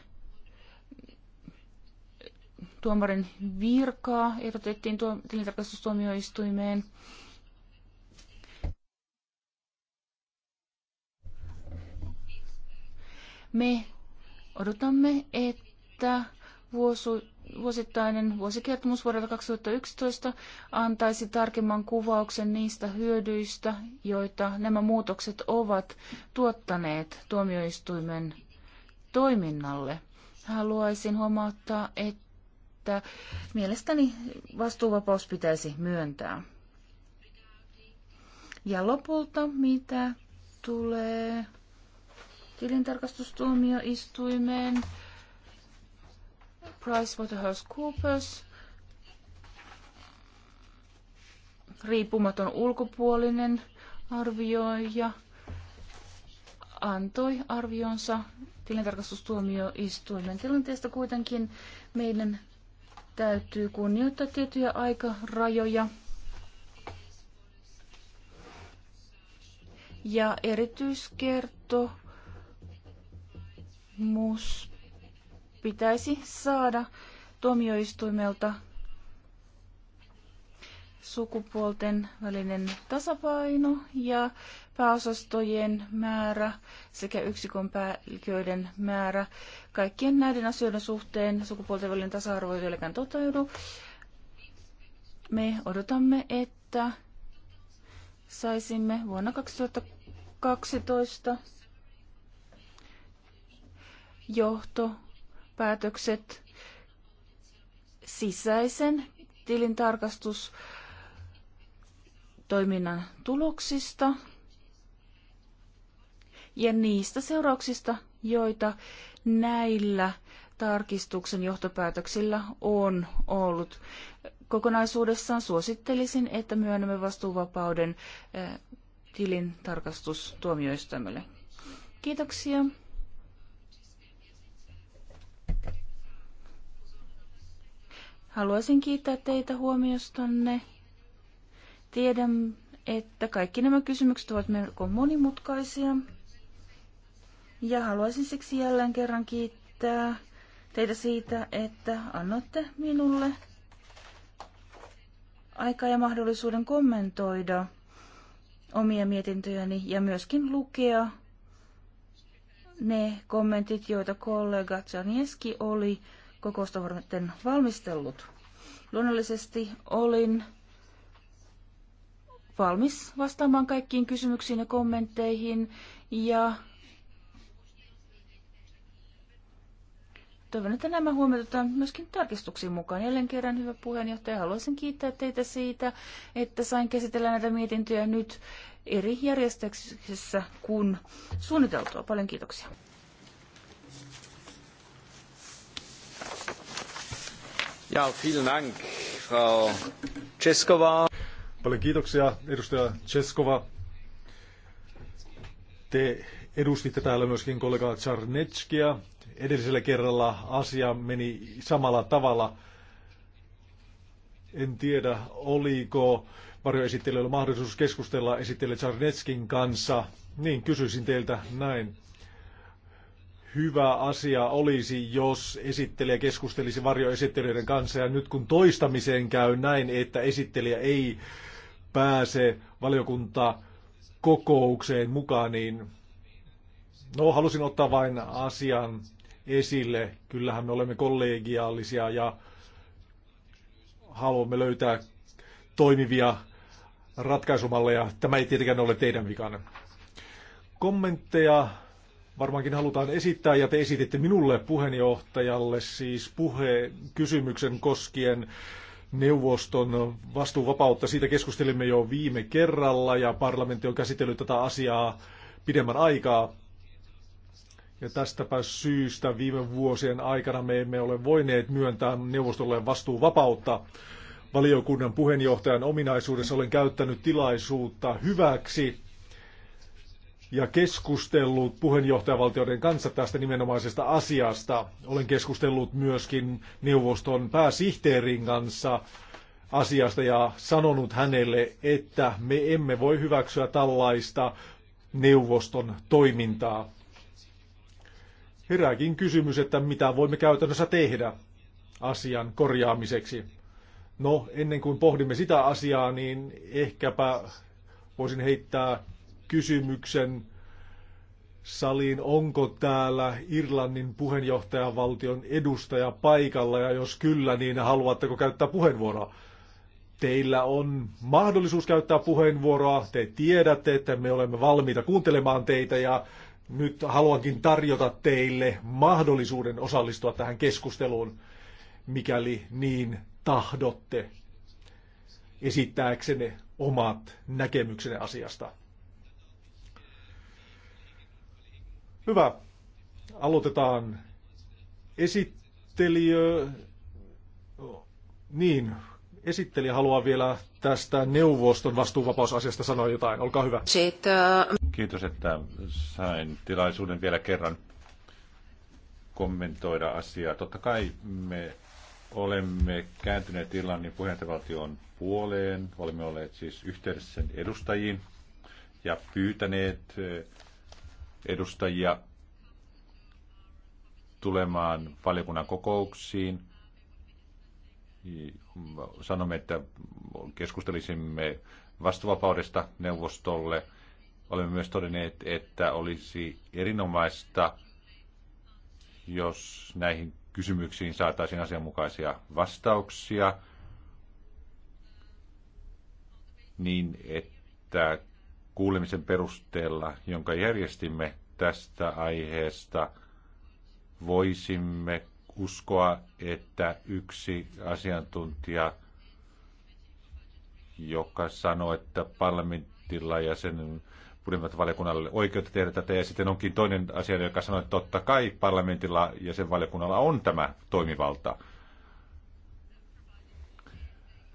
tuomarin virkaa ehdotettiin tuo, tilintarkastustuomioistuimeen. Me Odotamme, että vuosu, vuosittainen vuosikertomus vuodelta 2011 antaisi tarkemman kuvauksen niistä hyödyistä, joita nämä muutokset ovat tuottaneet tuomioistuimen toiminnalle. Haluaisin huomauttaa, että mielestäni vastuuvapaus pitäisi myöntää. Ja lopulta mitä tulee tilintarkastustuomioistuimeen, PricewaterhouseCoopers, riippumaton ulkopuolinen arvioija, antoi arvionsa tilintarkastustuomioistuimen tilanteesta kuitenkin meidän täytyy kunnioittaa tiettyjä aikarajoja. Ja erityiskerto tutkimus pitäisi saada tuomioistuimelta sukupuolten välinen tasapaino ja pääosastojen määrä sekä yksikön päälliköiden määrä. Kaikkien näiden asioiden suhteen sukupuolten välinen tasa-arvo ei vieläkään toteudu. Me odotamme, että saisimme vuonna 2012 johtopäätökset sisäisen tilintarkastustoiminnan tuloksista ja niistä seurauksista, joita näillä tarkistuksen johtopäätöksillä on ollut. Kokonaisuudessaan suosittelisin, että myönnämme vastuuvapauden eh, tilintarkastustuomioistuimelle. Kiitoksia. Haluaisin kiittää teitä huomiostanne. Tiedän, että kaikki nämä kysymykset ovat melko monimutkaisia. Ja haluaisin siksi jälleen kerran kiittää teitä siitä, että annoitte minulle aikaa ja mahdollisuuden kommentoida omia mietintöjäni ja myöskin lukea ne kommentit, joita kollega Janieski oli kokousta varten valmistellut. Luonnollisesti olin valmis vastaamaan kaikkiin kysymyksiin ja kommentteihin ja toivon, että nämä huomioitetaan myöskin tarkistuksiin mukaan. Jälleen kerran, hyvä puheenjohtaja, haluaisin kiittää teitä siitä, että sain käsitellä näitä mietintöjä nyt eri järjestyksessä kuin suunniteltua. Paljon kiitoksia. Ja, vielen Dank, Frau Paljon kiitoksia, edustaja Ceskova. Te edustitte täällä myöskin kollega Czarneckia. Edellisellä kerralla asia meni samalla tavalla. En tiedä, oliko varjoesittelijöillä mahdollisuus keskustella esittelijä Czarneckin kanssa. Niin, kysyisin teiltä näin hyvä asia olisi, jos esittelijä keskustelisi varjoesittelijöiden kanssa. Ja nyt kun toistamiseen käy näin, että esittelijä ei pääse valiokunta kokoukseen mukaan, niin no, halusin ottaa vain asian esille. Kyllähän me olemme kollegiaalisia ja haluamme löytää toimivia ratkaisumalleja. Tämä ei tietenkään ole teidän vikanne. Kommentteja varmaankin halutaan esittää, ja te esititte minulle puheenjohtajalle siis puhe, kysymyksen koskien neuvoston vastuuvapautta. Siitä keskustelimme jo viime kerralla, ja parlamentti on käsitellyt tätä asiaa pidemmän aikaa. Ja tästäpä syystä viime vuosien aikana me emme ole voineet myöntää neuvostolle vastuuvapautta. Valiokunnan puheenjohtajan ominaisuudessa olen käyttänyt tilaisuutta hyväksi ja keskustellut puheenjohtajavaltioiden kanssa tästä nimenomaisesta asiasta. Olen keskustellut myöskin neuvoston pääsihteerin kanssa asiasta ja sanonut hänelle, että me emme voi hyväksyä tällaista neuvoston toimintaa. Herääkin kysymys, että mitä voimme käytännössä tehdä asian korjaamiseksi. No, ennen kuin pohdimme sitä asiaa, niin ehkäpä voisin heittää kysymyksen saliin, onko täällä Irlannin puheenjohtajavaltion edustaja paikalla, ja jos kyllä, niin haluatteko käyttää puheenvuoroa? Teillä on mahdollisuus käyttää puheenvuoroa, te tiedätte, että me olemme valmiita kuuntelemaan teitä, ja nyt haluankin tarjota teille mahdollisuuden osallistua tähän keskusteluun, mikäli niin tahdotte, esittääksenne omat näkemyksenne asiasta. Hyvä. Aloitetaan esittelijö. Niin, esittelijä haluaa vielä tästä neuvoston vastuuvapausasiasta sanoa jotain. Olkaa hyvä. Kiitos, että sain tilaisuuden vielä kerran kommentoida asiaa. Totta kai me olemme kääntyneet Irlannin puheenjohtajavaltion puoleen. Olemme olleet siis yhteydessä sen edustajiin ja pyytäneet edustajia tulemaan valiokunnan kokouksiin. Sanomme, että keskustelisimme vastuvapaudesta neuvostolle. Olemme myös todenneet, että olisi erinomaista, jos näihin kysymyksiin saataisiin asianmukaisia vastauksia, niin että kuulemisen perusteella, jonka järjestimme tästä aiheesta, voisimme uskoa, että yksi asiantuntija, joka sanoi, että parlamentilla ja sen valiokunnalle oikeutta tehdä tätä, ja sitten onkin toinen asia, joka sanoi, että totta kai parlamentilla ja sen valiokunnalla on tämä toimivalta,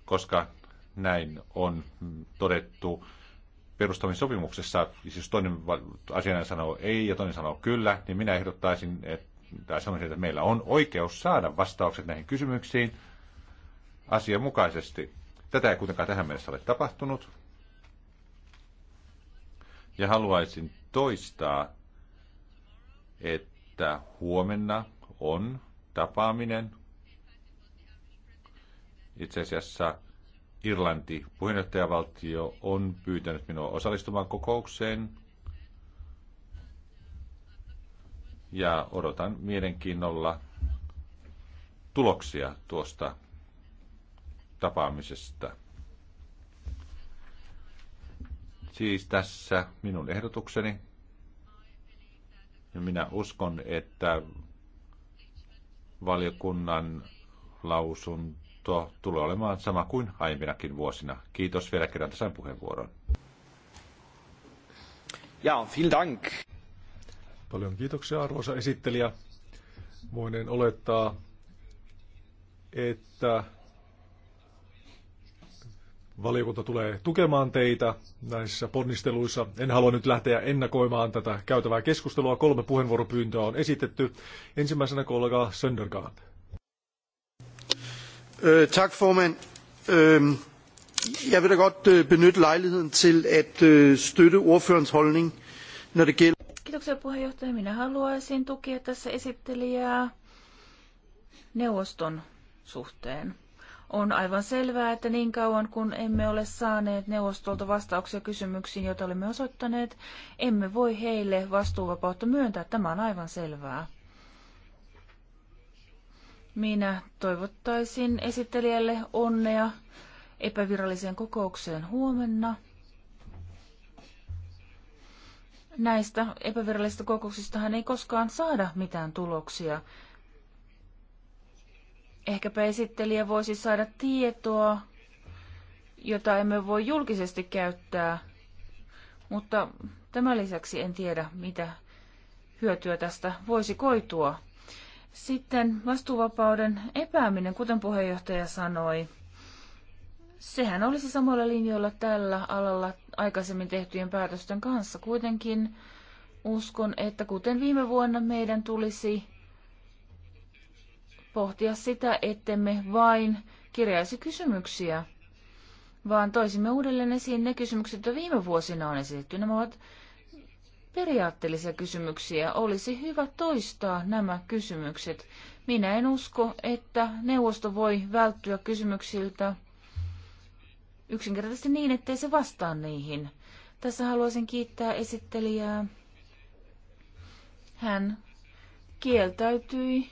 koska näin on todettu perustamissopimuksessa, siis toinen asianajan sanoo ei ja toinen sanoo kyllä, niin minä ehdottaisin, että, sanoisin, että meillä on oikeus saada vastaukset näihin kysymyksiin asianmukaisesti. Tätä ei kuitenkaan tähän mennessä ole tapahtunut. Ja haluaisin toistaa, että huomenna on tapaaminen itse asiassa Irlanti, puheenjohtajavaltio, on pyytänyt minua osallistumaan kokoukseen. Ja odotan mielenkiinnolla tuloksia tuosta tapaamisesta. Siis tässä minun ehdotukseni. Ja minä uskon, että valiokunnan lausunto tuo tulee olemaan sama kuin aiempinakin vuosina. Kiitos vielä kerran tämän puheenvuoron. Ja, vielen dank. Paljon kiitoksia arvoisa esittelijä. Voinen olettaa, että valiokunta tulee tukemaan teitä näissä ponnisteluissa. En halua nyt lähteä ennakoimaan tätä käytävää keskustelua. Kolme puheenvuoropyyntöä on esitetty. Ensimmäisenä kollega Söndergaard. Øh, tak, formand. jeg vil da godt øh, benytte lejligheden til at øh, støtte ordførerens holdning, når det gælder... Kiitoksia puheenjohtaja. Minä haluaisin tukea tässä esittelijää neuvoston suhteen. On aivan selvää, että niin kauan kun emme ole saaneet neuvostolta vastauksia kysymyksiin, joita olemme osoittaneet, emme voi heille vastuuvapautta myöntää. Tämä on aivan selvää. Minä toivottaisin esittelijälle onnea epäviralliseen kokoukseen huomenna. Näistä epävirallisista hän ei koskaan saada mitään tuloksia. Ehkäpä esittelijä voisi saada tietoa, jota emme voi julkisesti käyttää, mutta tämän lisäksi en tiedä, mitä hyötyä tästä voisi koitua. Sitten vastuuvapauden epääminen, kuten puheenjohtaja sanoi, sehän olisi samalla linjoilla tällä alalla aikaisemmin tehtyjen päätösten kanssa. Kuitenkin uskon, että kuten viime vuonna meidän tulisi pohtia sitä, ettemme vain kirjaisi kysymyksiä, vaan toisimme uudelleen esiin ne kysymykset, joita viime vuosina on esitetty. Nämä ovat periaatteellisia kysymyksiä. Olisi hyvä toistaa nämä kysymykset. Minä en usko, että neuvosto voi välttyä kysymyksiltä yksinkertaisesti niin, ettei se vastaa niihin. Tässä haluaisin kiittää esittelijää. Hän kieltäytyi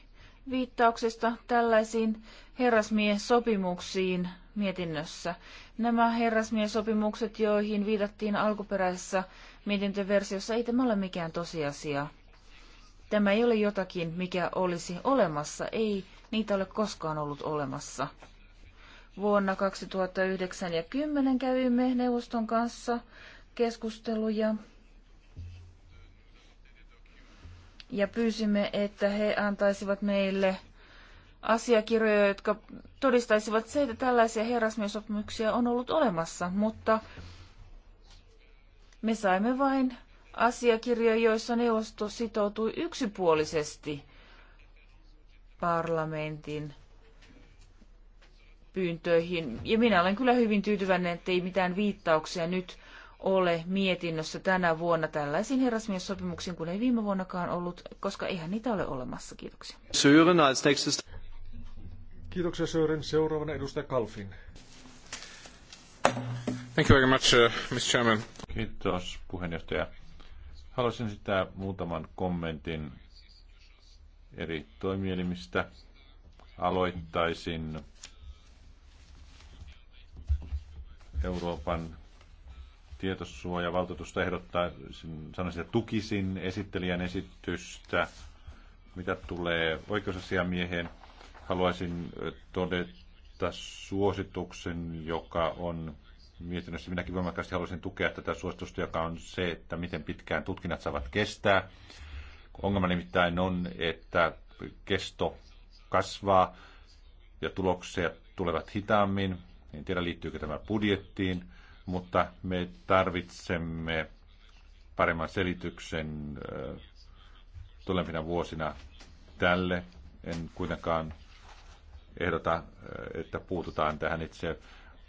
viittauksesta tällaisiin herrasmiesopimuksiin mietinnössä. Nämä herrasmiesopimukset, joihin viitattiin alkuperäisessä mietintöversiossa. Ei tämä ole mikään tosiasia. Tämä ei ole jotakin, mikä olisi olemassa. Ei niitä ole koskaan ollut olemassa. Vuonna 2009 ja 10 kävimme neuvoston kanssa keskusteluja ja pyysimme, että he antaisivat meille asiakirjoja, jotka todistaisivat se, että tällaisia herrasmiesopimuksia on ollut olemassa, mutta me saimme vain asiakirjoja, joissa neuvosto sitoutui yksipuolisesti parlamentin pyyntöihin. Ja minä olen kyllä hyvin tyytyväinen, että ei mitään viittauksia nyt ole mietinnössä tänä vuonna tällaisiin herrasmiessopimuksiin, kun ei viime vuonnakaan ollut, koska eihän niitä ole olemassa. Kiitoksia. Kiitoksia Sören. Seuraavana edustaja Kalfin. Thank you very much, uh, Mr. Chairman. Kiitos puheenjohtaja. Haluaisin sitä muutaman kommentin eri toimielimistä. Aloittaisin Euroopan tietosuojavaltuutusta ehdottaa, sanoisin, että tukisin esittelijän esitystä. Mitä tulee oikeusasiamieheen, haluaisin todeta suosituksen, joka on mietinnössä minäkin voimakkaasti haluaisin tukea tätä suositusta, joka on se, että miten pitkään tutkinnat saavat kestää. Ongelma nimittäin on, että kesto kasvaa ja tulokset tulevat hitaammin. En tiedä, liittyykö tämä budjettiin, mutta me tarvitsemme paremman selityksen tulevina vuosina tälle. En kuitenkaan ehdota, että puututaan tähän itse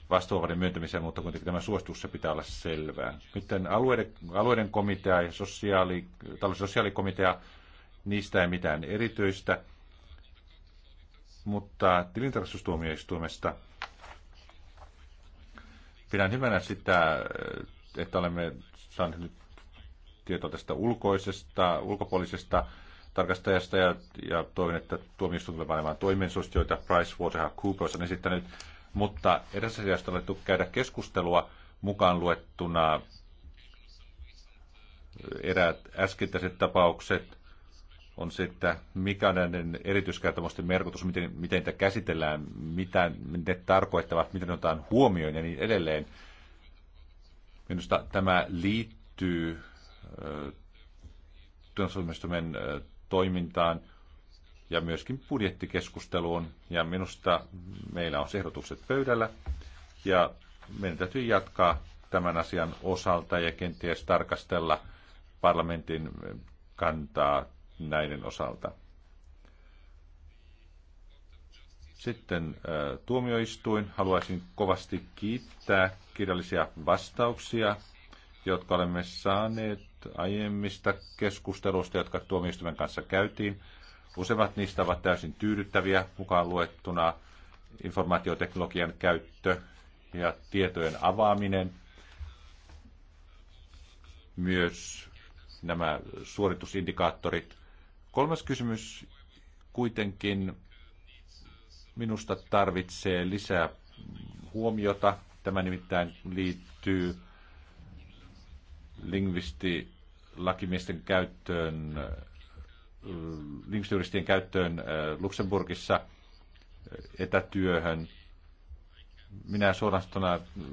vastuuvapauden myöntämiseen, mutta kuitenkin tämä se pitää olla selvää. Miten alueiden, alueiden komitea ja sosiaali, sosiaalikomitea, niistä ei mitään erityistä, mutta tilintarkastustuomioistuimesta pidän hyvänä sitä, että olemme saaneet nyt tietoa tästä ulkoisesta, ulkopuolisesta tarkastajasta ja, ja toivon, että tuomioistuin tulee panemaan Price Waterhouse PricewaterhouseCoopers on esittänyt mutta eräs asiasta on käydä keskustelua mukaan luettuna eräät äskettäiset tapaukset on se, että mikä on näiden erityiskertomusten merkitys, miten, miten niitä käsitellään, mitä ne tarkoittavat, miten ne otetaan huomioon ja niin edelleen. Minusta tämä liittyy äh, tuomioistuimen äh, toimintaan – ja myöskin budjettikeskusteluun. Ja minusta meillä on ehdotukset pöydällä ja meidän täytyy jatkaa tämän asian osalta ja kenties tarkastella parlamentin kantaa näiden osalta. Sitten tuomioistuin. Haluaisin kovasti kiittää kirjallisia vastauksia, jotka olemme saaneet aiemmista keskusteluista, jotka tuomioistuimen kanssa käytiin. Useimmat niistä ovat täysin tyydyttäviä, mukaan luettuna informaatioteknologian käyttö ja tietojen avaaminen. Myös nämä suoritusindikaattorit. Kolmas kysymys kuitenkin minusta tarvitsee lisää huomiota. Tämä nimittäin liittyy lingvisti lakimiesten käyttöön Mm, linksjuristien käyttöön äh, Luxemburgissa äh, etätyöhön. Minä suorastana mm,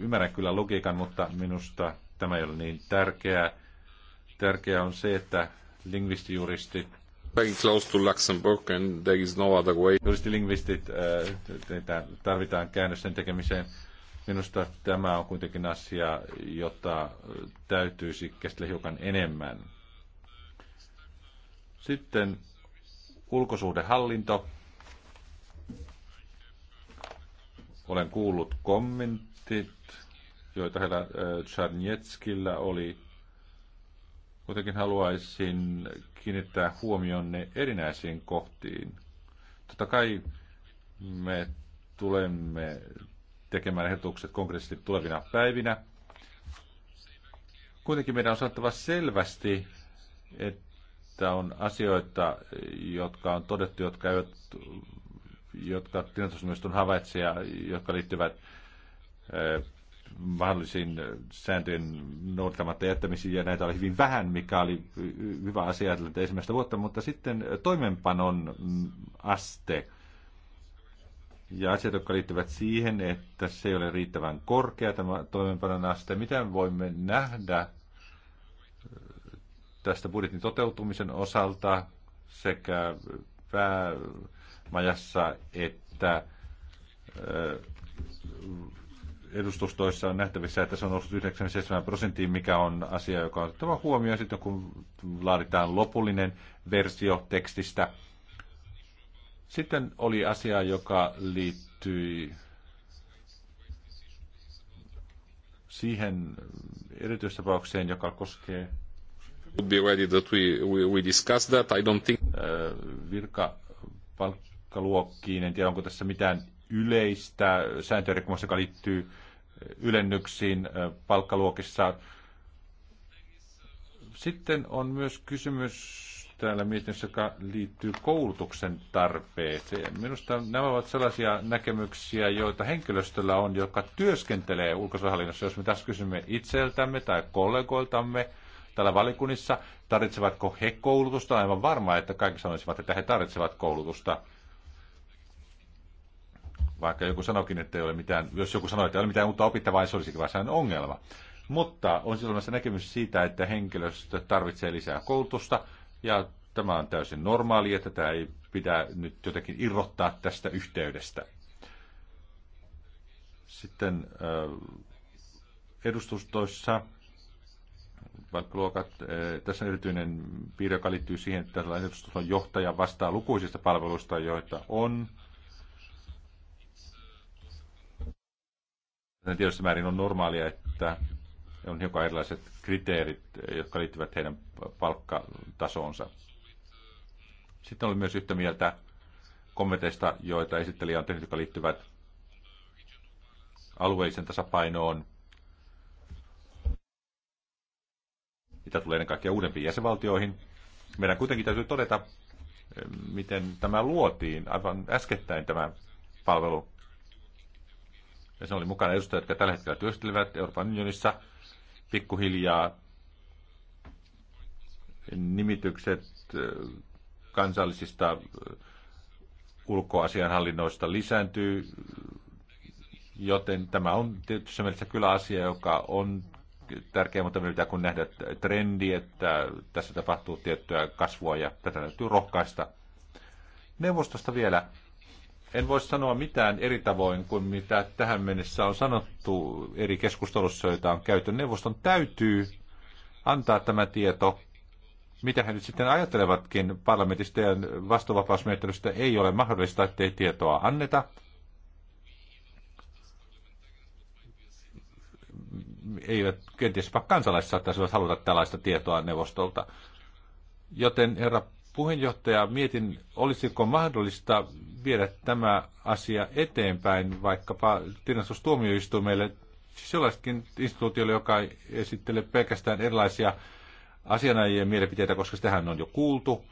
ymmärrän kyllä logiikan, mutta minusta tämä ei ole niin tärkeää. Tärkeää on se, että lingvistijuristit very close to Luxembourg and there is no other way. Juristilingvistit äh, teitä tarvitaan käännösten tekemiseen. Minusta tämä on kuitenkin asia, jota täytyisi käsitellä hiukan enemmän. Sitten ulkosuhdehallinto. Olen kuullut kommentit, joita heillä äh, Czarnieckillä oli. Kuitenkin haluaisin kiinnittää huomionne erinäisiin kohtiin. Totta kai me tulemme tekemään ehdotukset konkreettisesti tulevina päivinä. Kuitenkin meidän on sanottava selvästi, että että on asioita, jotka on todettu, jotka eivät jotka tilintarkastusmieston havaitsee ja jotka liittyvät mahdollisiin sääntöjen noudattamatta jättämisiin, ja näitä oli hyvin vähän, mikä oli hyvä asia ajatella ensimmäistä vuotta, mutta sitten toimenpanon aste ja asiat, jotka liittyvät siihen, että se ei ole riittävän korkea tämä toimenpanon aste, miten voimme nähdä tästä budjetin toteutumisen osalta sekä päämajassa että edustustoissa on nähtävissä, että se on noussut 97 prosenttiin, mikä on asia, joka on otettava huomioon sitten, kun laaditaan lopullinen versio tekstistä. Sitten oli asia, joka liittyi siihen erityistapaukseen, joka koskee would be ready that we, we, we discuss that. I don't think... palkkaluokkiin, en tiedä onko tässä mitään yleistä sääntöjärjestelmässä, joka liittyy ylennyksiin palkkaluokissa. Sitten on myös kysymys täällä mietinnössä, joka liittyy koulutuksen tarpeeseen. Minusta nämä ovat sellaisia näkemyksiä, joita henkilöstöllä on, joka työskentelee ulkosuojelhallinnossa. Jos me tässä kysymme itseltämme tai kollegoiltamme, täällä valikunnissa. Tarvitsevatko he koulutusta? Olen aivan varma, että kaikki sanoisivat, että he tarvitsevat koulutusta. Vaikka joku sanokin, että ei ole mitään, jos joku sanoi, että ei ole mitään uutta opittavaa, niin se olisikin vähän ongelma. Mutta on siis olemassa näkemys siitä, että henkilöstö tarvitsee lisää koulutusta ja tämä on täysin normaali, että tämä ei pidä nyt jotenkin irrottaa tästä yhteydestä. Sitten edustustoissa luokat. Eh, tässä on erityinen piirre, joka liittyy siihen, että tällainen on johtaja vastaa lukuisista palveluista, joita on. Tietysti määrin on normaalia, että on hiukan erilaiset kriteerit, jotka liittyvät heidän palkkatasoonsa. Sitten oli myös yhtä mieltä kommenteista, joita esittelijä on tehnyt, jotka liittyvät alueellisen tasapainoon mitä tulee ennen kaikkea uudempiin jäsenvaltioihin. Meidän kuitenkin täytyy todeta, eh, miten tämä luotiin aivan äskettäin tämä palvelu. Ja se oli mukana edustajat, jotka tällä hetkellä työstelevät Euroopan unionissa pikkuhiljaa nimitykset eh, kansallisista eh, ulkoasianhallinnoista lisääntyy, joten tämä on tietysti mielessä kyllä asia, joka on tärkeää, mutta me pitää kun nähdä trendi, että tässä tapahtuu tiettyä kasvua ja tätä täytyy rohkaista. Neuvostosta vielä. En voi sanoa mitään eri tavoin kuin mitä tähän mennessä on sanottu eri keskustelussa, joita on käyty. Neuvoston täytyy antaa tämä tieto. Mitä he nyt sitten ajattelevatkin parlamentista ja vastuuvapausmenettelystä ei ole mahdollista, ettei tietoa anneta. eivät kenties kansalaiset saattaisivat haluta tällaista tietoa neuvostolta. Joten herra puheenjohtaja, mietin, olisiko mahdollista viedä tämä asia eteenpäin vaikkapa tilastustuomioistuimelle, siis sellaisetkin instituutioille, joka esittelee esittele pelkästään erilaisia asianajien mielipiteitä, koska tähän on jo kuultu.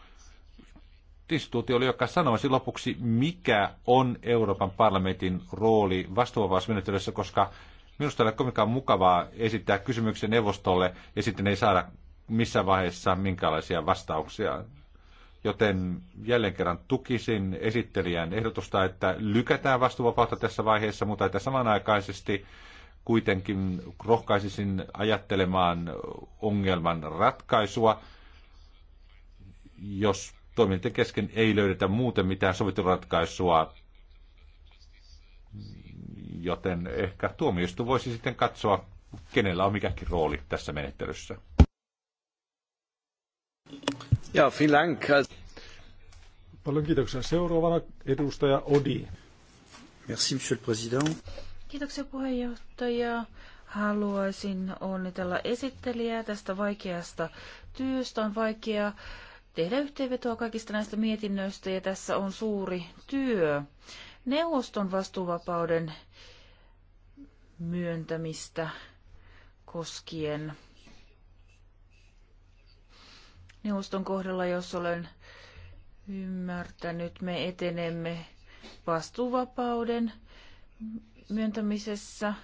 oli joka sanoisi lopuksi, mikä on Euroopan parlamentin rooli vastuuvausmenettelyssä, koska Minusta ei ole kovinkaan mukavaa esittää kysymyksiä neuvostolle ja sitten ei saada missä vaiheessa minkälaisia vastauksia. Joten jälleen kerran tukisin esittelijän ehdotusta, että lykätään vastuuvapautta tässä vaiheessa, mutta että samanaikaisesti kuitenkin rohkaisisin ajattelemaan ongelman ratkaisua, jos toimijoiden kesken ei löydetä muuten mitään ratkaisua joten ehkä tuomioistu voisi sitten katsoa, kenellä on mikäkin rooli tässä menettelyssä. Ja, Dank. Paljon kiitoksia. Seuraavana edustaja Odi. Merci, monsieur le président. Kiitoksia puheenjohtaja. Haluaisin onnitella esittelijää tästä vaikeasta työstä. On vaikea tehdä yhteenvetoa kaikista näistä mietinnöistä ja tässä on suuri työ neuvoston vastuuvapauden myöntämistä koskien neuvoston kohdalla, jos olen ymmärtänyt, me etenemme vastuuvapauden myöntämisessä.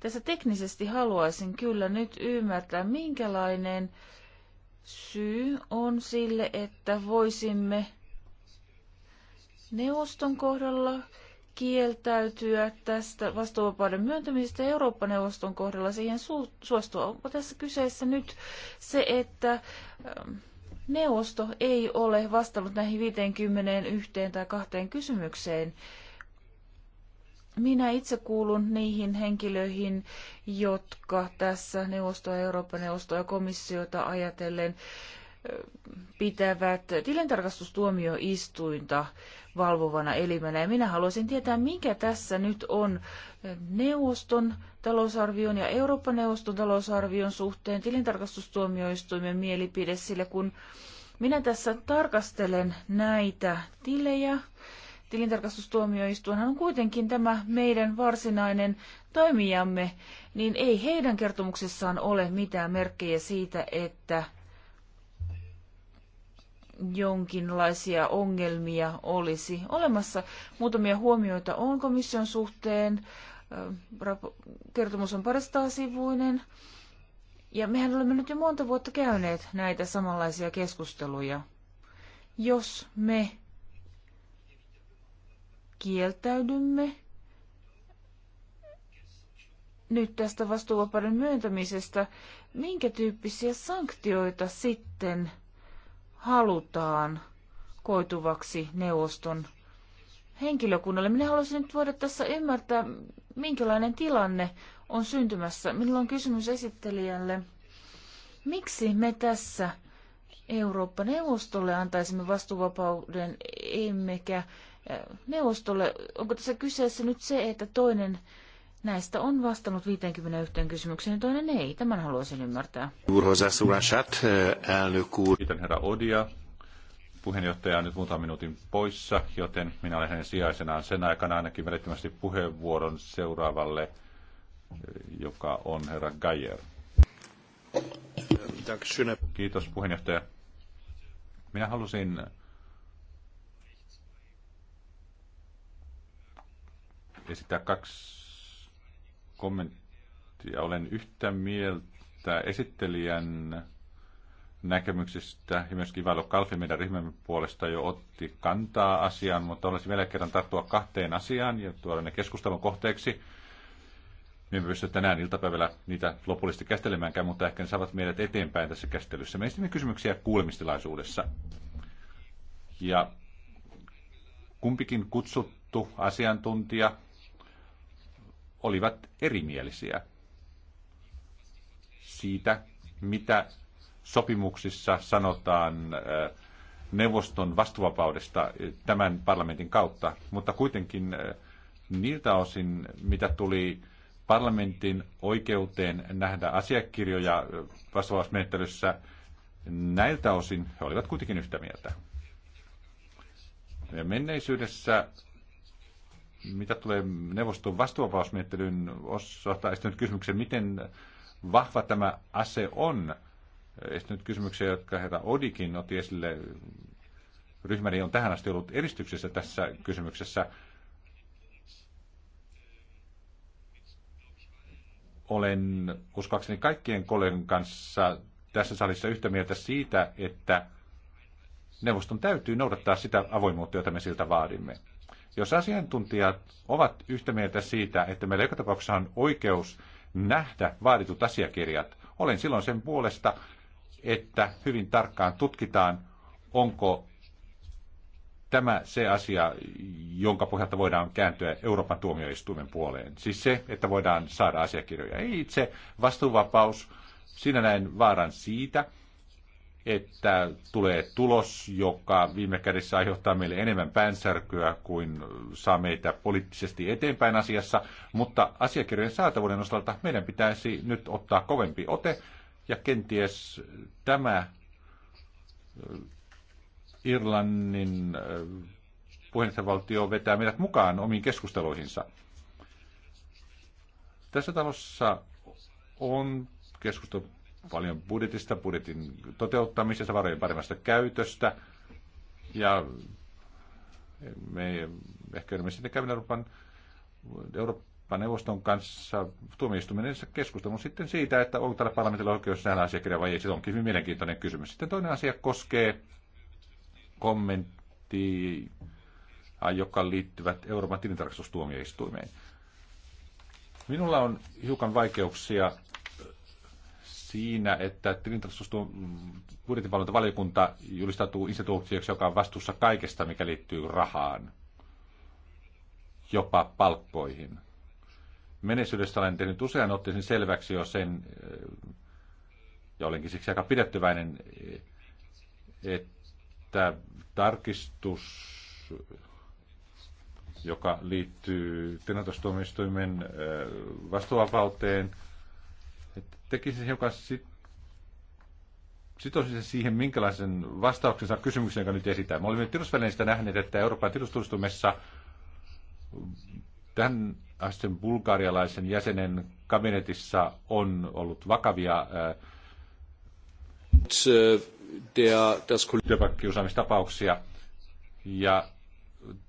Tässä teknisesti haluaisin kyllä nyt ymmärtää, minkälainen syy on sille, että voisimme neuvoston kohdalla kieltäytyä tästä vastuuvapauden myöntämisestä Eurooppa-neuvoston kohdalla siihen su- suostua. Onko tässä kyseessä nyt se, että ähm, neuvosto ei ole vastannut näihin 51 tai kahteen kysymykseen? Minä itse kuulun niihin henkilöihin, jotka tässä neuvostoa, Euroopan neuvostoa ja komissiota ajatellen äh, pitävät tilintarkastustuomioistuinta valvovana elimenä. Ja minä haluaisin tietää, mikä tässä nyt on eh, neuvoston talousarvion ja Eurooppa-neuvoston talousarvion suhteen tilintarkastustuomioistuimen mielipide, sillä kun minä tässä tarkastelen näitä tilejä, tilintarkastustuomioistuinhan on kuitenkin tämä meidän varsinainen toimijamme, niin ei heidän kertomuksessaan ole mitään merkkejä siitä, että jonkinlaisia ongelmia olisi olemassa. Muutamia huomioita on komission suhteen. Kertomus on parista sivuinen. Ja mehän olemme nyt jo monta vuotta käyneet näitä samanlaisia keskusteluja. Jos me kieltäydymme nyt tästä vastuuvapauden myöntämisestä, minkä tyyppisiä sanktioita sitten – halutaan koituvaksi neuvoston henkilökunnalle. Minä haluaisin nyt voida tässä ymmärtää, minkälainen tilanne on syntymässä. Minulla on kysymys esittelijälle. Miksi me tässä Eurooppa-neuvostolle antaisimme vastuuvapauden, emmekä neuvostolle? Onko tässä kyseessä nyt se, että toinen Näistä on vastannut 51 kysymykseen, toinen ei. Tämän haluaisin ymmärtää. Kiitän herra Odia. Puheenjohtaja on nyt muutaman minuutin poissa, joten minä olen hänen sijaisenaan sen aikana ainakin välittömästi puheenvuoron seuraavalle, joka on herra Geyer. Kiitos puheenjohtaja. Minä halusin esittää kaksi kommenttia. Olen yhtä mieltä esittelijän näkemyksistä ja myöskin Vailo Kalfi meidän ryhmämme puolesta jo otti kantaa asiaan, mutta olisi vielä kerran tarttua kahteen asiaan ja tuoda ne keskustelun kohteeksi. Me emme pysty tänään iltapäivällä niitä lopullisesti käsittelemäänkään, mutta ehkä ne saavat meidät eteenpäin tässä käsittelyssä. Me esitimme kysymyksiä kuulemistilaisuudessa. Ja kumpikin kutsuttu asiantuntija olivat erimielisiä siitä, mitä sopimuksissa sanotaan äh, neuvoston vastuvapaudesta äh, tämän parlamentin kautta, mutta kuitenkin äh, niiltä osin, mitä tuli parlamentin oikeuteen nähdä asiakirjoja vastausmenettelyssä, näiltä osin he olivat kuitenkin yhtä mieltä. Ja menneisyydessä mitä tulee neuvoston vastuuvapausmenettelyyn, osalta esittänyt kysymyksen, miten vahva tämä ase on. Esittänyt kysymyksiä, jotka herra Odikin otti esille. Ryhmäni on tähän asti ollut eristyksessä tässä kysymyksessä. Olen uskoakseni kaikkien kollegan kanssa tässä salissa yhtä mieltä siitä, että neuvoston täytyy noudattaa sitä avoimuutta, jota me siltä vaadimme. Jos asiantuntijat ovat yhtä mieltä siitä, että meillä joka tapauksessa on oikeus nähdä vaaditut asiakirjat, olen silloin sen puolesta, että hyvin tarkkaan tutkitaan, onko tämä se asia, jonka pohjalta voidaan kääntyä Euroopan tuomioistuimen puoleen. Siis se, että voidaan saada asiakirjoja. Ei itse vastuuvapaus, siinä näen vaaran siitä, että tulee tulos, joka viime kädessä aiheuttaa meille enemmän päänsärkyä kuin saa meitä poliittisesti eteenpäin asiassa, mutta asiakirjojen saatavuuden osalta meidän pitäisi nyt ottaa kovempi ote ja kenties tämä Irlannin puheenjohtajavaltio vetää meidät mukaan omiin keskusteluihinsa. Tässä talossa on keskustelu paljon budjetista, budjetin toteuttamisesta, varojen paremmasta käytöstä. Ja me ehkä me sitten käymään Euroopan, Euroopan neuvoston kanssa tuomioistuminen keskustelun sitten siitä, että onko tällä parlamentilla oikeus nähdä asiakirja vai ei. Se onkin hyvin mielenkiintoinen kysymys. Sitten toinen asia koskee kommentti, joka liittyvät Euroopan tilintarkastustuomioistuimeen. Minulla on hiukan vaikeuksia siinä, että mm, budjetinvalvontavaliokunta julistautuu instituutioksi, joka on vastuussa kaikesta, mikä liittyy rahaan, jopa palkkoihin. Menestyydestä olen tehnyt usean otteeseen selväksi jo sen, eh, ja olenkin siksi aika pidettyväinen, eh, että tarkistus, joka liittyy tilintarkastustuomioistuimen eh, vastuuvapauteen – että tekisi hiukan sit, sitoisi se siihen, minkälaisen vastauksen saa kysymykseen, jonka nyt esitään. Me olimme tiedotusvälineistä nähneet, että Euroopan tiedotustustumessa tämän asten bulgarialaisen jäsenen kabinetissa on ollut vakavia äh, työpaikkiusaamistapauksia ja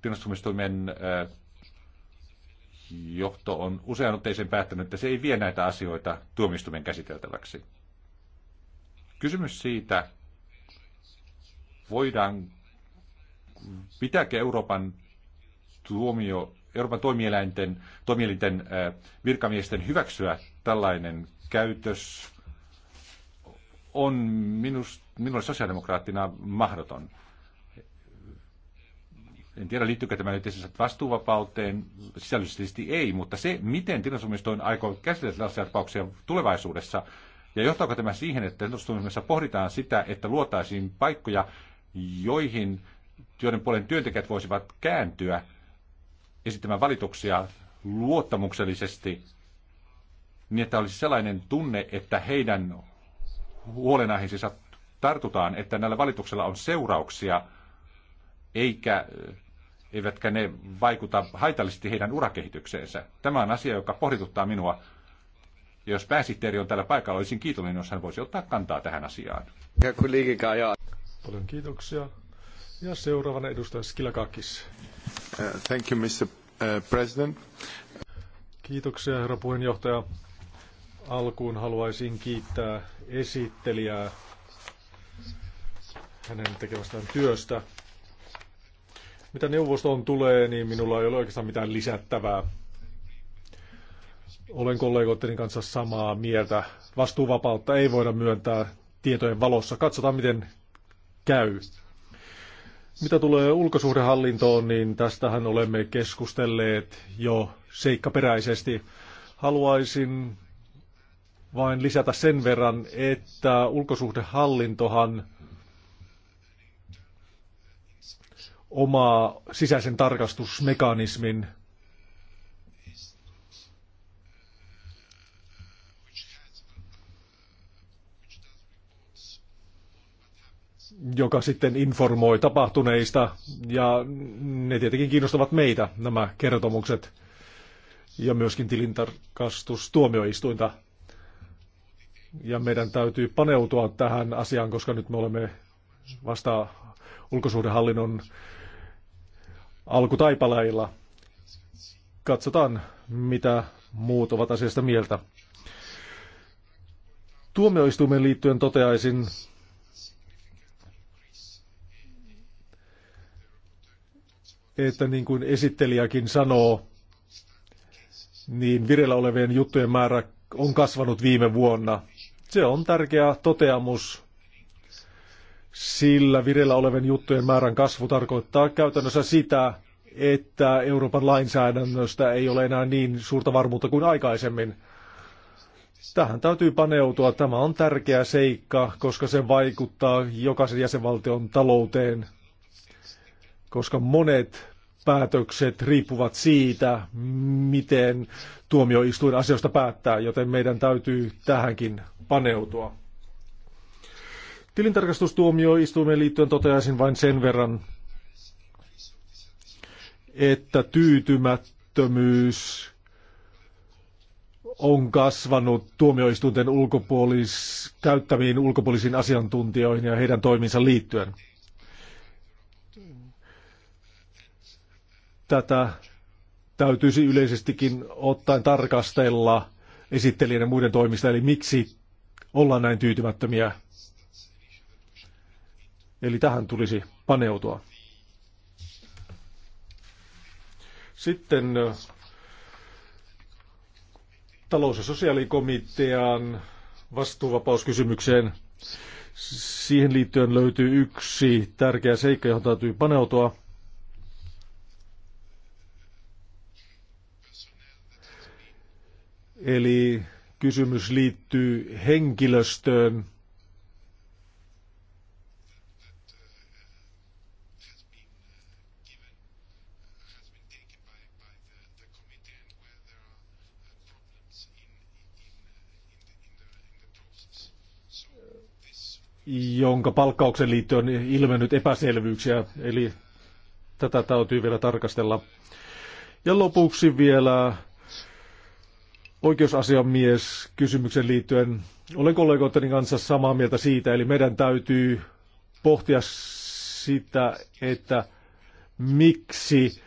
tiedostumistoimen johto on usean otteeseen päättänyt, että se ei vie näitä asioita tuomistumen käsiteltäväksi. Kysymys siitä, voidaan, pitääkö Euroopan tuomio, Euroopan toimielinten toimielinten virkamiesten hyväksyä tällainen käytös, on minus, minulle sosiaalidemokraattina mahdoton. En tiedä, liittyykö tämä nyt esimerkiksi vastuuvapauteen, sisällöllisesti ei, mutta se, miten tilastomistoin aikoo käsitellä tällaisia tapauksia tulevaisuudessa, ja johtaako tämä siihen, että tilastomistoimissa pohditaan sitä, että luotaisiin paikkoja, joihin joiden puolen työntekijät voisivat kääntyä esittämään valituksia luottamuksellisesti, niin että olisi sellainen tunne, että heidän huolenaiheensa tartutaan, että näillä valituksella on seurauksia, eikä eivätkä ne vaikuta haitallisesti heidän urakehitykseensä. Tämä on asia, joka pohdituttaa minua. Ja Jos pääsihteeri on täällä paikalla, olisin kiitollinen, jos hän voisi ottaa kantaa tähän asiaan. Paljon kiitoksia. Ja seuraavana edustaja Skilakakis. Uh, thank you, Mr. Uh, president. Kiitoksia, herra puheenjohtaja. Alkuun haluaisin kiittää esittelijää hänen tekemästään työstä. Mitä neuvostoon tulee, niin minulla ei ole oikeastaan mitään lisättävää. Olen kollegoitteni kanssa samaa mieltä. Vastuuvapautta ei voida myöntää tietojen valossa. Katsotaan, miten käy. Mitä tulee ulkosuhdehallintoon, niin tästähän olemme keskustelleet jo seikkaperäisesti. Haluaisin vain lisätä sen verran, että ulkosuhdehallintohan omaa sisäisen tarkastusmekanismin, joka sitten informoi tapahtuneista, ja ne tietenkin kiinnostavat meitä, nämä kertomukset, ja myöskin tilintarkastustuomioistuinta. Ja meidän täytyy paneutua tähän asiaan, koska nyt me olemme vasta ulkosuhdehallinnon alkutaipaleilla. Katsotaan, mitä muut ovat asiasta mieltä. Tuomioistuimen liittyen toteaisin, että niin kuin esittelijäkin sanoo, niin vireillä olevien juttujen määrä on kasvanut viime vuonna. Se on tärkeä toteamus sillä vireillä olevan juttujen määrän kasvu tarkoittaa käytännössä sitä, että Euroopan lainsäädännöstä ei ole enää niin suurta varmuutta kuin aikaisemmin. Tähän täytyy paneutua. Tämä on tärkeä seikka, koska se vaikuttaa jokaisen jäsenvaltion talouteen, koska monet päätökset riippuvat siitä, miten tuomioistuin asioista päättää, joten meidän täytyy tähänkin paneutua. Tilintarkastustuomioistuimeen liittyen toteaisin vain sen verran, että tyytymättömyys on kasvanut tuomioistuinten ulkopuolis, käyttämiin ulkopuolisiin asiantuntijoihin ja heidän toiminsa liittyen. Tätä täytyisi yleisestikin ottaen tarkastella esittelijän ja muiden toimista, eli miksi ollaan näin tyytymättömiä Eli tähän tulisi paneutua. Sitten talous- ja sosiaalikomitean vastuuvapauskysymykseen. Siihen liittyen löytyy yksi tärkeä seikka, johon täytyy paneutua. Eli kysymys liittyy henkilöstöön jonka palkkaukseen liittyen on ilmennyt epäselvyyksiä, eli tätä täytyy vielä tarkastella. Ja lopuksi vielä oikeusasiamies kysymyksen liittyen. Olen kollegoitteni kanssa samaa mieltä siitä, eli meidän täytyy pohtia sitä, että miksi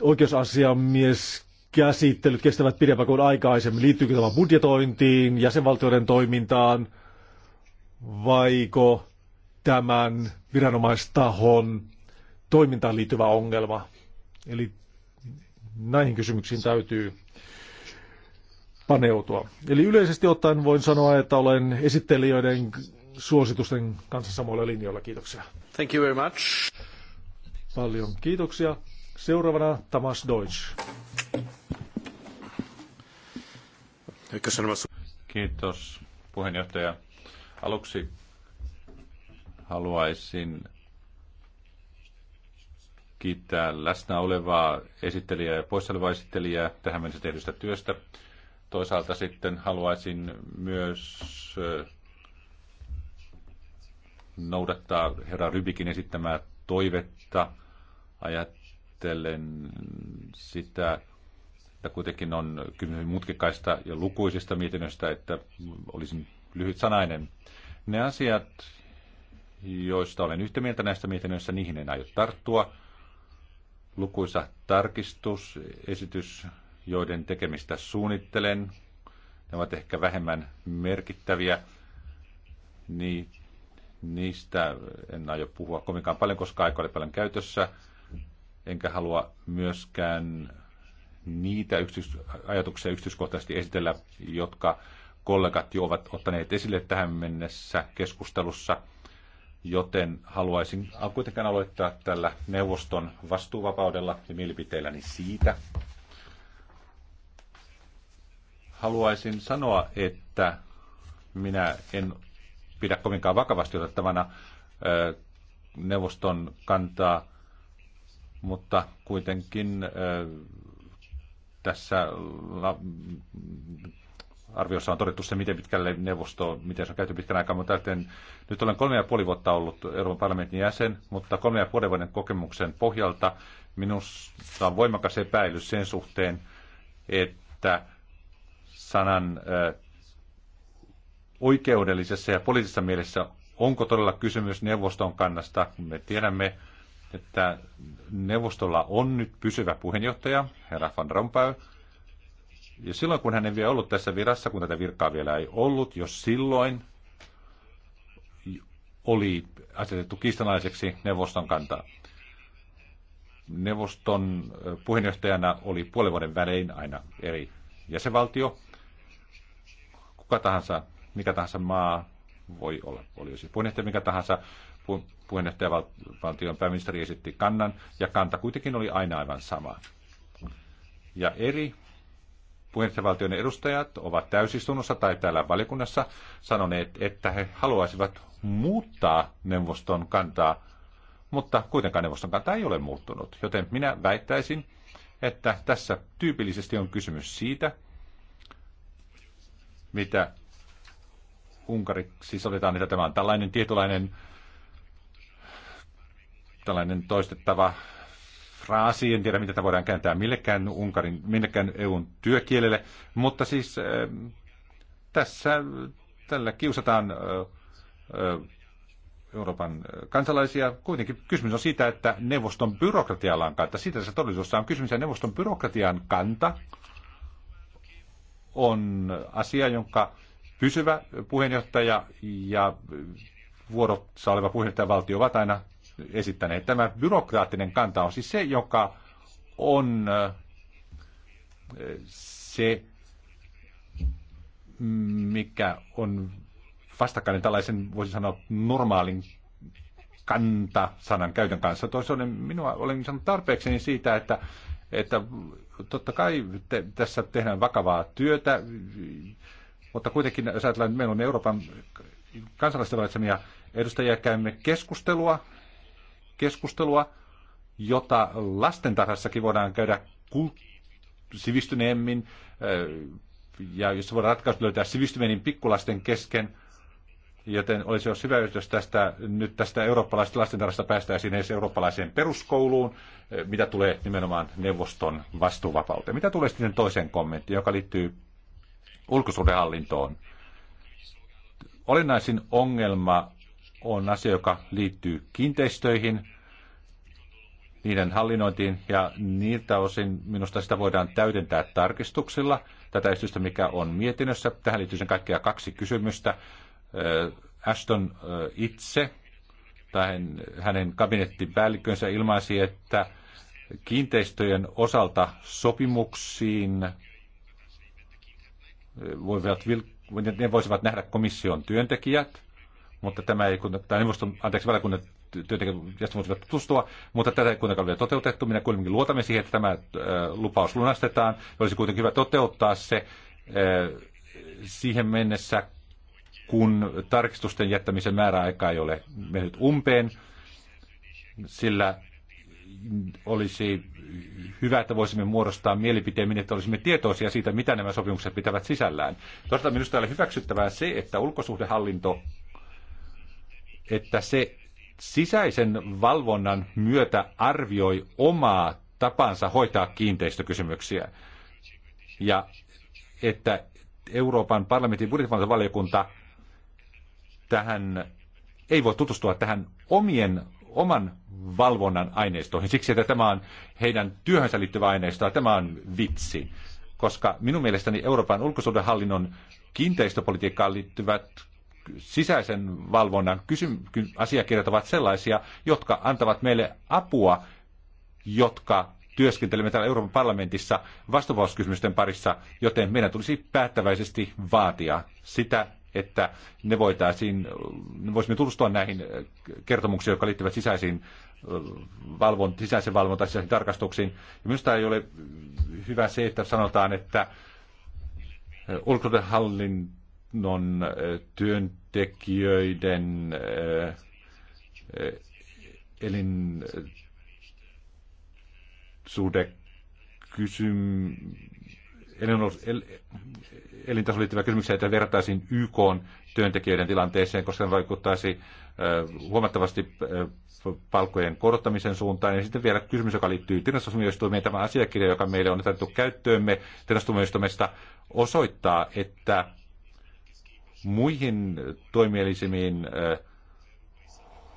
oikeusasiamies käsittelyt kestävät pidempään kuin aikaisemmin. Liittyykö tämä budjetointiin, jäsenvaltioiden toimintaan, vaiko tämän viranomaistahon toimintaan liittyvä ongelma. Eli näihin kysymyksiin täytyy paneutua. Eli yleisesti ottaen voin sanoa, että olen esittelijöiden suositusten kanssa samoilla linjoilla. Kiitoksia. Thank you very much. Paljon kiitoksia. Seuraavana Tamas Deutsch. Kiitos puheenjohtaja. Aluksi haluaisin kiittää läsnä olevaa esittelijää ja poissaolevaa esittelijää tähän mennessä tehdystä työstä. Toisaalta sitten haluaisin myös noudattaa herra Rybikin esittämää toivetta. Ajattelen sitä, että kuitenkin on kysymys mutkikaista ja lukuisista mietinnöistä, että olisin lyhyt sanainen ne asiat, joista olen yhtä mieltä näistä mietinnöissä, niihin en aio tarttua. Lukuisa tarkistusesitys, joiden tekemistä suunnittelen, ne ovat ehkä vähemmän merkittäviä, niin niistä en aio puhua kovinkaan paljon, koska aika oli paljon käytössä. Enkä halua myöskään niitä yksityis- ajatuksia yksityiskohtaisesti esitellä, jotka kollegat jo ovat ottaneet esille tähän mennessä keskustelussa, joten haluaisin kuitenkin aloittaa tällä neuvoston vastuuvapaudella ja mielipiteelläni siitä. Haluaisin sanoa, että minä en pidä kovinkaan vakavasti otettavana neuvoston kantaa, mutta kuitenkin tässä arviossa on todettu se, miten pitkälle neuvosto, miten se on käyty pitkän aikaa, mutta täten, nyt olen kolme ja puoli vuotta ollut Euroopan parlamentin jäsen, mutta kolme ja puoli vuoden kokemuksen pohjalta minusta on voimakas epäilys sen suhteen, että sanan oikeudellisessa ja poliittisessa mielessä onko todella kysymys neuvoston kannasta. Me tiedämme, että neuvostolla on nyt pysyvä puheenjohtaja, herra Van Rompuy, ja silloin, kun hän ei vielä ollut tässä virassa, kun tätä virkaa vielä ei ollut, jos silloin oli asetettu kiistanaiseksi neuvoston kantaa. Neuvoston puheenjohtajana oli puolen vuoden välein aina eri jäsenvaltio. Kuka tahansa, mikä tahansa maa voi olla, oli siis puheenjohtaja mikä tahansa, puheenjohtajavaltion pääministeri esitti kannan, ja kanta kuitenkin oli aina aivan sama. Ja eri puheenjohtajavaltion edustajat ovat täysistunnossa tai täällä valiokunnassa sanoneet, että he haluaisivat muuttaa neuvoston kantaa, mutta kuitenkaan neuvoston kanta ei ole muuttunut. Joten minä väittäisin, että tässä tyypillisesti on kysymys siitä, mitä unkariksi siis sovitaan, että tämä on tällainen tietynlainen tällainen toistettava fraasi, en tiedä mitä tämä voidaan kääntää millekään Unkarin, millekään EUn työkielelle, mutta siis eh, tässä tällä kiusataan eh, eh, Euroopan kansalaisia. Kuitenkin kysymys on siitä, että neuvoston byrokratialla on kanta. Siitä tässä todellisuudessa on kysymys, ja neuvoston byrokratian kanta on asia, jonka pysyvä puheenjohtaja ja vuorossa oleva puheenjohtajavaltio ovat aina esittäneet. Tämä byrokraattinen kanta on siis se, joka on se, mikä on vastakkainen tällaisen, voisi sanoa, normaalin kanta-sanan käytön kanssa. Toisaalta minua olen sanonut tarpeekseni siitä, että, että totta kai te, tässä tehdään vakavaa työtä, mutta kuitenkin, jos ajatellaan, että meillä on Euroopan kansalaisten valitsemia edustajia, käymme keskustelua keskustelua, jota lastentarhassakin voidaan käydä sivistyneemmin, äh, ja jos voidaan ratkaisu löytää sivistyneemmin pikkulasten kesken, joten olisi jos hyvä, jos tästä, nyt tästä eurooppalaisesta lastentarhasta päästäisiin edes eurooppalaiseen peruskouluun, äh, mitä tulee nimenomaan neuvoston vastuuvapauteen. Mitä tulee sitten toiseen kommenttiin, joka liittyy ulkosuhdehallintoon? Olennaisin ongelma on asia, joka liittyy kiinteistöihin, niiden hallinnointiin ja niiltä osin minusta sitä voidaan täydentää tarkistuksilla. Tätä esitystä, mikä on mietinnössä, tähän liittyy sen kaikkia kaksi kysymystä. Ashton itse tai hänen kabinettipäällikkönsä ilmaisi, että kiinteistöjen osalta sopimuksiin voivat, ne voisivat nähdä komission työntekijät, mutta tämä ei, kun tämä neuvoston, anteeksi, valiokunnan työntekijät voisivat tutustua, mutta tätä ei kuitenkaan ole toteutettu. Minä kuitenkin luotamme siihen, että tämä äh, lupaus lunastetaan. Olisi kuitenkin hyvä toteuttaa se äh, siihen mennessä, kun tarkistusten jättämisen määräaika ei ole mennyt umpeen, sillä olisi hyvä, että voisimme muodostaa mielipiteen, niin, että olisimme tietoisia siitä, mitä nämä sopimukset pitävät sisällään. Toisaalta minusta oli hyväksyttävää se, että ulkosuhdehallinto että se sisäisen valvonnan myötä arvioi omaa tapansa hoitaa kiinteistökysymyksiä. Ja että Euroopan parlamentin budjettivalvontavaliokunta tähän ei voi tutustua tähän omien, oman valvonnan aineistoihin. Siksi, että tämä on heidän työhönsä liittyvä ja tämä on vitsi. Koska minun mielestäni Euroopan ulkosuudenhallinnon kiinteistöpolitiikkaan liittyvät sisäisen valvonnan kysym- asiakirjat ovat sellaisia, jotka antavat meille apua, jotka työskentelemme täällä Euroopan parlamentissa vastuvauskysymysten parissa, joten meidän tulisi päättäväisesti vaatia sitä, että ne voitaisiin, ne voisimme tutustua näihin äh, kertomuksiin, jotka liittyvät sisäisiin äh, valvon, sisäisen valvontaan, sisäisiin tarkastuksiin. Ja minusta ei ole hyvä se, että sanotaan, että äh, ulkohallinto non eh, työntekijöiden eh, eh, elin suhde kysym, elintasoon liittyvä kysymyksiä, että vertaisin YK työntekijöiden tilanteeseen, koska se vaikuttaisi huomattavasti palkkojen korottamisen suuntaan. Ja sitten vielä kysymys, joka liittyy tilastustuomioistuimeen. Tämä asiakirja, joka meille on otettu käyttöömme tilastustuomioistuimesta, osoittaa, että muihin toimielisimiin eh,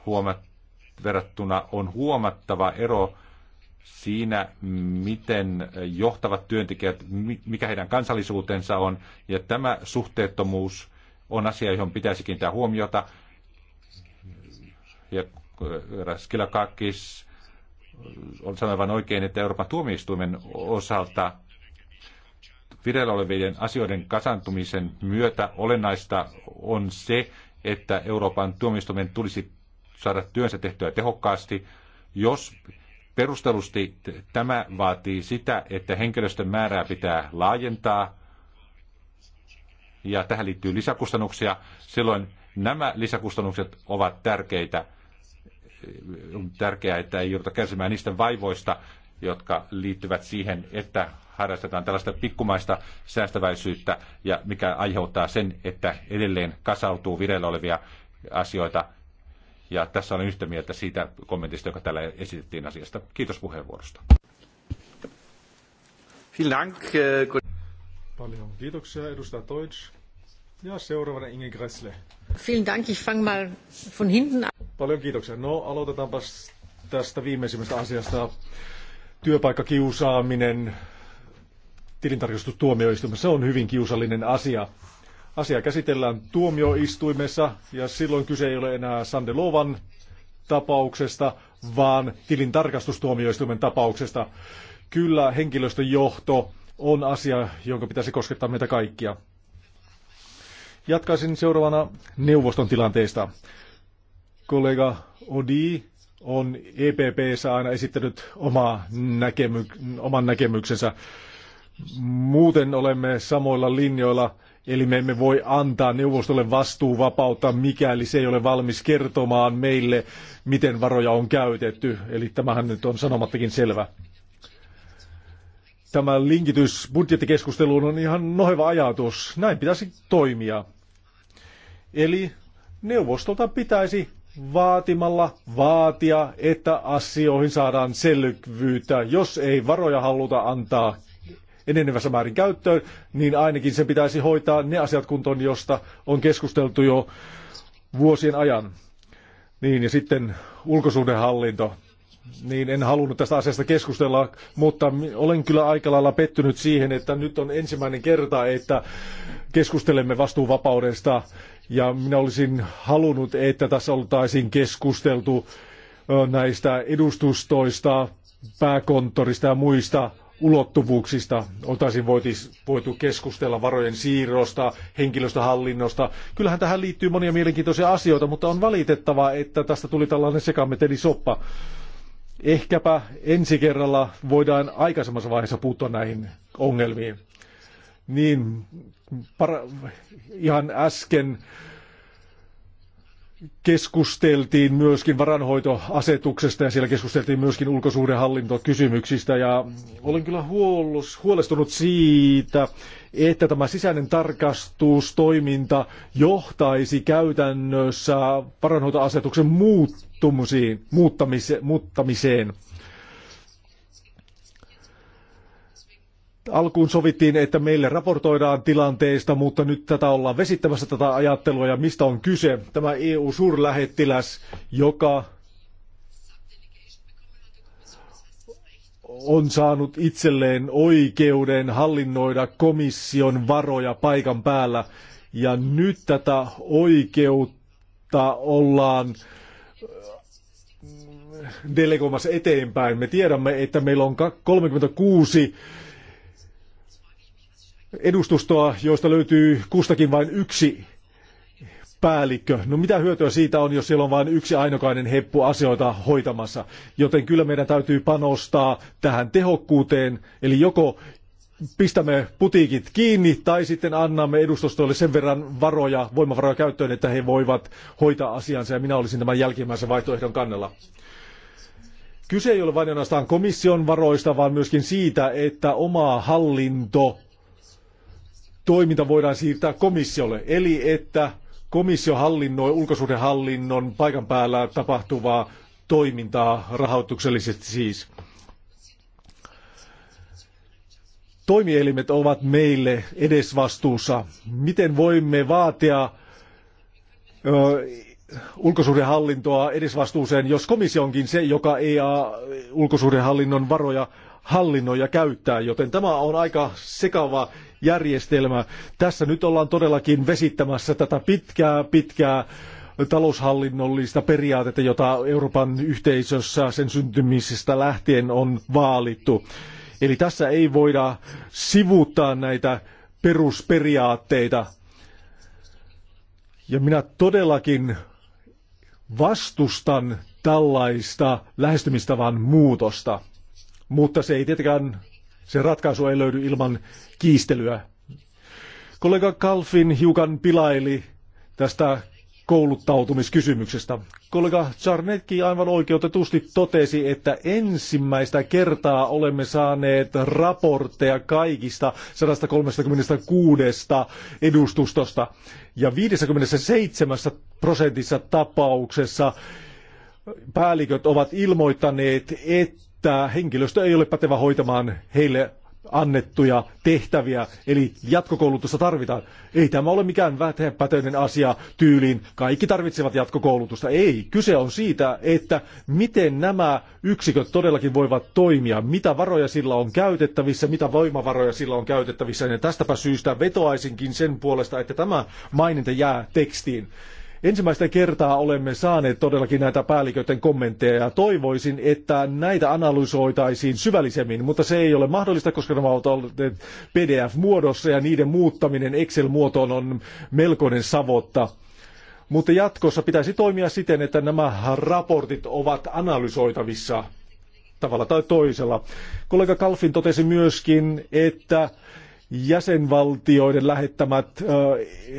huomat, verrattuna on huomattava ero siinä, miten eh, johtavat työntekijät, mikä heidän kansallisuutensa on. Ja tämä suhteettomuus on asia, johon pitäisi kiinnittää huomiota. Ja eh, Raskilakakis on sanovan oikein, että Euroopan tuomioistuimen osalta vireillä olevien asioiden kasantumisen myötä olennaista on se, että Euroopan tuomioistuimen tulisi saada työnsä tehtyä tehokkaasti, jos perustelusti tämä vaatii sitä, että henkilöstön määrää pitää laajentaa ja tähän liittyy lisäkustannuksia, silloin nämä lisäkustannukset ovat tärkeitä. On tärkeää, että ei jouduta kärsimään niistä vaivoista, jotka liittyvät siihen, että harrastetaan tällaista pikkumaista säästäväisyyttä ja mikä aiheuttaa sen, että edelleen kasautuu vireillä olevia asioita. Ja tässä olen yhtä mieltä siitä kommentista, joka täällä esitettiin asiasta. Kiitos puheenvuorosta. Äh, Paljon kiitoksia, edustaja Deutsch. Ja seuraavana Inge Gressle. Vielen Dank, ich fang mal von hinten an. Paljon kiitoksia. No, aloitetaanpas tästä viimeisimmästä asiasta. Työpaikkakiusaaminen, tilintarkastustuomioistuimessa. Se on hyvin kiusallinen asia. Asia käsitellään tuomioistuimessa ja silloin kyse ei ole enää Sandelovan tapauksesta, vaan tilintarkastustuomioistuimen tapauksesta. Kyllä henkilöstön johto on asia, jonka pitäisi koskettaa meitä kaikkia. Jatkaisin seuraavana neuvoston tilanteesta. Kollega Odi on EPPssä aina esittänyt oma näkemy- oman näkemyksensä Muuten olemme samoilla linjoilla, eli me emme voi antaa neuvostolle vastuuvapautta, mikäli se ei ole valmis kertomaan meille, miten varoja on käytetty. Eli tämähän nyt on sanomattakin selvä. Tämä linkitys budjettikeskusteluun on ihan noheva ajatus. Näin pitäisi toimia. Eli neuvostolta pitäisi vaatimalla vaatia, että asioihin saadaan selvyyttä. Jos ei varoja haluta antaa enenevässä määrin käyttöön, niin ainakin sen pitäisi hoitaa ne asiat kuntoon, josta on keskusteltu jo vuosien ajan. Niin, ja sitten ulkosuhdehallinto. Niin en halunnut tästä asiasta keskustella, mutta olen kyllä aika lailla pettynyt siihen, että nyt on ensimmäinen kerta, että keskustelemme vastuuvapaudesta. Ja minä olisin halunnut, että tässä oltaisiin keskusteltu näistä edustustoista, pääkonttorista ja muista ulottuvuuksista. Oltaisiin voitu keskustella varojen siirrosta, henkilöstöhallinnosta. Kyllähän tähän liittyy monia mielenkiintoisia asioita, mutta on valitettavaa, että tästä tuli tällainen sekametelisoppa. Ehkäpä ensi kerralla voidaan aikaisemmassa vaiheessa puuttua näihin ongelmiin. Niin, para, ihan äsken keskusteltiin myöskin varanhoitoasetuksesta ja siellä keskusteltiin myöskin ulkosuhdehallintokysymyksistä ja olen kyllä huolestunut siitä, että tämä sisäinen tarkastustoiminta johtaisi käytännössä varanhoitoasetuksen muuttumiseen, muuttamiseen. Alkuun sovittiin, että meille raportoidaan tilanteista, mutta nyt tätä ollaan vesittämässä tätä ajattelua ja mistä on kyse. Tämä EU-suurlähettiläs, joka on saanut itselleen oikeuden hallinnoida komission varoja paikan päällä. Ja nyt tätä oikeutta ollaan äh, delegoimassa eteenpäin. Me tiedämme, että meillä on 36 edustustoa, joista löytyy kustakin vain yksi päällikkö. No mitä hyötyä siitä on, jos siellä on vain yksi ainokainen heppu asioita hoitamassa? Joten kyllä meidän täytyy panostaa tähän tehokkuuteen, eli joko pistämme putiikit kiinni tai sitten annamme edustustoille sen verran varoja, voimavaroja käyttöön, että he voivat hoitaa asiansa ja minä olisin tämän jälkimmäisen vaihtoehdon kannella. Kyse ei ole vain ainoastaan komission varoista, vaan myöskin siitä, että oma hallinto toiminta voidaan siirtää komissiolle, eli että komissio hallinnoi ulkosuhdehallinnon paikan päällä tapahtuvaa toimintaa rahoituksellisesti siis. Toimielimet ovat meille edesvastuussa. Miten voimme vaatia ö, ulkosuhdehallintoa edesvastuuseen, jos komissio onkin se, joka ei ulkosuhdehallinnon varoja hallinnoi ja käyttää, joten tämä on aika sekava järjestelmä. Tässä nyt ollaan todellakin vesittämässä tätä pitkää, pitkää taloushallinnollista periaatetta, jota Euroopan yhteisössä sen syntymisestä lähtien on vaalittu. Eli tässä ei voida sivuuttaa näitä perusperiaatteita. Ja minä todellakin vastustan tällaista lähestymistavan muutosta mutta se ei tietenkään, se ratkaisu ei löydy ilman kiistelyä. Kollega Kalfin hiukan pilaili tästä kouluttautumiskysymyksestä. Kollega Czarnetki aivan oikeutetusti totesi, että ensimmäistä kertaa olemme saaneet raportteja kaikista 136 edustustosta. Ja 57 prosentissa tapauksessa päälliköt ovat ilmoittaneet, että että henkilöstö ei ole pätevä hoitamaan heille annettuja tehtäviä, eli jatkokoulutusta tarvitaan. Ei tämä ole mikään pätöinen asia tyyliin. Kaikki tarvitsevat jatkokoulutusta. Ei. Kyse on siitä, että miten nämä yksiköt todellakin voivat toimia, mitä varoja sillä on käytettävissä, mitä voimavaroja sillä on käytettävissä. Ja tästäpä syystä vetoaisinkin sen puolesta, että tämä maininta jää tekstiin. Ensimmäistä kertaa olemme saaneet todellakin näitä päälliköiden kommentteja ja toivoisin, että näitä analysoitaisiin syvällisemmin, mutta se ei ole mahdollista, koska nämä ovat olleet PDF-muodossa ja niiden muuttaminen Excel-muotoon on melkoinen savotta. Mutta jatkossa pitäisi toimia siten, että nämä raportit ovat analysoitavissa tavalla tai toisella. Kollega Kalfin totesi myöskin, että jäsenvaltioiden lähettämät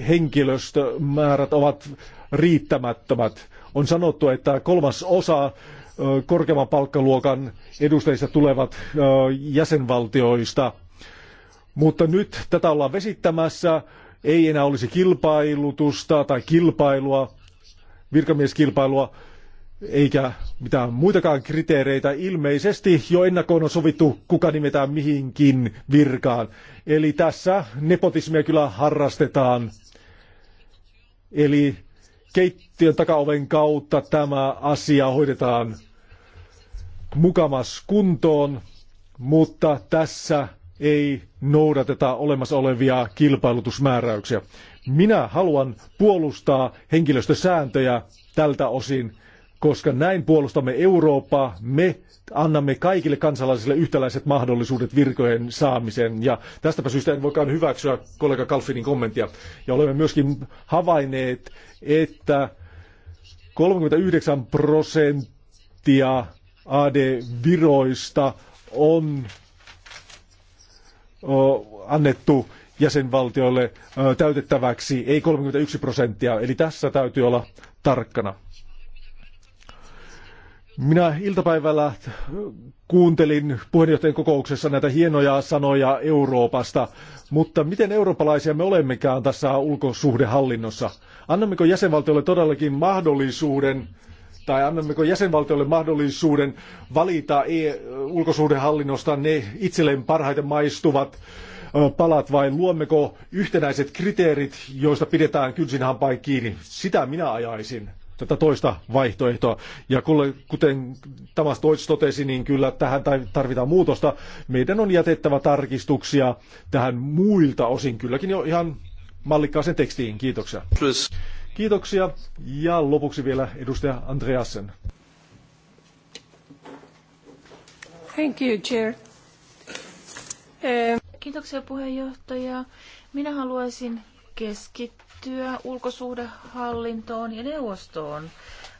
henkilöstömäärät ovat riittämättömät. On sanottu, että kolmas osa korkeamman palkkaluokan edustajista tulevat jäsenvaltioista. Mutta nyt tätä ollaan vesittämässä. Ei enää olisi kilpailutusta tai kilpailua, virkamieskilpailua, eikä mitään muitakaan kriteereitä. Ilmeisesti jo ennakkoon on sovittu, kuka nimetään mihinkin virkaan. Eli tässä nepotismia kyllä harrastetaan. Eli keittiön takaoven kautta tämä asia hoidetaan mukamas kuntoon, mutta tässä ei noudateta olemassa olevia kilpailutusmääräyksiä. Minä haluan puolustaa henkilöstösääntöjä tältä osin koska näin puolustamme Eurooppaa, me annamme kaikille kansalaisille yhtäläiset mahdollisuudet virkojen saamiseen. Ja tästäpä syystä en voikaan hyväksyä kollega Kalfinin kommenttia. Ja olemme myöskin havainneet, että 39 prosenttia AD-viroista on annettu jäsenvaltioille täytettäväksi, ei 31 prosenttia. Eli tässä täytyy olla tarkkana. Minä iltapäivällä kuuntelin puheenjohtajan kokouksessa näitä hienoja sanoja Euroopasta, mutta miten eurooppalaisia me olemmekaan tässä ulkosuhdehallinnossa? Annammeko jäsenvaltioille todellakin mahdollisuuden tai annammeko jäsenvaltioille mahdollisuuden valita e- ulkosuhdehallinnosta ne itselleen parhaiten maistuvat palat vai luommeko yhtenäiset kriteerit, joista pidetään kynsinhampain kiinni? Sitä minä ajaisin tätä toista vaihtoehtoa. Ja kuten Thomas Deutsch totesi, niin kyllä tähän tarvitaan muutosta. Meidän on jätettävä tarkistuksia tähän muilta osin, kylläkin jo ihan mallikkaaseen tekstiin. Kiitoksia. Please. Kiitoksia. Ja lopuksi vielä edustaja Andreasen. Thank you, Chair. Eh, Kiitoksia puheenjohtaja. Minä haluaisin keskittyä liittyä ulkosuhdehallintoon ja neuvostoon.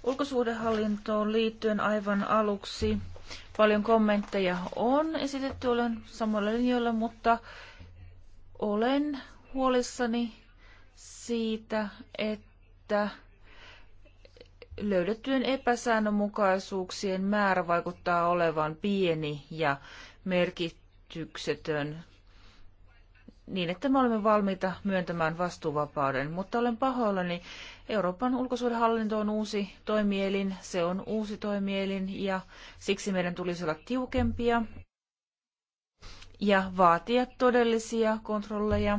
Ulkosuhdehallintoon liittyen aivan aluksi paljon kommentteja on esitetty, olen samalla linjoilla, mutta olen huolissani siitä, että löydettyjen epäsäännönmukaisuuksien määrä vaikuttaa olevan pieni ja merkityksetön niin, että me olemme valmiita myöntämään vastuuvapauden. Mutta olen pahoillani, Euroopan ulkosuhdehallinto on uusi toimielin, se on uusi toimielin ja siksi meidän tulisi olla tiukempia ja vaatia todellisia kontrolleja,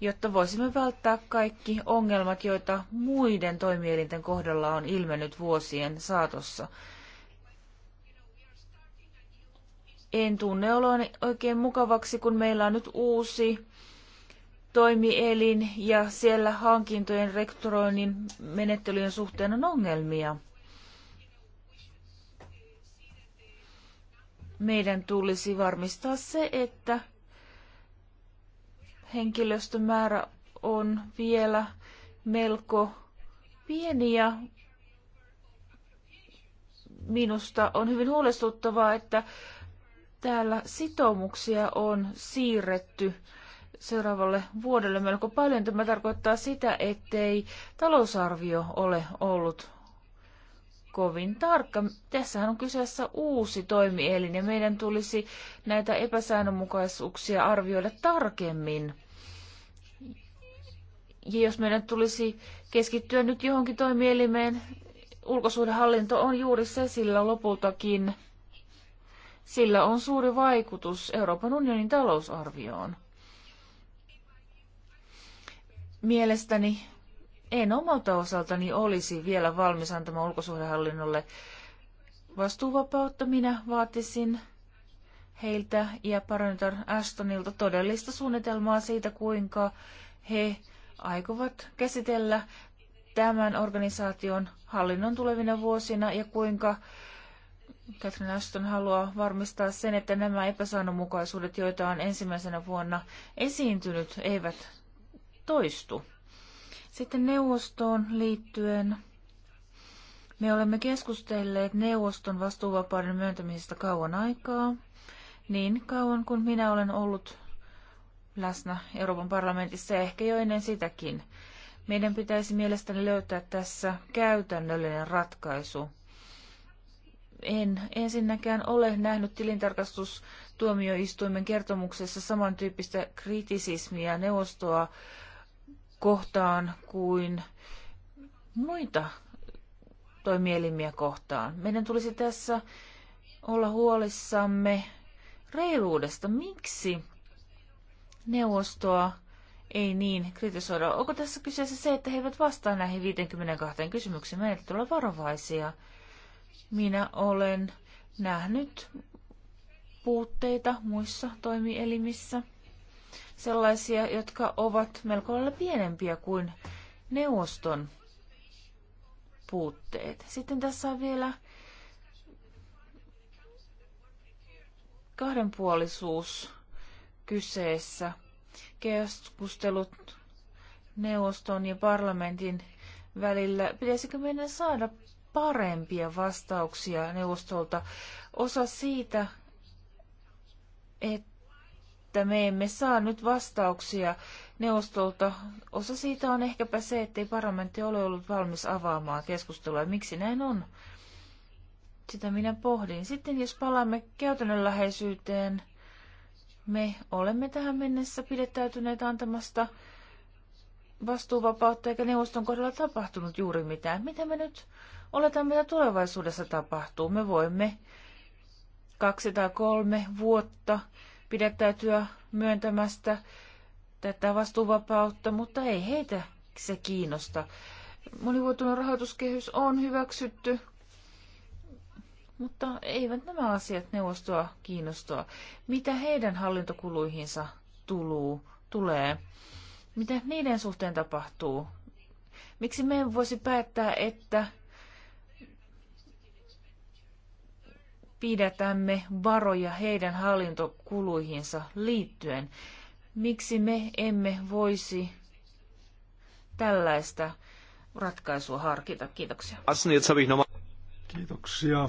jotta voisimme välttää kaikki ongelmat, joita muiden toimielinten kohdalla on ilmennyt vuosien saatossa. en tunne oloani oikein mukavaksi, kun meillä on nyt uusi toimielin ja siellä hankintojen, rektoroinnin, menettelyjen suhteen on ongelmia. Meidän tulisi varmistaa se, että henkilöstömäärä on vielä melko pieni ja minusta on hyvin huolestuttavaa, että täällä sitoumuksia on siirretty seuraavalle vuodelle melko paljon. Tämä tarkoittaa sitä, ettei talousarvio ole ollut kovin tarkka. Tässähän on kyseessä uusi toimielin ja meidän tulisi näitä epäsäännönmukaisuuksia arvioida tarkemmin. Ja jos meidän tulisi keskittyä nyt johonkin toimielimeen, ulkosuhdehallinto on juuri se sillä lopultakin sillä on suuri vaikutus Euroopan unionin talousarvioon. Mielestäni en omalta osaltani olisi vielä valmis antamaan ulkosuhdehallinnolle vastuuvapautta. Minä vaatisin heiltä ja Parantar Astonilta todellista suunnitelmaa siitä, kuinka he aikovat käsitellä tämän organisaation hallinnon tulevina vuosina ja kuinka Catherine Ashton haluaa varmistaa sen, että nämä epäsanomukaisuudet, joita on ensimmäisenä vuonna esiintynyt, eivät toistu. Sitten neuvostoon liittyen. Me olemme keskustelleet neuvoston vastuuvapauden myöntämisestä kauan aikaa, niin kauan kuin minä olen ollut läsnä Euroopan parlamentissa ja ehkä jo ennen sitäkin. Meidän pitäisi mielestäni löytää tässä käytännöllinen ratkaisu – en ensinnäkään ole nähnyt tilintarkastustuomioistuimen kertomuksessa samantyyppistä kritisismiä neuvostoa kohtaan kuin muita toimielimiä kohtaan. Meidän tulisi tässä olla huolissamme reiluudesta. Miksi neuvostoa ei niin kritisoida? Onko tässä kyseessä se, että he eivät vastaa näihin 52 kysymyksiin? Meidän tulee varovaisia. Minä olen nähnyt puutteita muissa toimielimissä, sellaisia, jotka ovat melko lailla pienempiä kuin neuvoston puutteet. Sitten tässä on vielä kahdenpuolisuus kyseessä. Keskustelut neuvoston ja parlamentin välillä. Pitäisikö meidän saada parempia vastauksia neuvostolta. Osa siitä, että me emme saa nyt vastauksia neuvostolta, osa siitä on ehkäpä se, ettei parlamentti ole ollut valmis avaamaan keskustelua. Miksi näin on? Sitä minä pohdin. Sitten jos palaamme käytännönläheisyyteen, me olemme tähän mennessä pidettäytyneet antamasta vastuuvapautta eikä neuvoston kohdalla tapahtunut juuri mitään. Mitä me nyt Oletan, mitä tulevaisuudessa tapahtuu. Me voimme kaksi tai kolme vuotta pidättäytyä myöntämästä tätä vastuuvapautta, mutta ei heitä se kiinnosta. Monivuotinen rahoituskehys on hyväksytty, mutta eivät nämä asiat neuvostoa kiinnostoa. Mitä heidän hallintokuluihinsa tuluu, tulee? Mitä niiden suhteen tapahtuu? Miksi me voisi päättää, että pidätämme varoja heidän hallintokuluihinsa liittyen. Miksi me emme voisi tällaista ratkaisua harkita? Kiitoksia. Kiitoksia.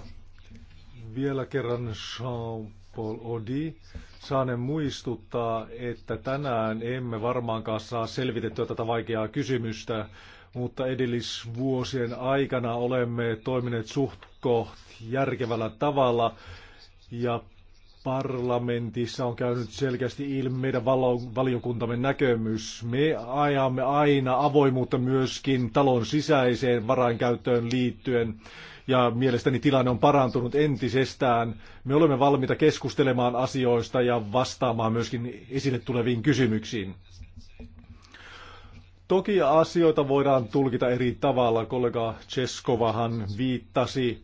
Vielä kerran Jean-Paul Odi. Saanen muistuttaa, että tänään emme varmaankaan saa selvitettyä tätä vaikeaa kysymystä mutta edellisvuosien aikana olemme toimineet suhtkoht järkevällä tavalla ja parlamentissa on käynyt selkeästi ilmi meidän valiokuntamme näkemys. Me ajamme aina avoimuutta myöskin talon sisäiseen varainkäyttöön liittyen ja mielestäni tilanne on parantunut entisestään. Me olemme valmiita keskustelemaan asioista ja vastaamaan myöskin esille tuleviin kysymyksiin. Toki asioita voidaan tulkita eri tavalla. Kollega Cheskovahan viittasi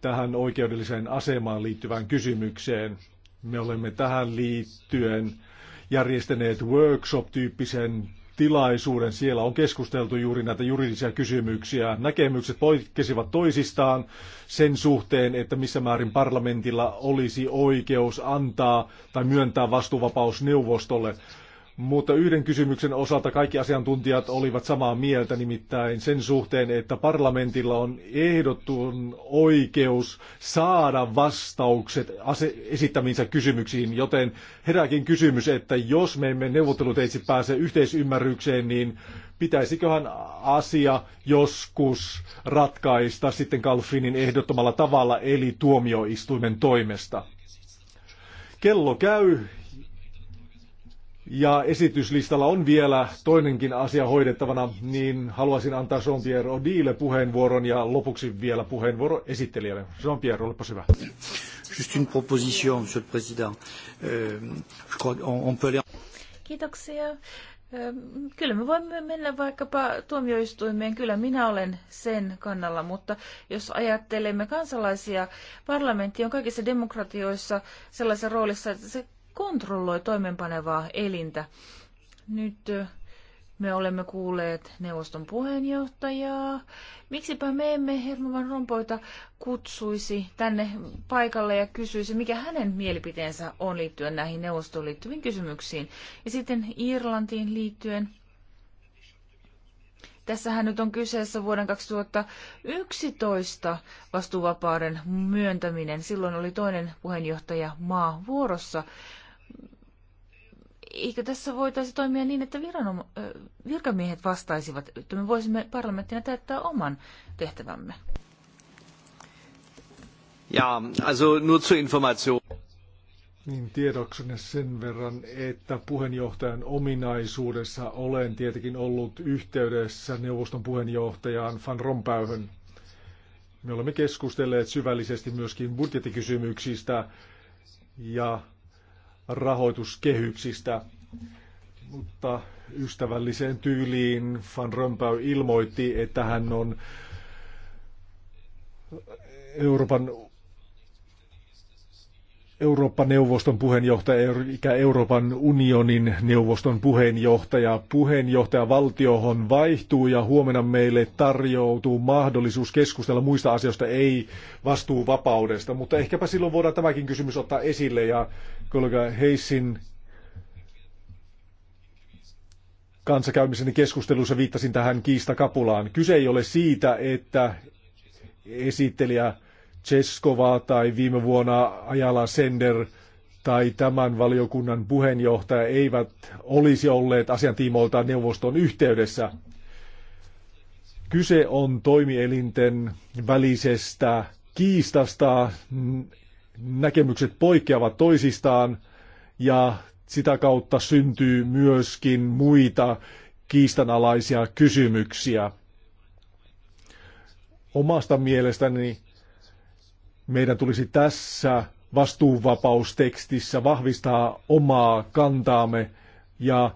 tähän oikeudelliseen asemaan liittyvään kysymykseen. Me olemme tähän liittyen järjestäneet workshop-tyyppisen tilaisuuden. Siellä on keskusteltu juuri näitä juridisia kysymyksiä. Näkemykset poikkesivat toisistaan sen suhteen, että missä määrin parlamentilla olisi oikeus antaa tai myöntää vastuuvapaus neuvostolle. Mutta yhden kysymyksen osalta kaikki asiantuntijat olivat samaa mieltä, nimittäin sen suhteen, että parlamentilla on ehdottun oikeus saada vastaukset esittämiinsä kysymyksiin, joten herääkin kysymys, että jos me emme neuvotteluteitsi pääse yhteisymmärrykseen, niin pitäisiköhän asia joskus ratkaista sitten Kalfinin ehdottomalla tavalla, eli tuomioistuimen toimesta kello käy ja esityslistalla on vielä toinenkin asia hoidettavana, niin haluaisin antaa Jean-Pierre Odile puheenvuoron ja lopuksi vielä puheenvuoro esittelijälle. Jean-Pierre, olepa hyvä. Just une proposition, monsieur le président. Euh, je crois on peut aller... Kiitoksia. Ähm, kyllä me voimme mennä vaikkapa tuomioistuimeen, kyllä minä olen sen kannalla, mutta jos ajattelemme kansalaisia, parlamentti on kaikissa demokratioissa sellaisessa roolissa, että se kontrolloi toimenpanevaa elintä. Nyt me olemme kuulleet neuvoston puheenjohtajaa. Miksipä me emme Herman Rompoita kutsuisi tänne paikalle ja kysyisi, mikä hänen mielipiteensä on liittyen näihin neuvostoon liittyviin kysymyksiin. Ja sitten Irlantiin liittyen. Tässähän nyt on kyseessä vuoden 2011 vastuuvapauden myöntäminen. Silloin oli toinen puheenjohtaja maa vuorossa. Eikö tässä voitaisi toimia niin, että viranom- virkamiehet vastaisivat, että me voisimme parlamenttina täyttää oman tehtävämme? Ja, also nur zur Information. Niin tiedoksenne sen verran, että puheenjohtajan ominaisuudessa olen tietenkin ollut yhteydessä neuvoston puheenjohtajaan Van Rompäyhön. Me olemme keskustelleet syvällisesti myöskin budjettikysymyksistä ja rahoituskehyksistä. Mutta ystävälliseen tyyliin Van Rompuy ilmoitti, että hän on Euroopan Eurooppa-neuvoston puheenjohtaja eikä Euroopan unionin neuvoston puheenjohtaja. Puheenjohtaja valtiohon vaihtuu ja huomenna meille tarjoutuu mahdollisuus keskustella muista asioista, ei vastuuvapaudesta. Mutta ehkäpä silloin voidaan tämäkin kysymys ottaa esille ja kollega Heissin kanssakäymiseni keskustelussa viittasin tähän kiistakapulaan. Kyse ei ole siitä, että esittelijä Cheskovaa tai viime vuonna Ajala Sender tai tämän valiokunnan puheenjohtaja eivät olisi olleet asiantiimoiltaan neuvoston yhteydessä. Kyse on toimielinten välisestä kiistasta, näkemykset poikkeavat toisistaan ja sitä kautta syntyy myöskin muita kiistanalaisia kysymyksiä. Omasta mielestäni meidän tulisi tässä vastuuvapaustekstissä vahvistaa omaa kantaamme ja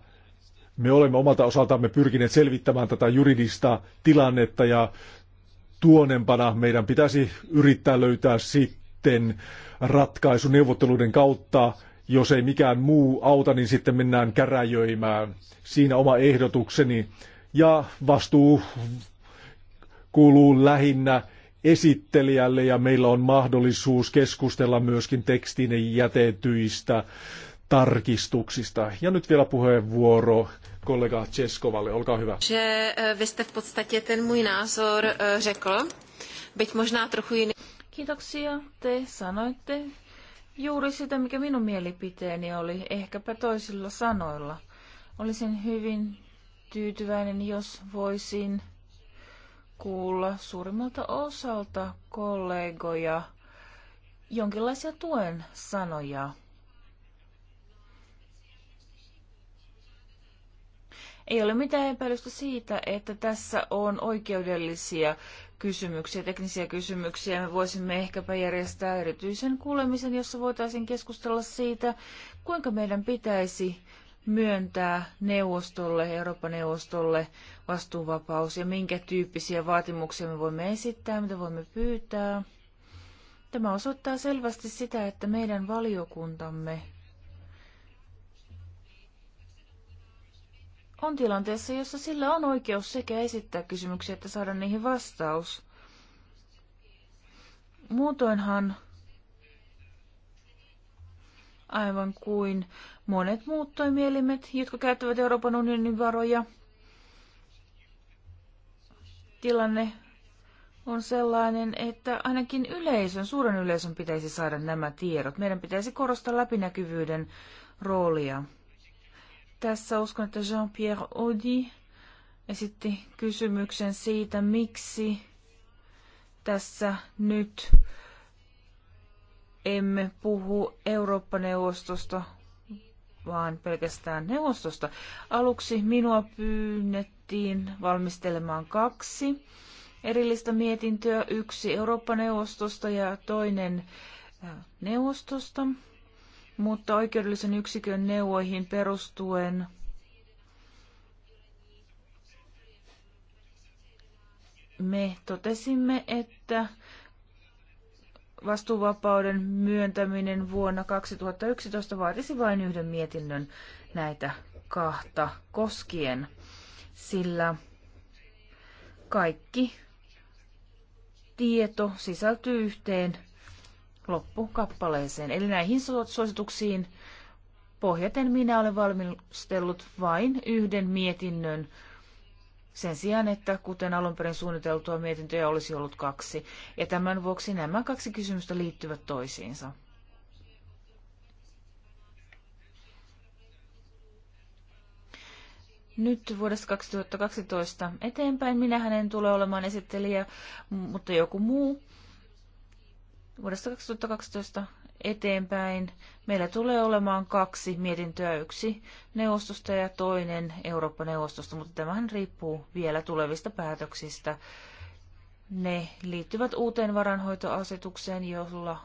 me olemme omalta osaltamme pyrkineet selvittämään tätä juridista tilannetta ja tuonempana meidän pitäisi yrittää löytää sitten ratkaisu neuvotteluiden kautta. Jos ei mikään muu auta, niin sitten mennään käräjöimään. Siinä oma ehdotukseni. Ja vastuu kuuluu lähinnä esittelijälle ja meillä on mahdollisuus keskustella myöskin tekstin jätetyistä tarkistuksista. Ja nyt vielä puheenvuoro kollega Českovalle, olkaa hyvä. Že eh, vy jste v podstatě ten můj názor eh, řekl, byť možná trochu jiný. Kiitoksia, te sanoitte juuri sitä, mikä minun mielipiteeni oli, ehkäpä toisilla sanoilla. Olisin hyvin tyytyväinen, jos voisin kuulla suurimmalta osalta kollegoja jonkinlaisia tuen sanoja. Ei ole mitään epäilystä siitä, että tässä on oikeudellisia kysymyksiä, teknisiä kysymyksiä. Me voisimme ehkäpä järjestää erityisen kuulemisen, jossa voitaisiin keskustella siitä, kuinka meidän pitäisi myöntää neuvostolle, Euroopan neuvostolle vastuuvapaus ja minkä tyyppisiä vaatimuksia me voimme esittää, mitä voimme pyytää. Tämä osoittaa selvästi sitä, että meidän valiokuntamme on tilanteessa, jossa sillä on oikeus sekä esittää kysymyksiä että saada niihin vastaus. Muutoinhan aivan kuin monet muut toimielimet, jotka käyttävät Euroopan unionin varoja – tilanne on sellainen, että ainakin yleisön, suuren yleisön pitäisi saada nämä tiedot. Meidän pitäisi korostaa läpinäkyvyyden roolia. Tässä uskon, että Jean-Pierre Audi esitti kysymyksen siitä, miksi tässä nyt emme puhu Eurooppa-neuvostosta, vaan pelkästään neuvostosta. Aluksi minua pyynnettiin ryhdyttiin valmistelemaan kaksi erillistä mietintöä, yksi Eurooppa-neuvostosta ja toinen äh, neuvostosta, mutta oikeudellisen yksikön neuvoihin perustuen me totesimme, että vastuuvapauden myöntäminen vuonna 2011 vaatisi vain yhden mietinnön näitä kahta koskien sillä kaikki tieto sisältyy yhteen loppukappaleeseen. Eli näihin suosituksiin pohjaten minä olen valmistellut vain yhden mietinnön sen sijaan, että kuten alun perin suunniteltua mietintöjä olisi ollut kaksi. Ja tämän vuoksi nämä kaksi kysymystä liittyvät toisiinsa. nyt vuodesta 2012 eteenpäin. Minähän en tule olemaan esittelijä, mutta joku muu. Vuodesta 2012 eteenpäin meillä tulee olemaan kaksi mietintöä, yksi neuvostosta ja toinen Eurooppa-neuvostosta, mutta tämähän riippuu vielä tulevista päätöksistä. Ne liittyvät uuteen varanhoitoasetukseen, jolla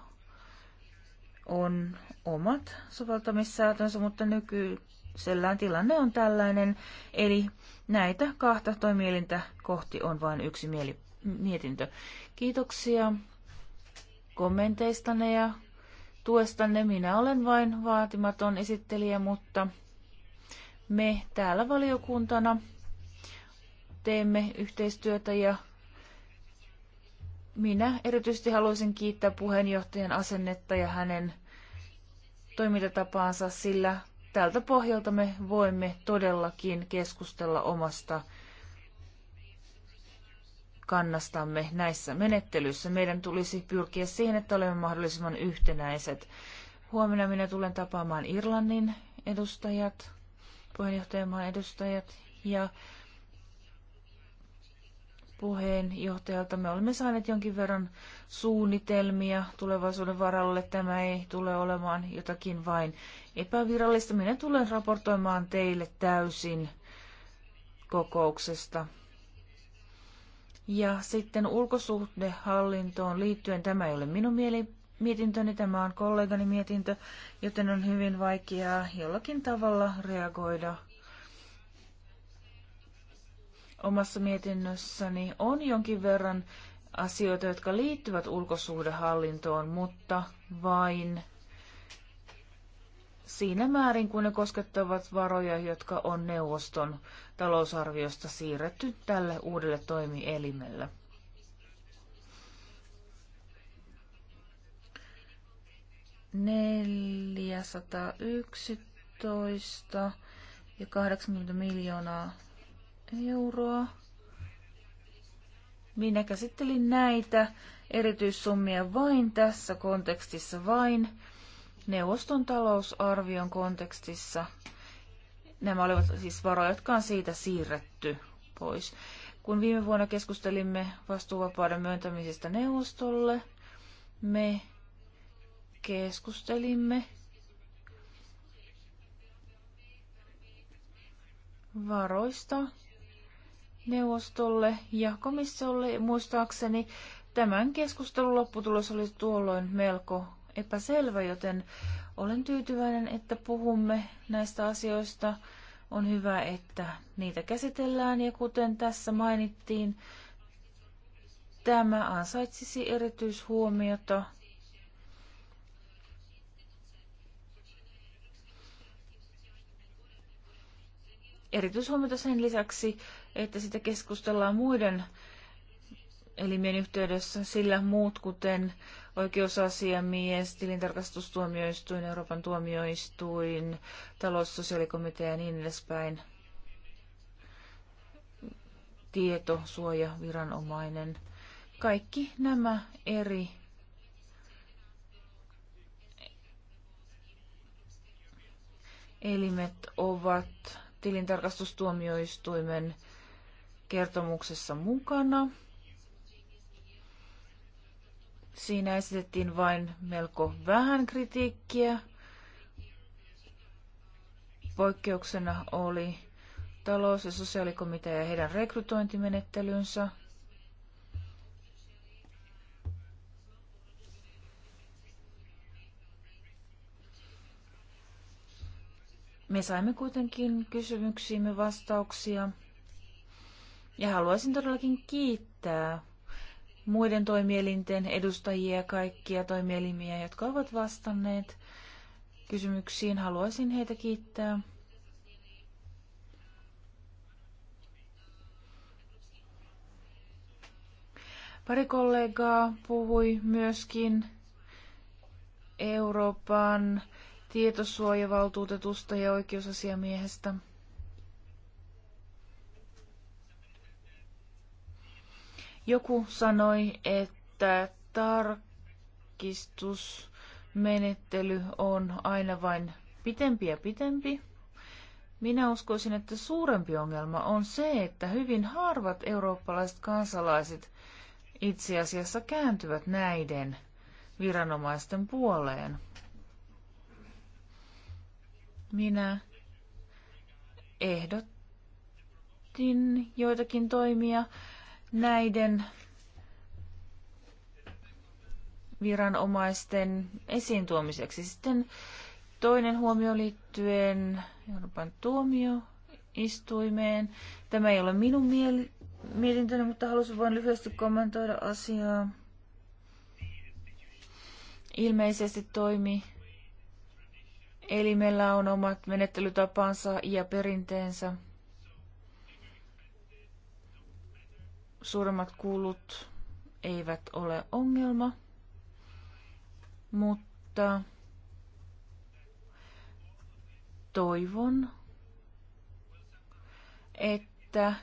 on omat soveltamissäätönsä, mutta nyky nykyisellään tilanne on tällainen, eli näitä kahta toimielintä kohti on vain yksi mieli, mietintö. Kiitoksia kommenteistanne ja tuestanne. Minä olen vain vaatimaton esittelijä, mutta me täällä valiokuntana teemme yhteistyötä ja minä erityisesti haluaisin kiittää puheenjohtajan asennetta ja hänen toimintatapaansa, sillä tältä pohjalta me voimme todellakin keskustella omasta kannastamme näissä menettelyissä. Meidän tulisi pyrkiä siihen, että olemme mahdollisimman yhtenäiset. Huomenna minä tulen tapaamaan Irlannin edustajat, puheenjohtajamaan edustajat ja puheenjohtajalta. Me olemme saaneet jonkin verran suunnitelmia tulevaisuuden varalle. Tämä ei tule olemaan jotakin vain epävirallista. Minä tulen raportoimaan teille täysin kokouksesta. Ja sitten ulkosuhdehallintoon liittyen, tämä ei ole minun mieli, mietintöni, tämä on kollegani mietintö, joten on hyvin vaikeaa jollakin tavalla reagoida omassa mietinnössäni on jonkin verran asioita, jotka liittyvät ulkosuhdehallintoon, mutta vain siinä määrin, kun ne koskettavat varoja, jotka on neuvoston talousarviosta siirretty tälle uudelle toimielimelle. Neljäsataayksitoista ja 80 miljoonaa euroa. Minä käsittelin näitä erityissummia vain tässä kontekstissa, vain neuvoston talousarvion kontekstissa. Nämä olivat siis varoja, jotka on siitä siirretty pois. Kun viime vuonna keskustelimme vastuuvapauden myöntämisestä neuvostolle, me keskustelimme varoista, neuvostolle ja komissiolle. Muistaakseni tämän keskustelun lopputulos oli tuolloin melko epäselvä, joten olen tyytyväinen, että puhumme näistä asioista. On hyvä, että niitä käsitellään ja kuten tässä mainittiin, tämä ansaitsisi erityishuomiota erityishuomiota sen lisäksi, että sitä keskustellaan muiden elimien yhteydessä, sillä muut kuten oikeusasiamies, tilintarkastustuomioistuin, Euroopan tuomioistuin, taloussosiaalikomitea ja niin edespäin, tietosuojaviranomainen. Kaikki nämä eri elimet ovat tilintarkastustuomioistuimen kertomuksessa mukana. Siinä esitettiin vain melko vähän kritiikkiä. Poikkeuksena oli talous- ja sosiaalikomitea ja heidän rekrytointimenettelynsä. Me saimme kuitenkin kysymyksiimme vastauksia. Ja haluaisin todellakin kiittää muiden toimielinten edustajia ja kaikkia toimielimiä, jotka ovat vastanneet kysymyksiin. Haluaisin heitä kiittää. Pari kollegaa puhui myöskin Euroopan tietosuojavaltuutetusta ja oikeusasiamiehestä. Joku sanoi, että tarkistusmenettely on aina vain pitempi ja pitempi. Minä uskoisin, että suurempi ongelma on se, että hyvin harvat eurooppalaiset kansalaiset itse asiassa kääntyvät näiden viranomaisten puoleen. Minä ehdotin joitakin toimia näiden viranomaisten esiin tuomiseksi. Sitten toinen huomio liittyen Euroopan tuomioistuimeen. Tämä ei ole minun miel- mietintöni, mutta halusin vain lyhyesti kommentoida asiaa. Ilmeisesti toimi elimellä on omat menettelytapansa ja perinteensä. Suuremmat kulut eivät ole ongelma, mutta toivon, että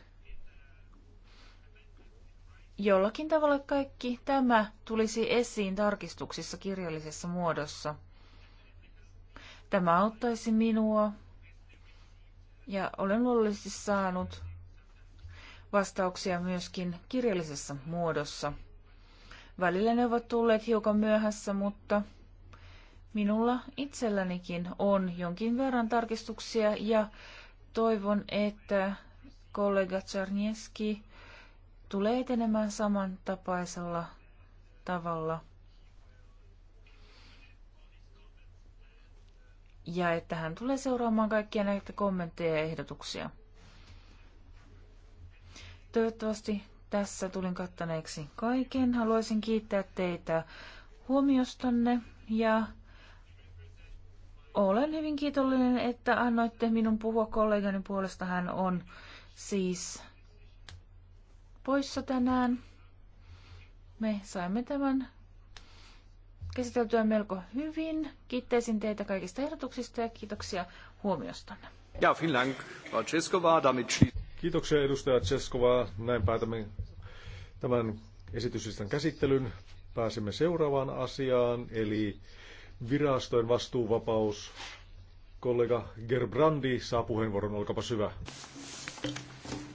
jollakin tavalla kaikki tämä tulisi esiin tarkistuksissa kirjallisessa muodossa – Tämä auttaisi minua ja olen luonnollisesti saanut vastauksia myöskin kirjallisessa muodossa. Välillä ne ovat tulleet hiukan myöhässä, mutta minulla itsellänikin on jonkin verran tarkistuksia ja toivon, että kollega Czarnieski tulee etenemään samantapaisella tavalla – ja että hän tulee seuraamaan kaikkia näitä kommentteja ja ehdotuksia. Toivottavasti tässä tulin kattaneeksi kaiken. Haluaisin kiittää teitä huomiostanne ja olen hyvin kiitollinen, että annoitte minun puhua kollegani puolesta. Hän on siis poissa tänään. Me saimme tämän käsiteltyä melko hyvin. Kiitteisin teitä kaikista ehdotuksista ja kiitoksia huomiostanne. Ja, Dank, Kiitoksia edustaja Ceskova. Näin päätämme tämän esityslistan käsittelyn. Pääsemme seuraavaan asiaan, eli virastojen vastuuvapaus. Kollega Gerbrandi saa puheenvuoron, olkapa hyvä.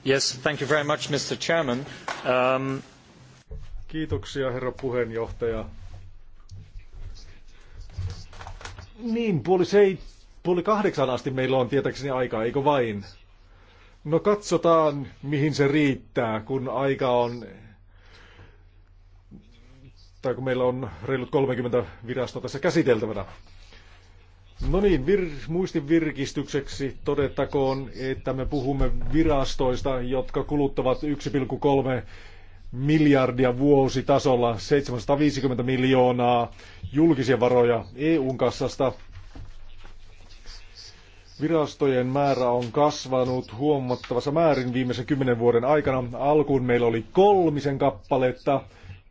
Yes, thank you very much, Mr. Chairman. Um... Kiitoksia, herra puheenjohtaja. Niin, puoli, sei, puoli kahdeksan asti meillä on tietäkseni aikaa, eikö vain? No katsotaan, mihin se riittää, kun aika on... Tai kun meillä on reilut 30 virastoa tässä käsiteltävänä. No niin, vir- muistin virkistykseksi todettakoon, että me puhumme virastoista, jotka kuluttavat miljardia vuositasolla, 750 miljoonaa julkisia varoja eu kassasta. Virastojen määrä on kasvanut huomattavassa määrin viimeisen kymmenen vuoden aikana. Alkuun meillä oli kolmisen kappaletta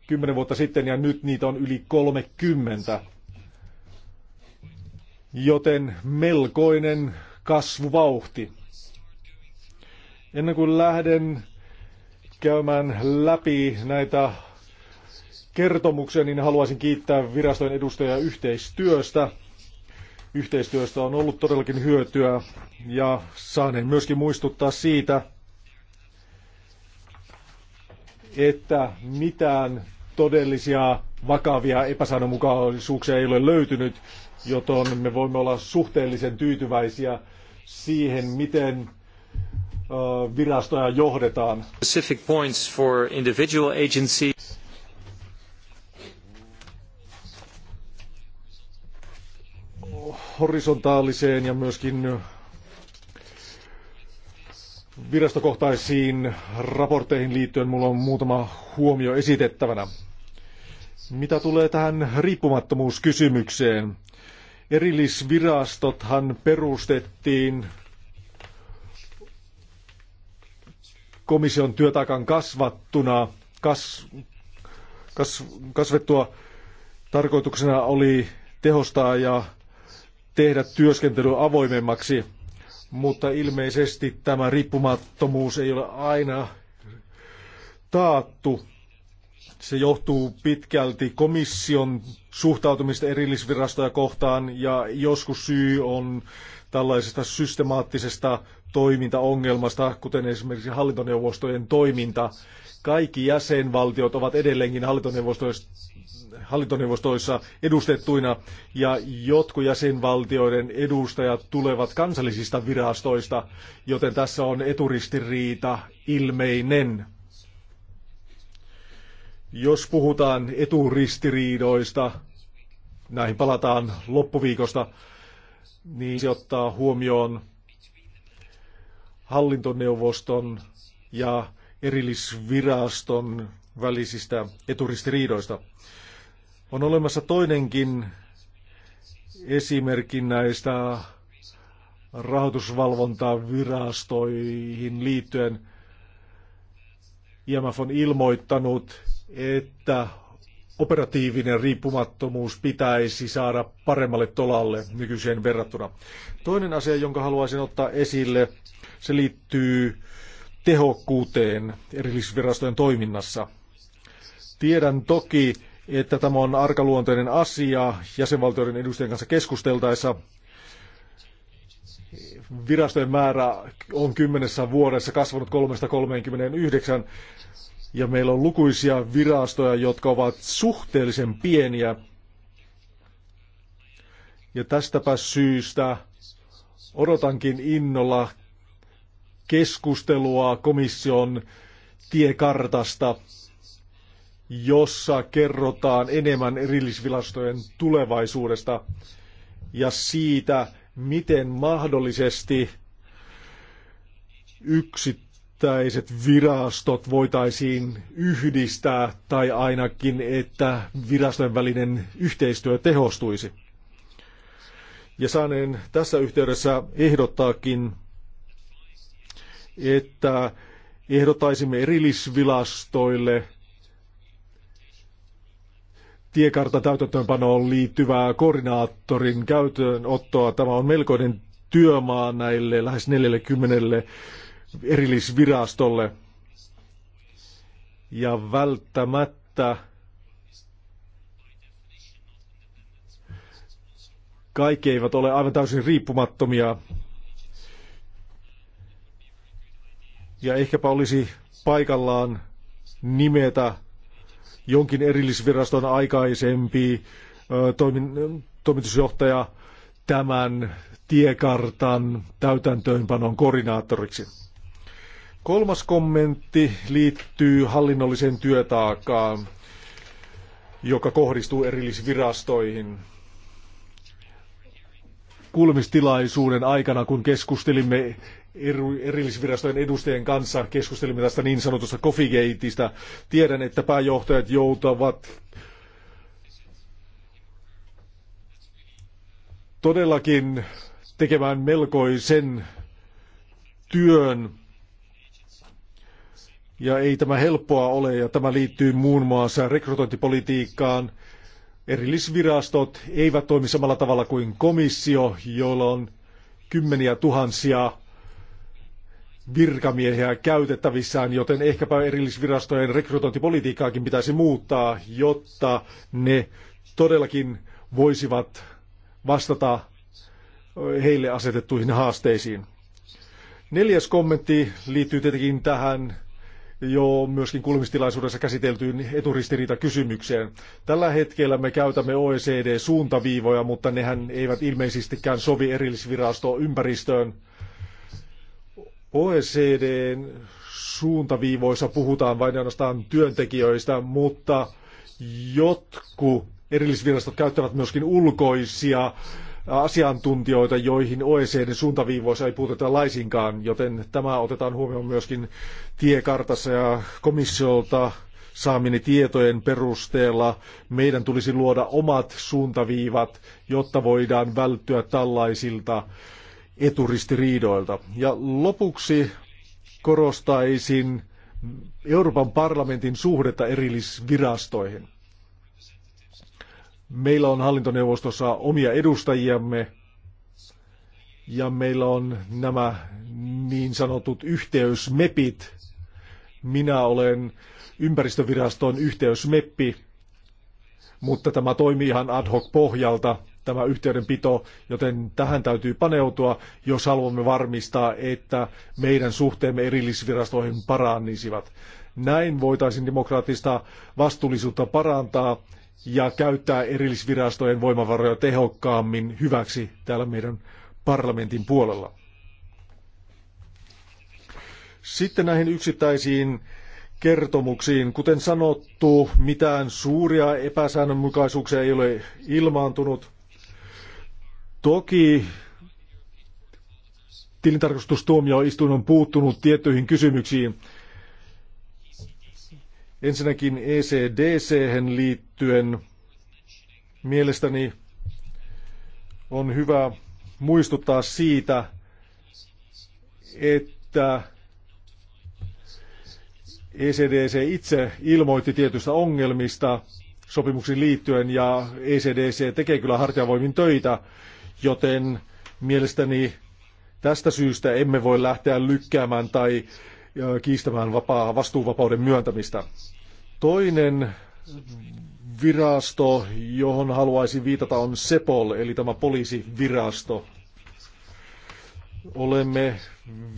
kymmenen vuotta sitten ja nyt niitä on yli 30. Joten melkoinen kasvuvauhti. Ennen kuin lähden käymään läpi näitä kertomuksia, niin haluaisin kiittää virastojen edustajia yhteistyöstä. Yhteistyöstä on ollut todellakin hyötyä ja saaneen myöskin muistuttaa siitä, että mitään todellisia vakavia epäsäännönmukaisuuksia ei ole löytynyt, joten me voimme olla suhteellisen tyytyväisiä siihen, miten virastoja johdetaan. Specific points for individual agencies. Horisontaaliseen ja myöskin virastokohtaisiin raportteihin liittyen mulla on muutama huomio esitettävänä. Mitä tulee tähän riippumattomuuskysymykseen? Erillisvirastothan perustettiin komission työtaakan kasvattuna, kas, kas, kasvettua tarkoituksena oli tehostaa ja tehdä työskentely avoimemmaksi, mutta ilmeisesti tämä riippumattomuus ei ole aina taattu. Se johtuu pitkälti komission suhtautumista erillisvirastoja kohtaan ja joskus syy on tällaisesta systemaattisesta toimintaongelmasta, kuten esimerkiksi hallintoneuvostojen toiminta. Kaikki jäsenvaltiot ovat edelleenkin hallintoneuvostoissa edustettuina ja jotkut jäsenvaltioiden edustajat tulevat kansallisista virastoista, joten tässä on eturistiriita ilmeinen. Jos puhutaan eturistiriidoista, näihin palataan loppuviikosta, niin se ottaa huomioon hallintoneuvoston ja erillisviraston välisistä eturistiriidoista. On olemassa toinenkin esimerkki näistä rahoitusvalvontavirastoihin liittyen. IMF on ilmoittanut, että operatiivinen riippumattomuus pitäisi saada paremmalle tolalle nykyiseen verrattuna. Toinen asia, jonka haluaisin ottaa esille, se liittyy tehokkuuteen erillisvirastojen toiminnassa. Tiedän toki, että tämä on arkaluonteinen asia jäsenvaltioiden edustajien kanssa keskusteltaessa. Virastojen määrä on kymmenessä vuodessa kasvanut 3-39 ja meillä on lukuisia virastoja, jotka ovat suhteellisen pieniä. Ja tästäpä syystä odotankin innolla keskustelua komission tiekartasta, jossa kerrotaan enemmän erillisvilastojen tulevaisuudesta ja siitä, miten mahdollisesti yksittäiset virastot voitaisiin yhdistää tai ainakin, että virastojen välinen yhteistyö tehostuisi. Ja saaneen tässä yhteydessä ehdottaakin että ehdotaisimme erillisvilastoille tiekartan täytäntöönpanoon liittyvää koordinaattorin käytöönottoa. Tämä on melkoinen työmaa näille lähes 40 erillisvirastolle. Ja välttämättä kaikki eivät ole aivan täysin riippumattomia Ja ehkäpä olisi paikallaan nimetä jonkin erillisviraston aikaisempi toimin, toimitusjohtaja tämän tiekartan täytäntöönpanon koordinaattoriksi. Kolmas kommentti liittyy hallinnolliseen työtaakkaan, joka kohdistuu erillisvirastoihin kuulemistilaisuuden aikana, kun keskustelimme erillisvirastojen edustajien kanssa, keskustelimme tästä niin sanotusta Coffeegateista. Tiedän, että pääjohtajat joutavat todellakin tekemään melkoisen työn. Ja ei tämä helppoa ole, ja tämä liittyy muun muassa rekrytointipolitiikkaan, Erillisvirastot eivät toimi samalla tavalla kuin komissio, jolla on kymmeniä tuhansia virkamiehiä käytettävissään, joten ehkäpä erillisvirastojen rekrytointipolitiikkaakin pitäisi muuttaa, jotta ne todellakin voisivat vastata heille asetettuihin haasteisiin. Neljäs kommentti liittyy tietenkin tähän jo myöskin kuulemistilaisuudessa käsiteltyyn eturistiriitakysymykseen. Tällä hetkellä me käytämme OECD-suuntaviivoja, mutta nehän eivät ilmeisestikään sovi erillisvirasto ympäristöön. OECDn suuntaviivoissa puhutaan vain ainoastaan työntekijöistä, mutta jotkut erillisvirastot käyttävät myöskin ulkoisia asiantuntijoita, joihin OECDn suuntaviivoissa ei puututa laisinkaan, joten tämä otetaan huomioon myöskin tiekartassa ja komissiolta saamini tietojen perusteella meidän tulisi luoda omat suuntaviivat, jotta voidaan välttyä tällaisilta eturistiriidoilta. Ja lopuksi korostaisin Euroopan parlamentin suhdetta erillisvirastoihin. Meillä on hallintoneuvostossa omia edustajiamme ja meillä on nämä niin sanotut yhteysmepit. Minä olen ympäristöviraston yhteysmeppi, mutta tämä toimii ihan ad hoc pohjalta tämä yhteydenpito, joten tähän täytyy paneutua, jos haluamme varmistaa, että meidän suhteemme erillisvirastoihin parannisivat. Näin voitaisiin demokraattista vastuullisuutta parantaa ja käyttää erillisvirastojen voimavaroja tehokkaammin hyväksi täällä meidän parlamentin puolella. Sitten näihin yksittäisiin kertomuksiin. Kuten sanottu, mitään suuria epäsäännönmukaisuuksia ei ole ilmaantunut. Toki tilintarkastustuomioistuin on puuttunut tiettyihin kysymyksiin. Ensinnäkin ecdc liittyen mielestäni on hyvä muistuttaa siitä, että ECDC itse ilmoitti tietystä ongelmista sopimuksiin liittyen ja ECDC tekee kyllä hartiavoimin töitä, joten mielestäni tästä syystä emme voi lähteä lykkäämään tai kiistämään vapaa, vastuuvapauden myöntämistä. Toinen virasto, johon haluaisin viitata, on Sepol, eli tämä poliisivirasto. Olemme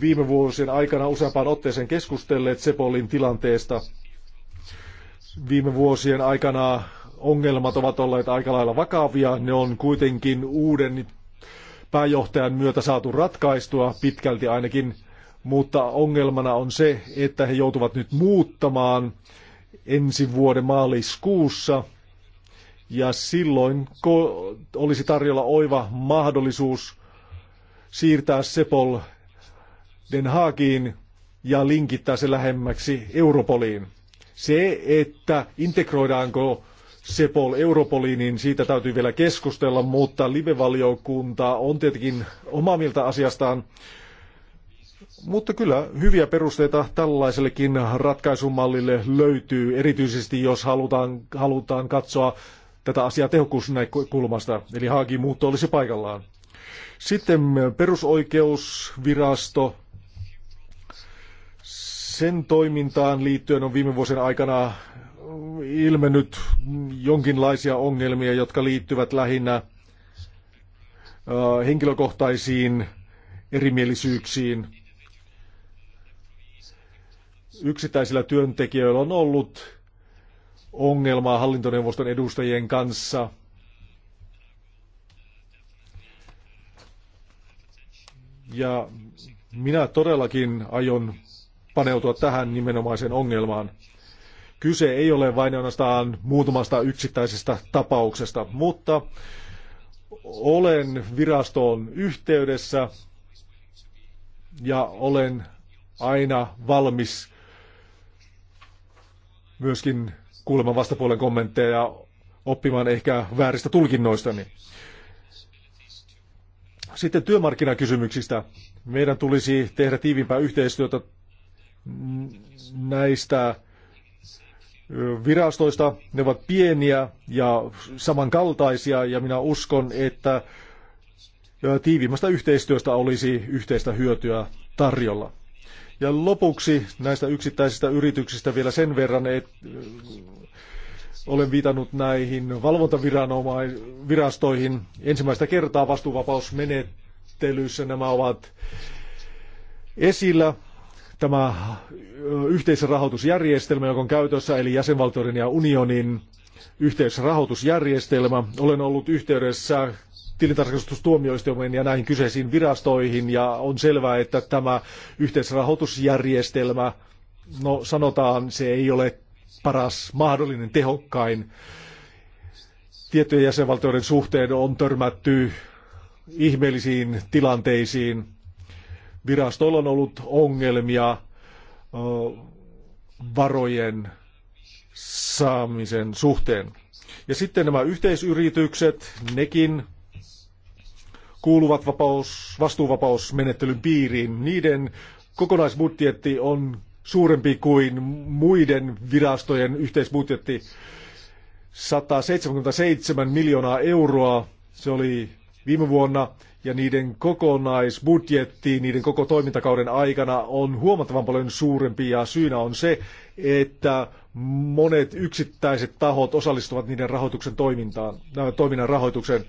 viime vuosien aikana useampaan otteeseen keskustelleet Sepolin tilanteesta. Viime vuosien aikana ongelmat ovat olleet aika lailla vakavia. Ne on kuitenkin uuden pääjohtajan myötä saatu ratkaistua pitkälti ainakin – mutta ongelmana on se, että he joutuvat nyt muuttamaan ensi vuoden maaliskuussa, ja silloin olisi tarjolla oiva mahdollisuus siirtää Sepol Den Haagiin ja linkittää se lähemmäksi Europoliin. Se, että integroidaanko Sepol Europoliin, niin siitä täytyy vielä keskustella, mutta live-valiokunta on tietenkin omaa mieltä asiastaan mutta kyllä hyviä perusteita tällaisellekin ratkaisumallille löytyy, erityisesti jos halutaan, halutaan katsoa tätä asiaa tehokkuusnäkökulmasta, eli Haagin muutto olisi paikallaan. Sitten perusoikeusvirasto. Sen toimintaan liittyen on viime vuosien aikana ilmennyt jonkinlaisia ongelmia, jotka liittyvät lähinnä äh, henkilökohtaisiin erimielisyyksiin – Yksittäisillä työntekijöillä on ollut ongelmaa hallintoneuvoston edustajien kanssa. Ja minä todellakin aion paneutua tähän nimenomaiseen ongelmaan. Kyse ei ole vain ainoastaan muutamasta yksittäisestä tapauksesta, mutta olen virastoon yhteydessä ja olen aina valmis myöskin kuulemaan vastapuolen kommentteja ja oppimaan ehkä vääristä tulkinnoistani. Niin. Sitten työmarkkinakysymyksistä. Meidän tulisi tehdä tiivimpää yhteistyötä näistä virastoista. Ne ovat pieniä ja samankaltaisia ja minä uskon, että tiiviimmästä yhteistyöstä olisi yhteistä hyötyä tarjolla. Ja lopuksi näistä yksittäisistä yrityksistä vielä sen verran, että äh, olen viitannut näihin valvontavirastoihin. Ensimmäistä kertaa vastuuvapausmenettelyssä nämä ovat esillä. Tämä äh, yhteisrahoitusjärjestelmä, joka on käytössä, eli jäsenvaltioiden ja unionin yhteisrahoitusjärjestelmä. Olen ollut yhteydessä tilintarkastustuomioistuimeen ja näihin kyseisiin virastoihin ja on selvää, että tämä yhteisrahoitusjärjestelmä, no sanotaan, se ei ole paras mahdollinen tehokkain. Tiettyjen jäsenvaltioiden suhteen on törmätty ihmeellisiin tilanteisiin. Virastoilla on ollut ongelmia varojen saamisen suhteen. Ja sitten nämä yhteisyritykset, nekin kuuluvat vapaus, vastuuvapausmenettelyn piiriin. Niiden kokonaisbudjetti on suurempi kuin muiden virastojen yhteisbudjetti. 177 miljoonaa euroa, se oli viime vuonna, ja niiden kokonaisbudjetti niiden koko toimintakauden aikana on huomattavan paljon suurempi, ja syynä on se, että monet yksittäiset tahot osallistuvat niiden rahoituksen toimintaan, toiminnan rahoitukseen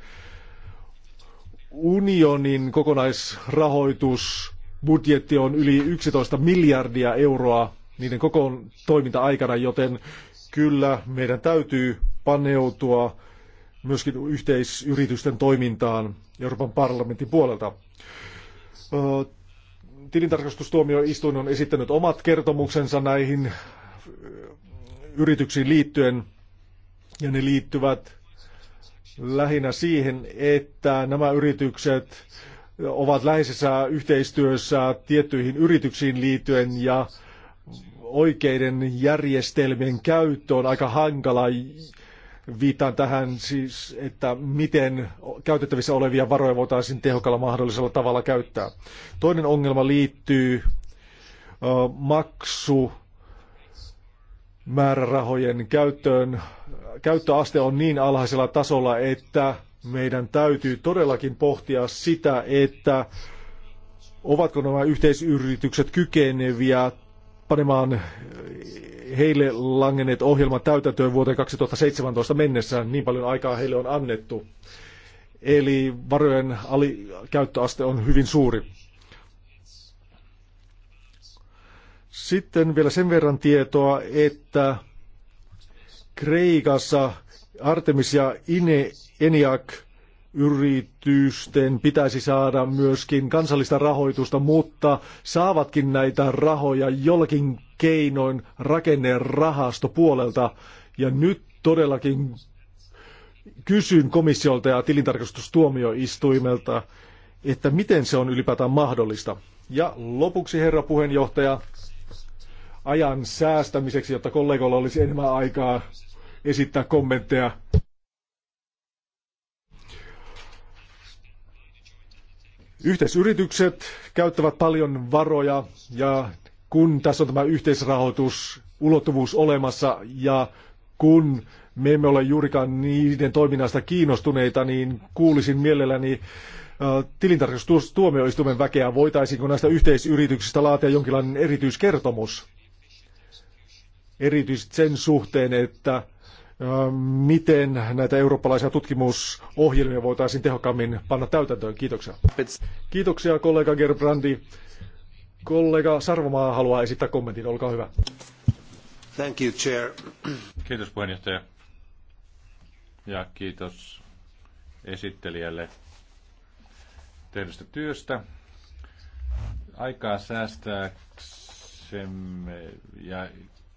unionin kokonaisrahoitus budjetti on yli 11 miljardia euroa niiden koko toiminta-aikana, joten kyllä meidän täytyy paneutua myöskin yhteisyritysten toimintaan Euroopan parlamentin puolelta. Tilintarkastustuomioistuin on esittänyt omat kertomuksensa näihin yrityksiin liittyen, ja ne liittyvät lähinnä siihen, että nämä yritykset ovat läheisessä yhteistyössä tiettyihin yrityksiin liittyen ja oikeiden järjestelmien käyttö on aika hankala. Viitaan tähän siis, että miten käytettävissä olevia varoja voitaisiin tehokalla mahdollisella tavalla käyttää. Toinen ongelma liittyy maksu määrärahojen käyttöön käyttöaste on niin alhaisella tasolla, että meidän täytyy todellakin pohtia sitä, että ovatko nämä yhteisyritykset kykeneviä panemaan heille langenneet ohjelmat täytäntöön vuoteen 2017 mennessä. Niin paljon aikaa heille on annettu. Eli varojen alikäyttöaste on hyvin suuri. Sitten vielä sen verran tietoa, että Kreikassa Artemis ja Ine, Eniak yritysten pitäisi saada myöskin kansallista rahoitusta, mutta saavatkin näitä rahoja jollakin keinoin rakennerahastopuolelta. Ja nyt todellakin kysyn komissiolta ja tilintarkastustuomioistuimelta, että miten se on ylipäätään mahdollista. Ja lopuksi, herra puheenjohtaja, ajan säästämiseksi, jotta kollegoilla olisi enemmän aikaa esittää kommentteja. Yhteisyritykset käyttävät paljon varoja ja kun tässä on tämä yhteisrahoitus, ulottuvuus olemassa ja kun me emme ole juurikaan niiden toiminnasta kiinnostuneita, niin kuulisin mielelläni äh, tilintarkastustuomioistuimen väkeä, voitaisiinko näistä yhteisyrityksistä laatia jonkinlainen erityiskertomus erityisesti sen suhteen, että äh, miten näitä eurooppalaisia tutkimusohjelmia voitaisiin tehokkaammin panna täytäntöön. Kiitoksia. Kiitoksia kollega Gerbrandi. Kollega Sarvomaa haluaa esittää kommentin. Olkaa hyvä. Thank you, chair. Kiitos puheenjohtaja. Ja kiitos esittelijälle tehdystä työstä. Aikaa säästääksemme ja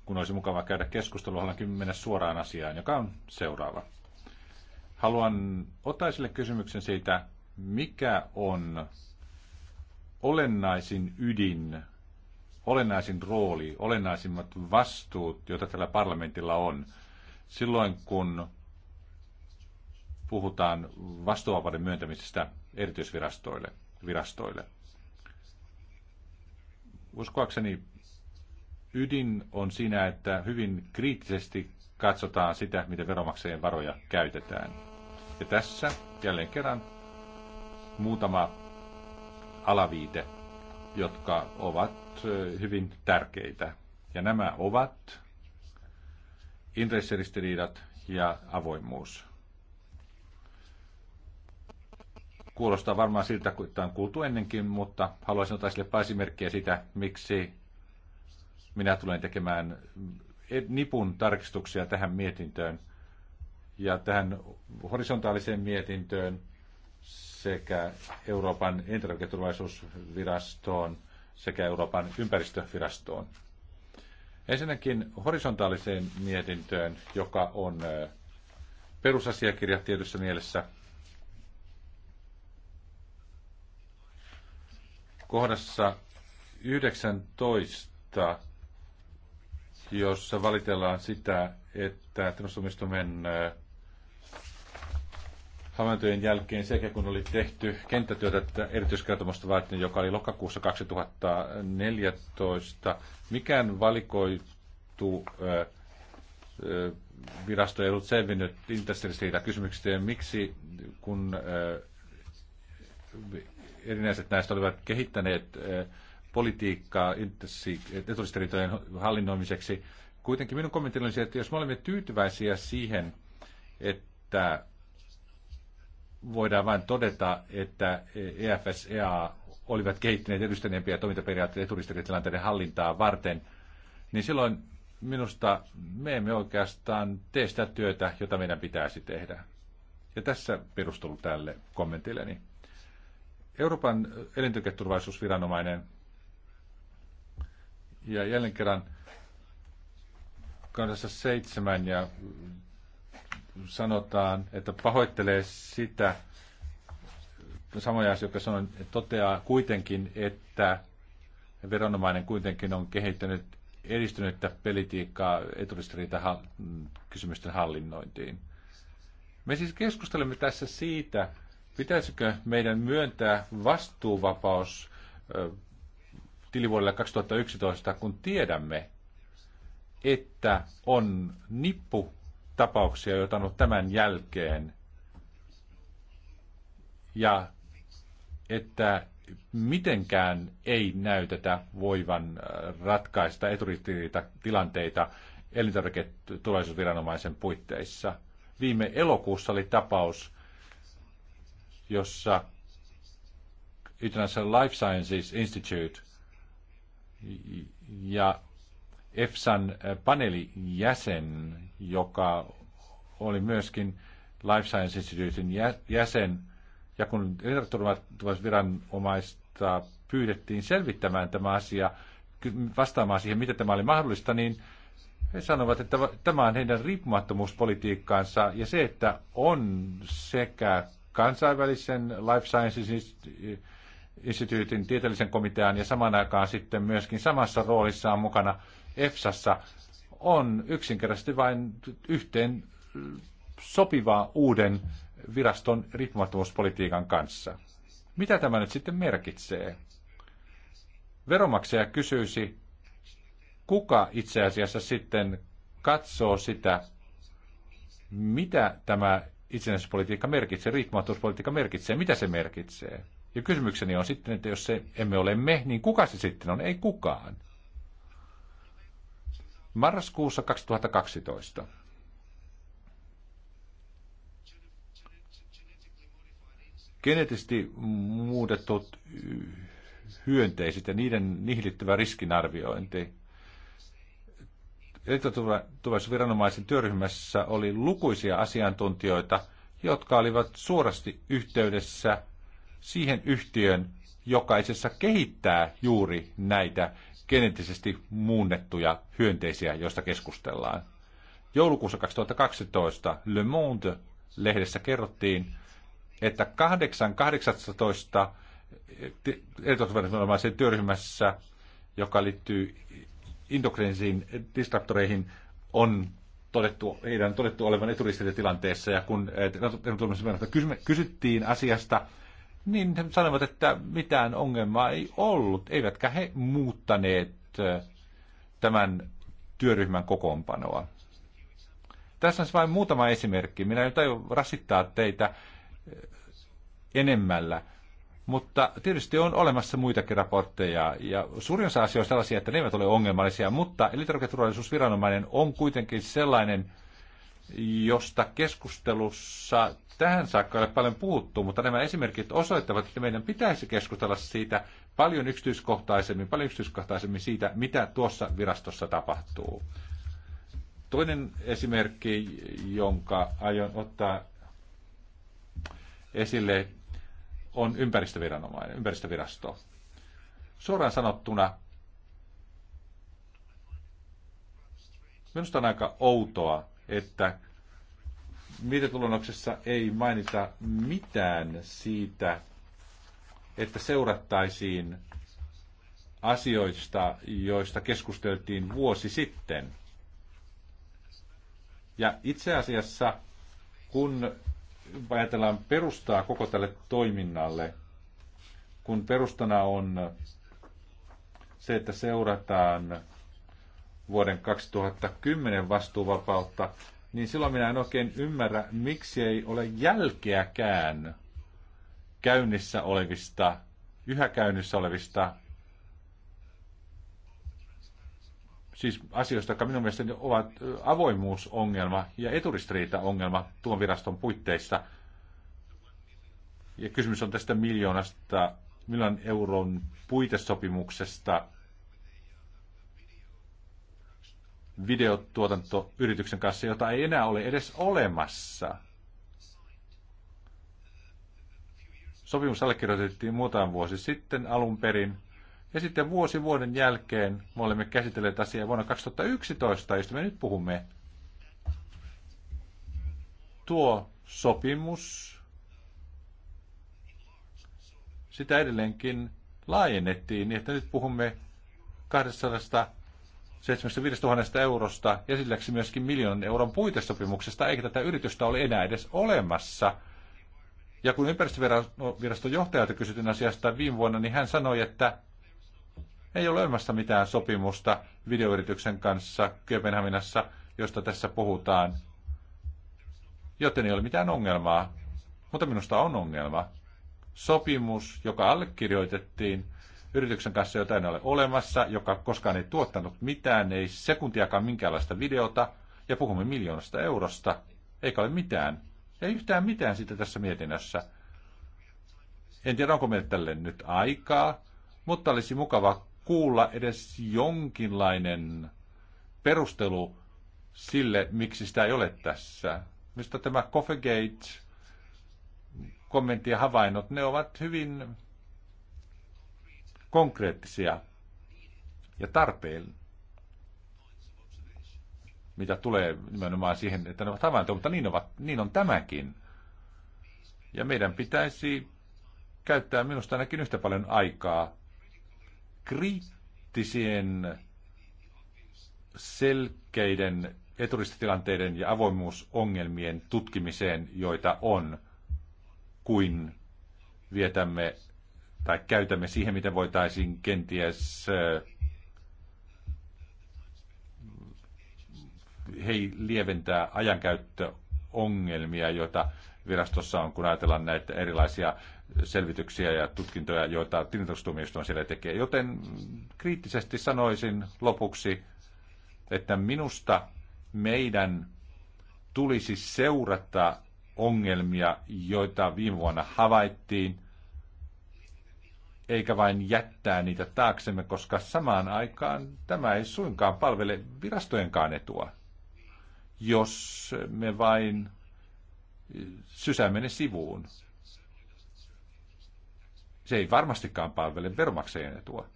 kun olisi mukava käydä keskustelua, haluankin mennä suoraan asiaan, joka on seuraava. Haluan ottaa esille kysymyksen siitä, mikä on olennaisin ydin, olennaisin rooli, olennaisimmat vastuut, joita tällä parlamentilla on. Silloin kun puhutaan vastuuvapauden myöntämisestä erityisvirastoille. Virastoille. Uskoakseni ydin on siinä, että hyvin kriittisesti katsotaan sitä, miten veromaksajien varoja käytetään. Ja tässä jälleen kerran muutama alaviite, jotka ovat hyvin tärkeitä. Ja nämä ovat intressiristiriidat ja avoimuus. Kuulostaa varmaan siltä, kun tämä on kuultu ennenkin, mutta haluaisin ottaa sille esimerkkiä sitä, miksi minä tulen tekemään nipun tarkistuksia tähän mietintöön ja tähän horisontaaliseen mietintöön sekä Euroopan elintarviketurvallisuusvirastoon sekä Euroopan ympäristövirastoon. Ensinnäkin horisontaaliseen mietintöön, joka on perusasiakirja tietyssä mielessä. Kohdassa 19 jossa valitellaan sitä, että tunnustamistumen havaintojen jälkeen sekä kun oli tehty kenttätyötä että erityiskertomusta varten, joka oli lokakuussa 2014, mikään valikoitu ö, ö, virasto ei ollut selvinnyt intressiristiriita kysymyksistä ja miksi kun ö, erinäiset näistä olivat kehittäneet ö, politiikkaa eturistiriitojen hallinnoimiseksi. Kuitenkin minun kommenttini se, että jos me olemme tyytyväisiä siihen, että voidaan vain todeta, että EFSEA olivat kehittyneet edustaneempia toimintaperiaatteita eturistiriitilanteiden hallintaa varten, niin silloin minusta me emme oikeastaan tee sitä työtä, jota meidän pitäisi tehdä. Ja tässä perustelu tälle kommentilleni. Euroopan elintarviketurvallisuusviranomainen ja jälleen kerran kansassa seitsemän ja sanotaan, että pahoittelee sitä, samoja asioita, joka sanon, toteaa kuitenkin, että veronomainen kuitenkin on kehittänyt edistynyttä politiikkaa eturistiriita kysymysten hallinnointiin. Me siis keskustelemme tässä siitä, pitäisikö meidän myöntää vastuuvapaus tilivuodelle 2011, kun tiedämme, että on nippu tapauksia, joita on ollut tämän jälkeen, ja että mitenkään ei näytetä voivan äh, ratkaista tilanteita elintarviketulaisuusviranomaisen puitteissa. Viime elokuussa oli tapaus, jossa International Life Sciences Institute – ja EFSAn paneelijäsen, joka oli myöskin Life Science Institutein jäsen, ja kun viranomaista pyydettiin selvittämään tämä asia, vastaamaan siihen, mitä tämä oli mahdollista, niin he sanovat, että tämä on heidän riippumattomuuspolitiikkaansa ja se, että on sekä kansainvälisen life sciences instituutin tieteellisen komitean ja saman aikaan sitten myöskin samassa roolissaan mukana EFSassa, on yksinkertaisesti vain yhteen sopivaa uuden viraston riippumattomuuspolitiikan kanssa. Mitä tämä nyt sitten merkitsee? Veromaksaja kysyisi, kuka itse asiassa sitten katsoo sitä, mitä tämä itsenäisyyspolitiikka merkitsee, riippumattomuuspolitiikka merkitsee, mitä se merkitsee. Ja kysymykseni on sitten, että jos se emme ole me, niin kuka se sitten on? Ei kukaan. Marraskuussa 2012 geneettisesti muutetut hyönteiset ja niiden, niihin liittyvä riskinarviointi. viranomaisen työryhmässä oli lukuisia asiantuntijoita, jotka olivat suorasti yhteydessä siihen yhtiön, joka itse kehittää juuri näitä geneettisesti muunnettuja hyönteisiä, joista keskustellaan. Joulukuussa 2012 Le Monde-lehdessä kerrottiin, että 8.18. 18 työryhmässä, joka liittyy indokrensiin distraktoreihin, on todettu, heidän on todettu olevan eturistiriitilanteessa. Ja kun kysyttiin asiasta, niin he sanovat, että mitään ongelmaa ei ollut, eivätkä he muuttaneet tämän työryhmän kokoonpanoa. Tässä on siis vain muutama esimerkki. Minä nyt aion rasittaa teitä enemmällä, mutta tietysti on olemassa muitakin raportteja, ja suurin osa asioista on sellaisia, että ne eivät ole ongelmallisia, mutta elintarviketurvallisuusviranomainen on kuitenkin sellainen josta keskustelussa tähän saakka ei ole paljon puhuttu, mutta nämä esimerkit osoittavat, että meidän pitäisi keskustella siitä paljon yksityiskohtaisemmin, paljon yksityiskohtaisemmin siitä, mitä tuossa virastossa tapahtuu. Toinen esimerkki, jonka aion ottaa esille, on ympäristöviranomainen, ympäristövirasto. Suoraan sanottuna, minusta on aika outoa, että mietintöluonnoksessa ei mainita mitään siitä, että seurattaisiin asioista, joista keskusteltiin vuosi sitten. Ja itse asiassa, kun ajatellaan perustaa koko tälle toiminnalle, kun perustana on se, että seurataan vuoden 2010 vastuuvapautta, niin silloin minä en oikein ymmärrä, miksi ei ole jälkeäkään käynnissä olevista, yhä käynnissä olevista, siis asioista, jotka minun mielestäni ovat avoimuusongelma ja eturistiriitaongelma tuon viraston puitteissa. Ja kysymys on tästä miljoonasta, miljoonan euron puitesopimuksesta, videotuotantoyrityksen kanssa, jota ei enää ole edes olemassa. Sopimus allekirjoitettiin muutaman vuosi sitten alun perin, ja sitten vuosi vuoden jälkeen me olemme käsitelleet asiaa vuonna 2011, josta me nyt puhumme. Tuo sopimus, sitä edelleenkin laajennettiin, niin että nyt puhumme 200 75 000 eurosta ja silläksi myöskin miljoonan euron puitesopimuksesta, eikä tätä yritystä ole enää edes olemassa. Ja kun ympäristöviraston johtajalta kysytin asiasta viime vuonna, niin hän sanoi, että ei ole olemassa mitään sopimusta videoyrityksen kanssa Kööpenhaminassa, josta tässä puhutaan. Joten ei ole mitään ongelmaa. Mutta minusta on ongelma. Sopimus, joka allekirjoitettiin, yrityksen kanssa, jota ei ole olemassa, joka koskaan ei tuottanut mitään, ei sekuntiakaan minkäänlaista videota, ja puhumme miljoonasta eurosta, eikä ole mitään. Ei yhtään mitään sitä tässä mietinnössä. En tiedä, onko meille tälle nyt aikaa, mutta olisi mukava kuulla edes jonkinlainen perustelu sille, miksi sitä ei ole tässä. Mistä tämä Gate kommentti ja havainnot, ne ovat hyvin konkreettisia ja tarpeen, mitä tulee nimenomaan siihen, että ne ovat havaintoja, mutta niin, ovat, niin on tämäkin. Ja meidän pitäisi käyttää minusta ainakin yhtä paljon aikaa kriittisien selkeiden eturistitilanteiden ja avoimuusongelmien tutkimiseen, joita on, kuin vietämme tai käytämme siihen, miten voitaisiin kenties eh, hei, lieventää ajankäyttöongelmia, joita virastossa on, kun ajatellaan näitä erilaisia selvityksiä ja tutkintoja, joita tilintarkastustuomioistuin siellä tekee. Joten kriittisesti sanoisin lopuksi, että minusta meidän tulisi seurata ongelmia, joita viime vuonna havaittiin, eikä vain jättää niitä taaksemme, koska samaan aikaan tämä ei suinkaan palvele virastojenkaan etua, jos me vain sysäämme ne sivuun. Se ei varmastikaan palvele veromaksajien etua.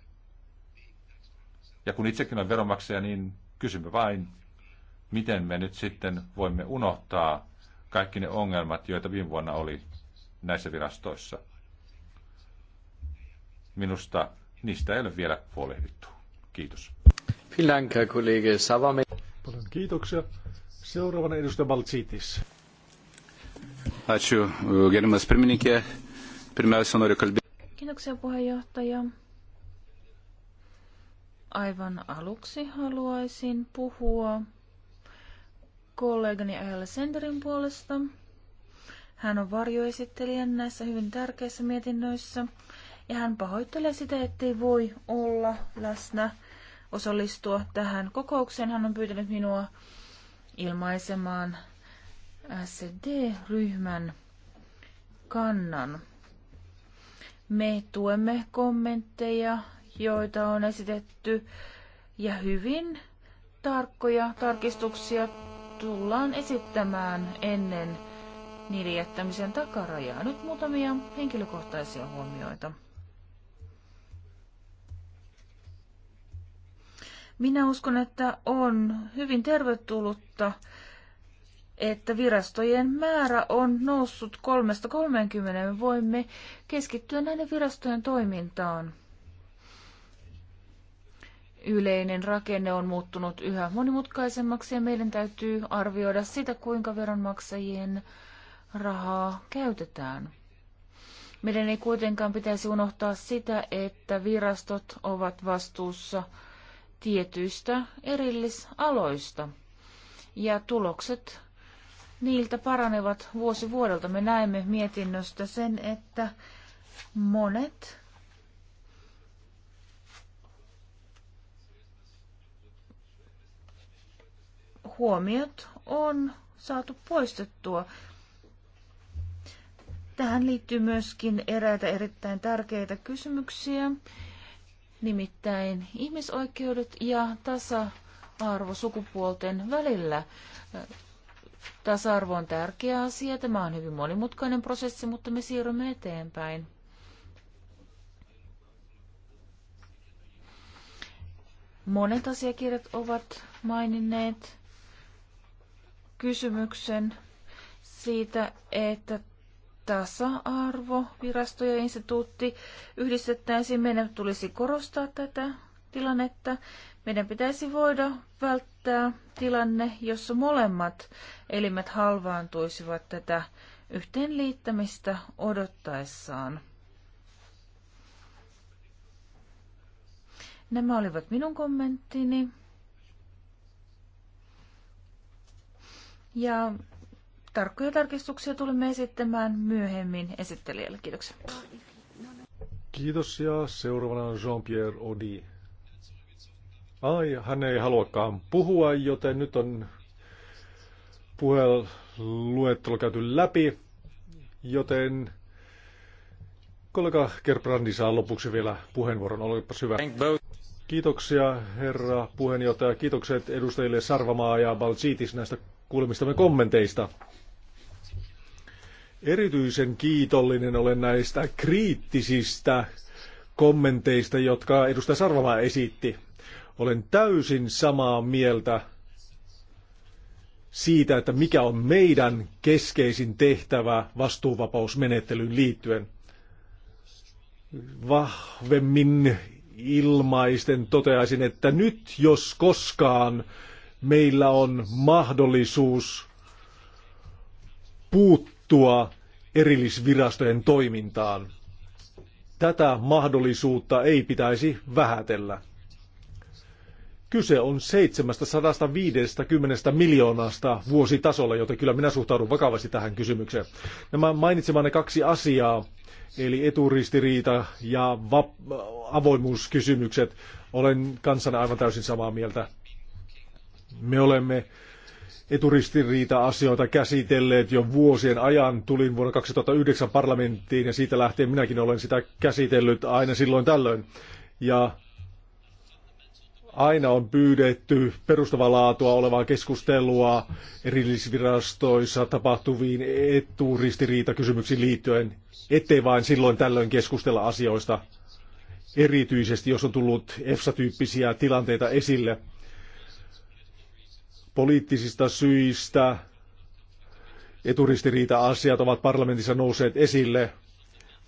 Ja kun itsekin on veromaksaja, niin kysymme vain, miten me nyt sitten voimme unohtaa kaikki ne ongelmat, joita viime vuonna oli näissä virastoissa – Minusta niistä ei ole vielä huolehdittu. Kiitos. Paljon kiitoksia. Seuraavana edustaja Balcitis. Kiitoksia puheenjohtaja. Aivan aluksi haluaisin puhua kollegani Ayala Senderin puolesta. Hän on varjoesittelijän näissä hyvin tärkeissä mietinnöissä ja hän pahoittelee sitä, ettei voi olla läsnä osallistua tähän kokoukseen. Hän on pyytänyt minua ilmaisemaan SD-ryhmän kannan. Me tuemme kommentteja, joita on esitetty, ja hyvin tarkkoja tarkistuksia tullaan esittämään ennen niiden jättämisen takarajaa. Nyt muutamia henkilökohtaisia huomioita. Minä uskon, että on hyvin tervetullutta, että virastojen määrä on noussut 3-30. Voimme keskittyä näiden virastojen toimintaan. Yleinen rakenne on muuttunut yhä monimutkaisemmaksi ja meidän täytyy arvioida sitä, kuinka veronmaksajien rahaa käytetään. Meidän ei kuitenkaan pitäisi unohtaa sitä, että virastot ovat vastuussa – tietyistä erillisaloista. Ja tulokset niiltä paranevat vuosi vuodelta. Me näemme mietinnöstä sen, että monet huomiot on saatu poistettua. Tähän liittyy myöskin eräitä erittäin tärkeitä kysymyksiä, nimittäin ihmisoikeudet ja tasa-arvo sukupuolten välillä. Tasa-arvo on tärkeä asia. Tämä on hyvin monimutkainen prosessi, mutta me siirrymme eteenpäin. Monet asiakirjat ovat maininneet kysymyksen siitä, että tasa-arvo, virasto ja instituutti yhdistettäisiin, meidän tulisi korostaa tätä tilannetta. Meidän pitäisi voida välttää tilanne, jossa molemmat elimet halvaantuisivat tätä yhteenliittämistä odottaessaan. Nämä olivat minun kommenttini. Ja Tarkkoja tarkistuksia tulemme esittämään myöhemmin esittelijälle. Kiitoksia. Kiitos ja seuraavana Jean-Pierre Odi. Ai, hän ei haluakaan puhua, joten nyt on puheluettelo käyty läpi, joten kollega Gerbrandi saa lopuksi vielä puheenvuoron. Olipa hyvä. Kiitoksia herra puheenjohtaja. Kiitokset edustajille Sarvamaa ja Balsiitis näistä kuulemistamme kommenteista. Erityisen kiitollinen olen näistä kriittisistä kommenteista, jotka edustaja Sarvala esitti. Olen täysin samaa mieltä siitä, että mikä on meidän keskeisin tehtävä vastuuvapausmenettelyyn liittyen. Vahvemmin ilmaisten toteaisin, että nyt jos koskaan meillä on mahdollisuus puuttua puuttua erillisvirastojen toimintaan. Tätä mahdollisuutta ei pitäisi vähätellä. Kyse on 750 miljoonasta vuositasolla, joten kyllä minä suhtaudun vakavasti tähän kysymykseen. Nämä mainitsemanne kaksi asiaa, eli eturistiriita ja avoimuuskysymykset, olen kanssanne aivan täysin samaa mieltä. Me olemme eturistiriita-asioita käsitelleet jo vuosien ajan. Tulin vuonna 2009 parlamenttiin ja siitä lähtien minäkin olen sitä käsitellyt aina silloin tällöin. Ja aina on pyydetty laatua olevaa keskustelua erillisvirastoissa tapahtuviin eturistiriitakysymyksiin liittyen, ettei vain silloin tällöin keskustella asioista, erityisesti jos on tullut EFSA-tyyppisiä tilanteita esille – poliittisista syistä eturistiriita-asiat ovat parlamentissa nousseet esille,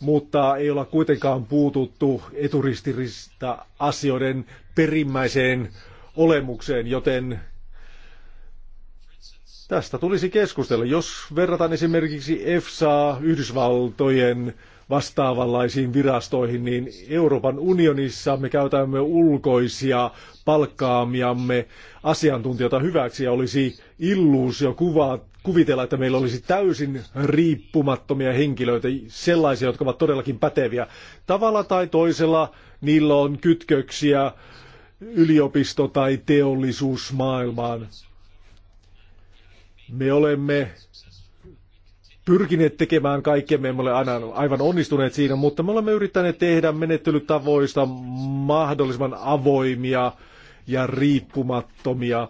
mutta ei olla kuitenkaan puututtu eturistiriita-asioiden perimmäiseen olemukseen, joten tästä tulisi keskustella. Jos verrataan esimerkiksi EFSA Yhdysvaltojen vastaavanlaisiin virastoihin, niin Euroopan unionissa me käytämme ulkoisia palkkaamiamme asiantuntijoita hyväksi ja olisi illuusio kuvaa, kuvitella, että meillä olisi täysin riippumattomia henkilöitä, sellaisia, jotka ovat todellakin päteviä. Tavalla tai toisella niillä on kytköksiä yliopisto- tai teollisuusmaailmaan. Me olemme pyrkineet tekemään kaikkea. Me emme ole aina aivan onnistuneet siinä, mutta me olemme yrittäneet tehdä menettelytavoista mahdollisimman avoimia ja riippumattomia,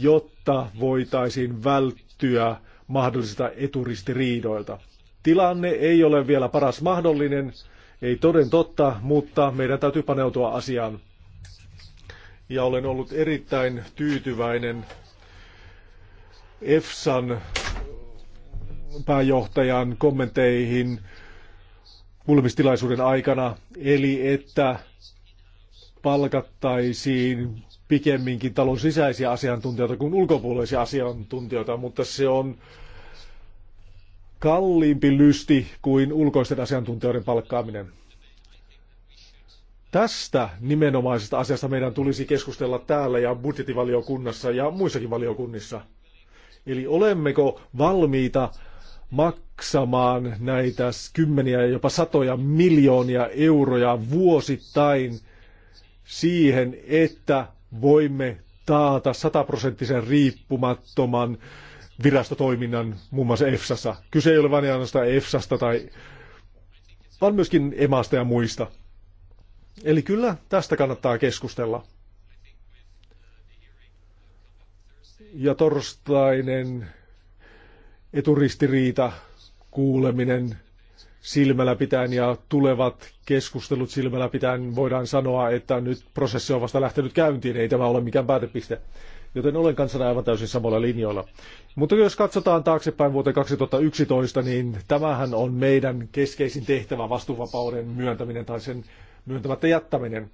jotta voitaisiin välttyä mahdollisista eturistiriidoilta. Tilanne ei ole vielä paras mahdollinen, ei toden totta, mutta meidän täytyy paneutua asiaan. Ja olen ollut erittäin tyytyväinen EFSAn pääjohtajan kommenteihin kuulemistilaisuuden aikana, eli että palkattaisiin pikemminkin talon sisäisiä asiantuntijoita kuin ulkopuolisia asiantuntijoita, mutta se on kalliimpi lysti kuin ulkoisten asiantuntijoiden palkkaaminen. Tästä nimenomaisesta asiasta meidän tulisi keskustella täällä ja budjettivaliokunnassa ja muissakin valiokunnissa. Eli olemmeko valmiita maksamaan näitä kymmeniä ja jopa satoja miljoonia euroja vuosittain siihen, että voimme taata sataprosenttisen riippumattoman virastotoiminnan muun muassa EFSassa. Kyse ei ole vain ainoastaan EFSasta tai vaan myöskin emasta ja muista. Eli kyllä tästä kannattaa keskustella. Ja torstainen eturistiriita, kuuleminen silmällä pitäen ja tulevat keskustelut silmällä pitäen voidaan sanoa, että nyt prosessi on vasta lähtenyt käyntiin, ei tämä ole mikään päätepiste. Joten olen kanssana aivan täysin samalla linjoilla. Mutta jos katsotaan taaksepäin vuoteen 2011, niin tämähän on meidän keskeisin tehtävä vastuuvapauden myöntäminen tai sen myöntämättä jättäminen.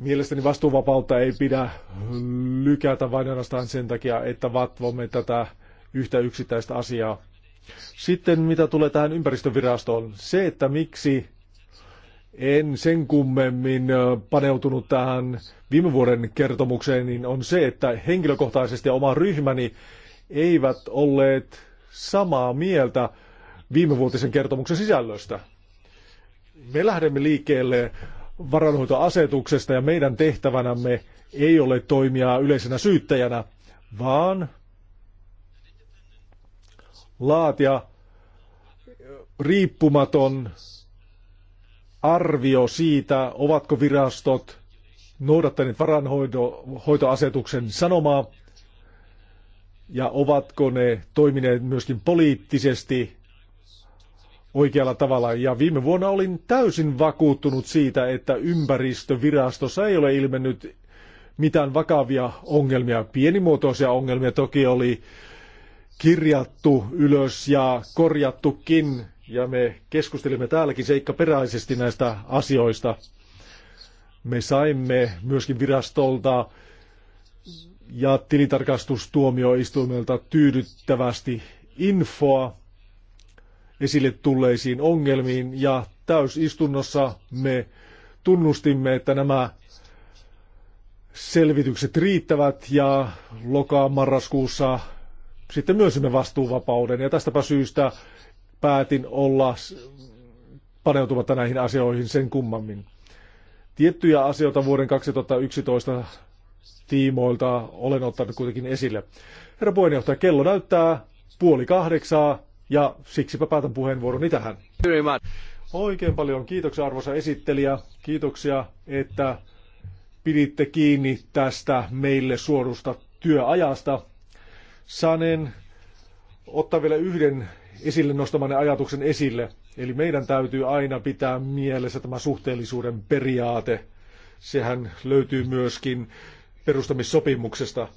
Mielestäni vastuuvapautta ei pidä lykätä vain ainoastaan sen takia, että vatvomme tätä yhtä yksittäistä asiaa. Sitten mitä tulee tähän ympäristövirastoon, se, että miksi en sen kummemmin paneutunut tähän viime vuoden kertomukseen, niin on se, että henkilökohtaisesti oma ryhmäni eivät olleet samaa mieltä viimevuotisen kertomuksen sisällöstä. Me lähdemme liikkeelle varainhoitoasetuksesta ja meidän tehtävänämme ei ole toimia yleisenä syyttäjänä, vaan laatia riippumaton arvio siitä, ovatko virastot noudattaneet varainhoitoasetuksen sanomaa ja ovatko ne toimineet myöskin poliittisesti oikealla tavalla. Ja viime vuonna olin täysin vakuuttunut siitä, että ympäristövirastossa ei ole ilmennyt mitään vakavia ongelmia. Pienimuotoisia ongelmia toki oli kirjattu ylös ja korjattukin, ja me keskustelimme täälläkin seikkaperäisesti näistä asioista. Me saimme myöskin virastolta ja tilintarkastustuomioistuimelta tyydyttävästi infoa esille tulleisiin ongelmiin ja täysistunnossa me tunnustimme, että nämä selvitykset riittävät ja loka-marraskuussa sitten myönsimme vastuuvapauden ja tästäpä syystä päätin olla paneutumatta näihin asioihin sen kummammin. Tiettyjä asioita vuoden 2011 tiimoilta olen ottanut kuitenkin esille. Herra puheenjohtaja, kello näyttää puoli kahdeksaa. Ja siksipä päätän puheenvuoroni tähän. Oikein paljon kiitoksia arvoisa esittelijä. Kiitoksia, että piditte kiinni tästä meille suorusta työajasta. Sanen ottaa vielä yhden esille nostamanne ajatuksen esille. Eli meidän täytyy aina pitää mielessä tämä suhteellisuuden periaate. Sehän löytyy myöskin perustamissopimuksesta.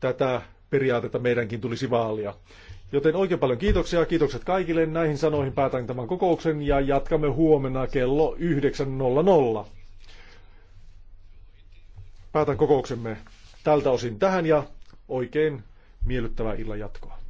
Tätä periaatetta meidänkin tulisi vaalia. Joten oikein paljon kiitoksia, kiitokset kaikille. Näihin sanoihin päätän tämän kokouksen ja jatkamme huomenna kello 9.00. Päätän kokouksemme tältä osin tähän ja oikein miellyttävää illan jatkoa.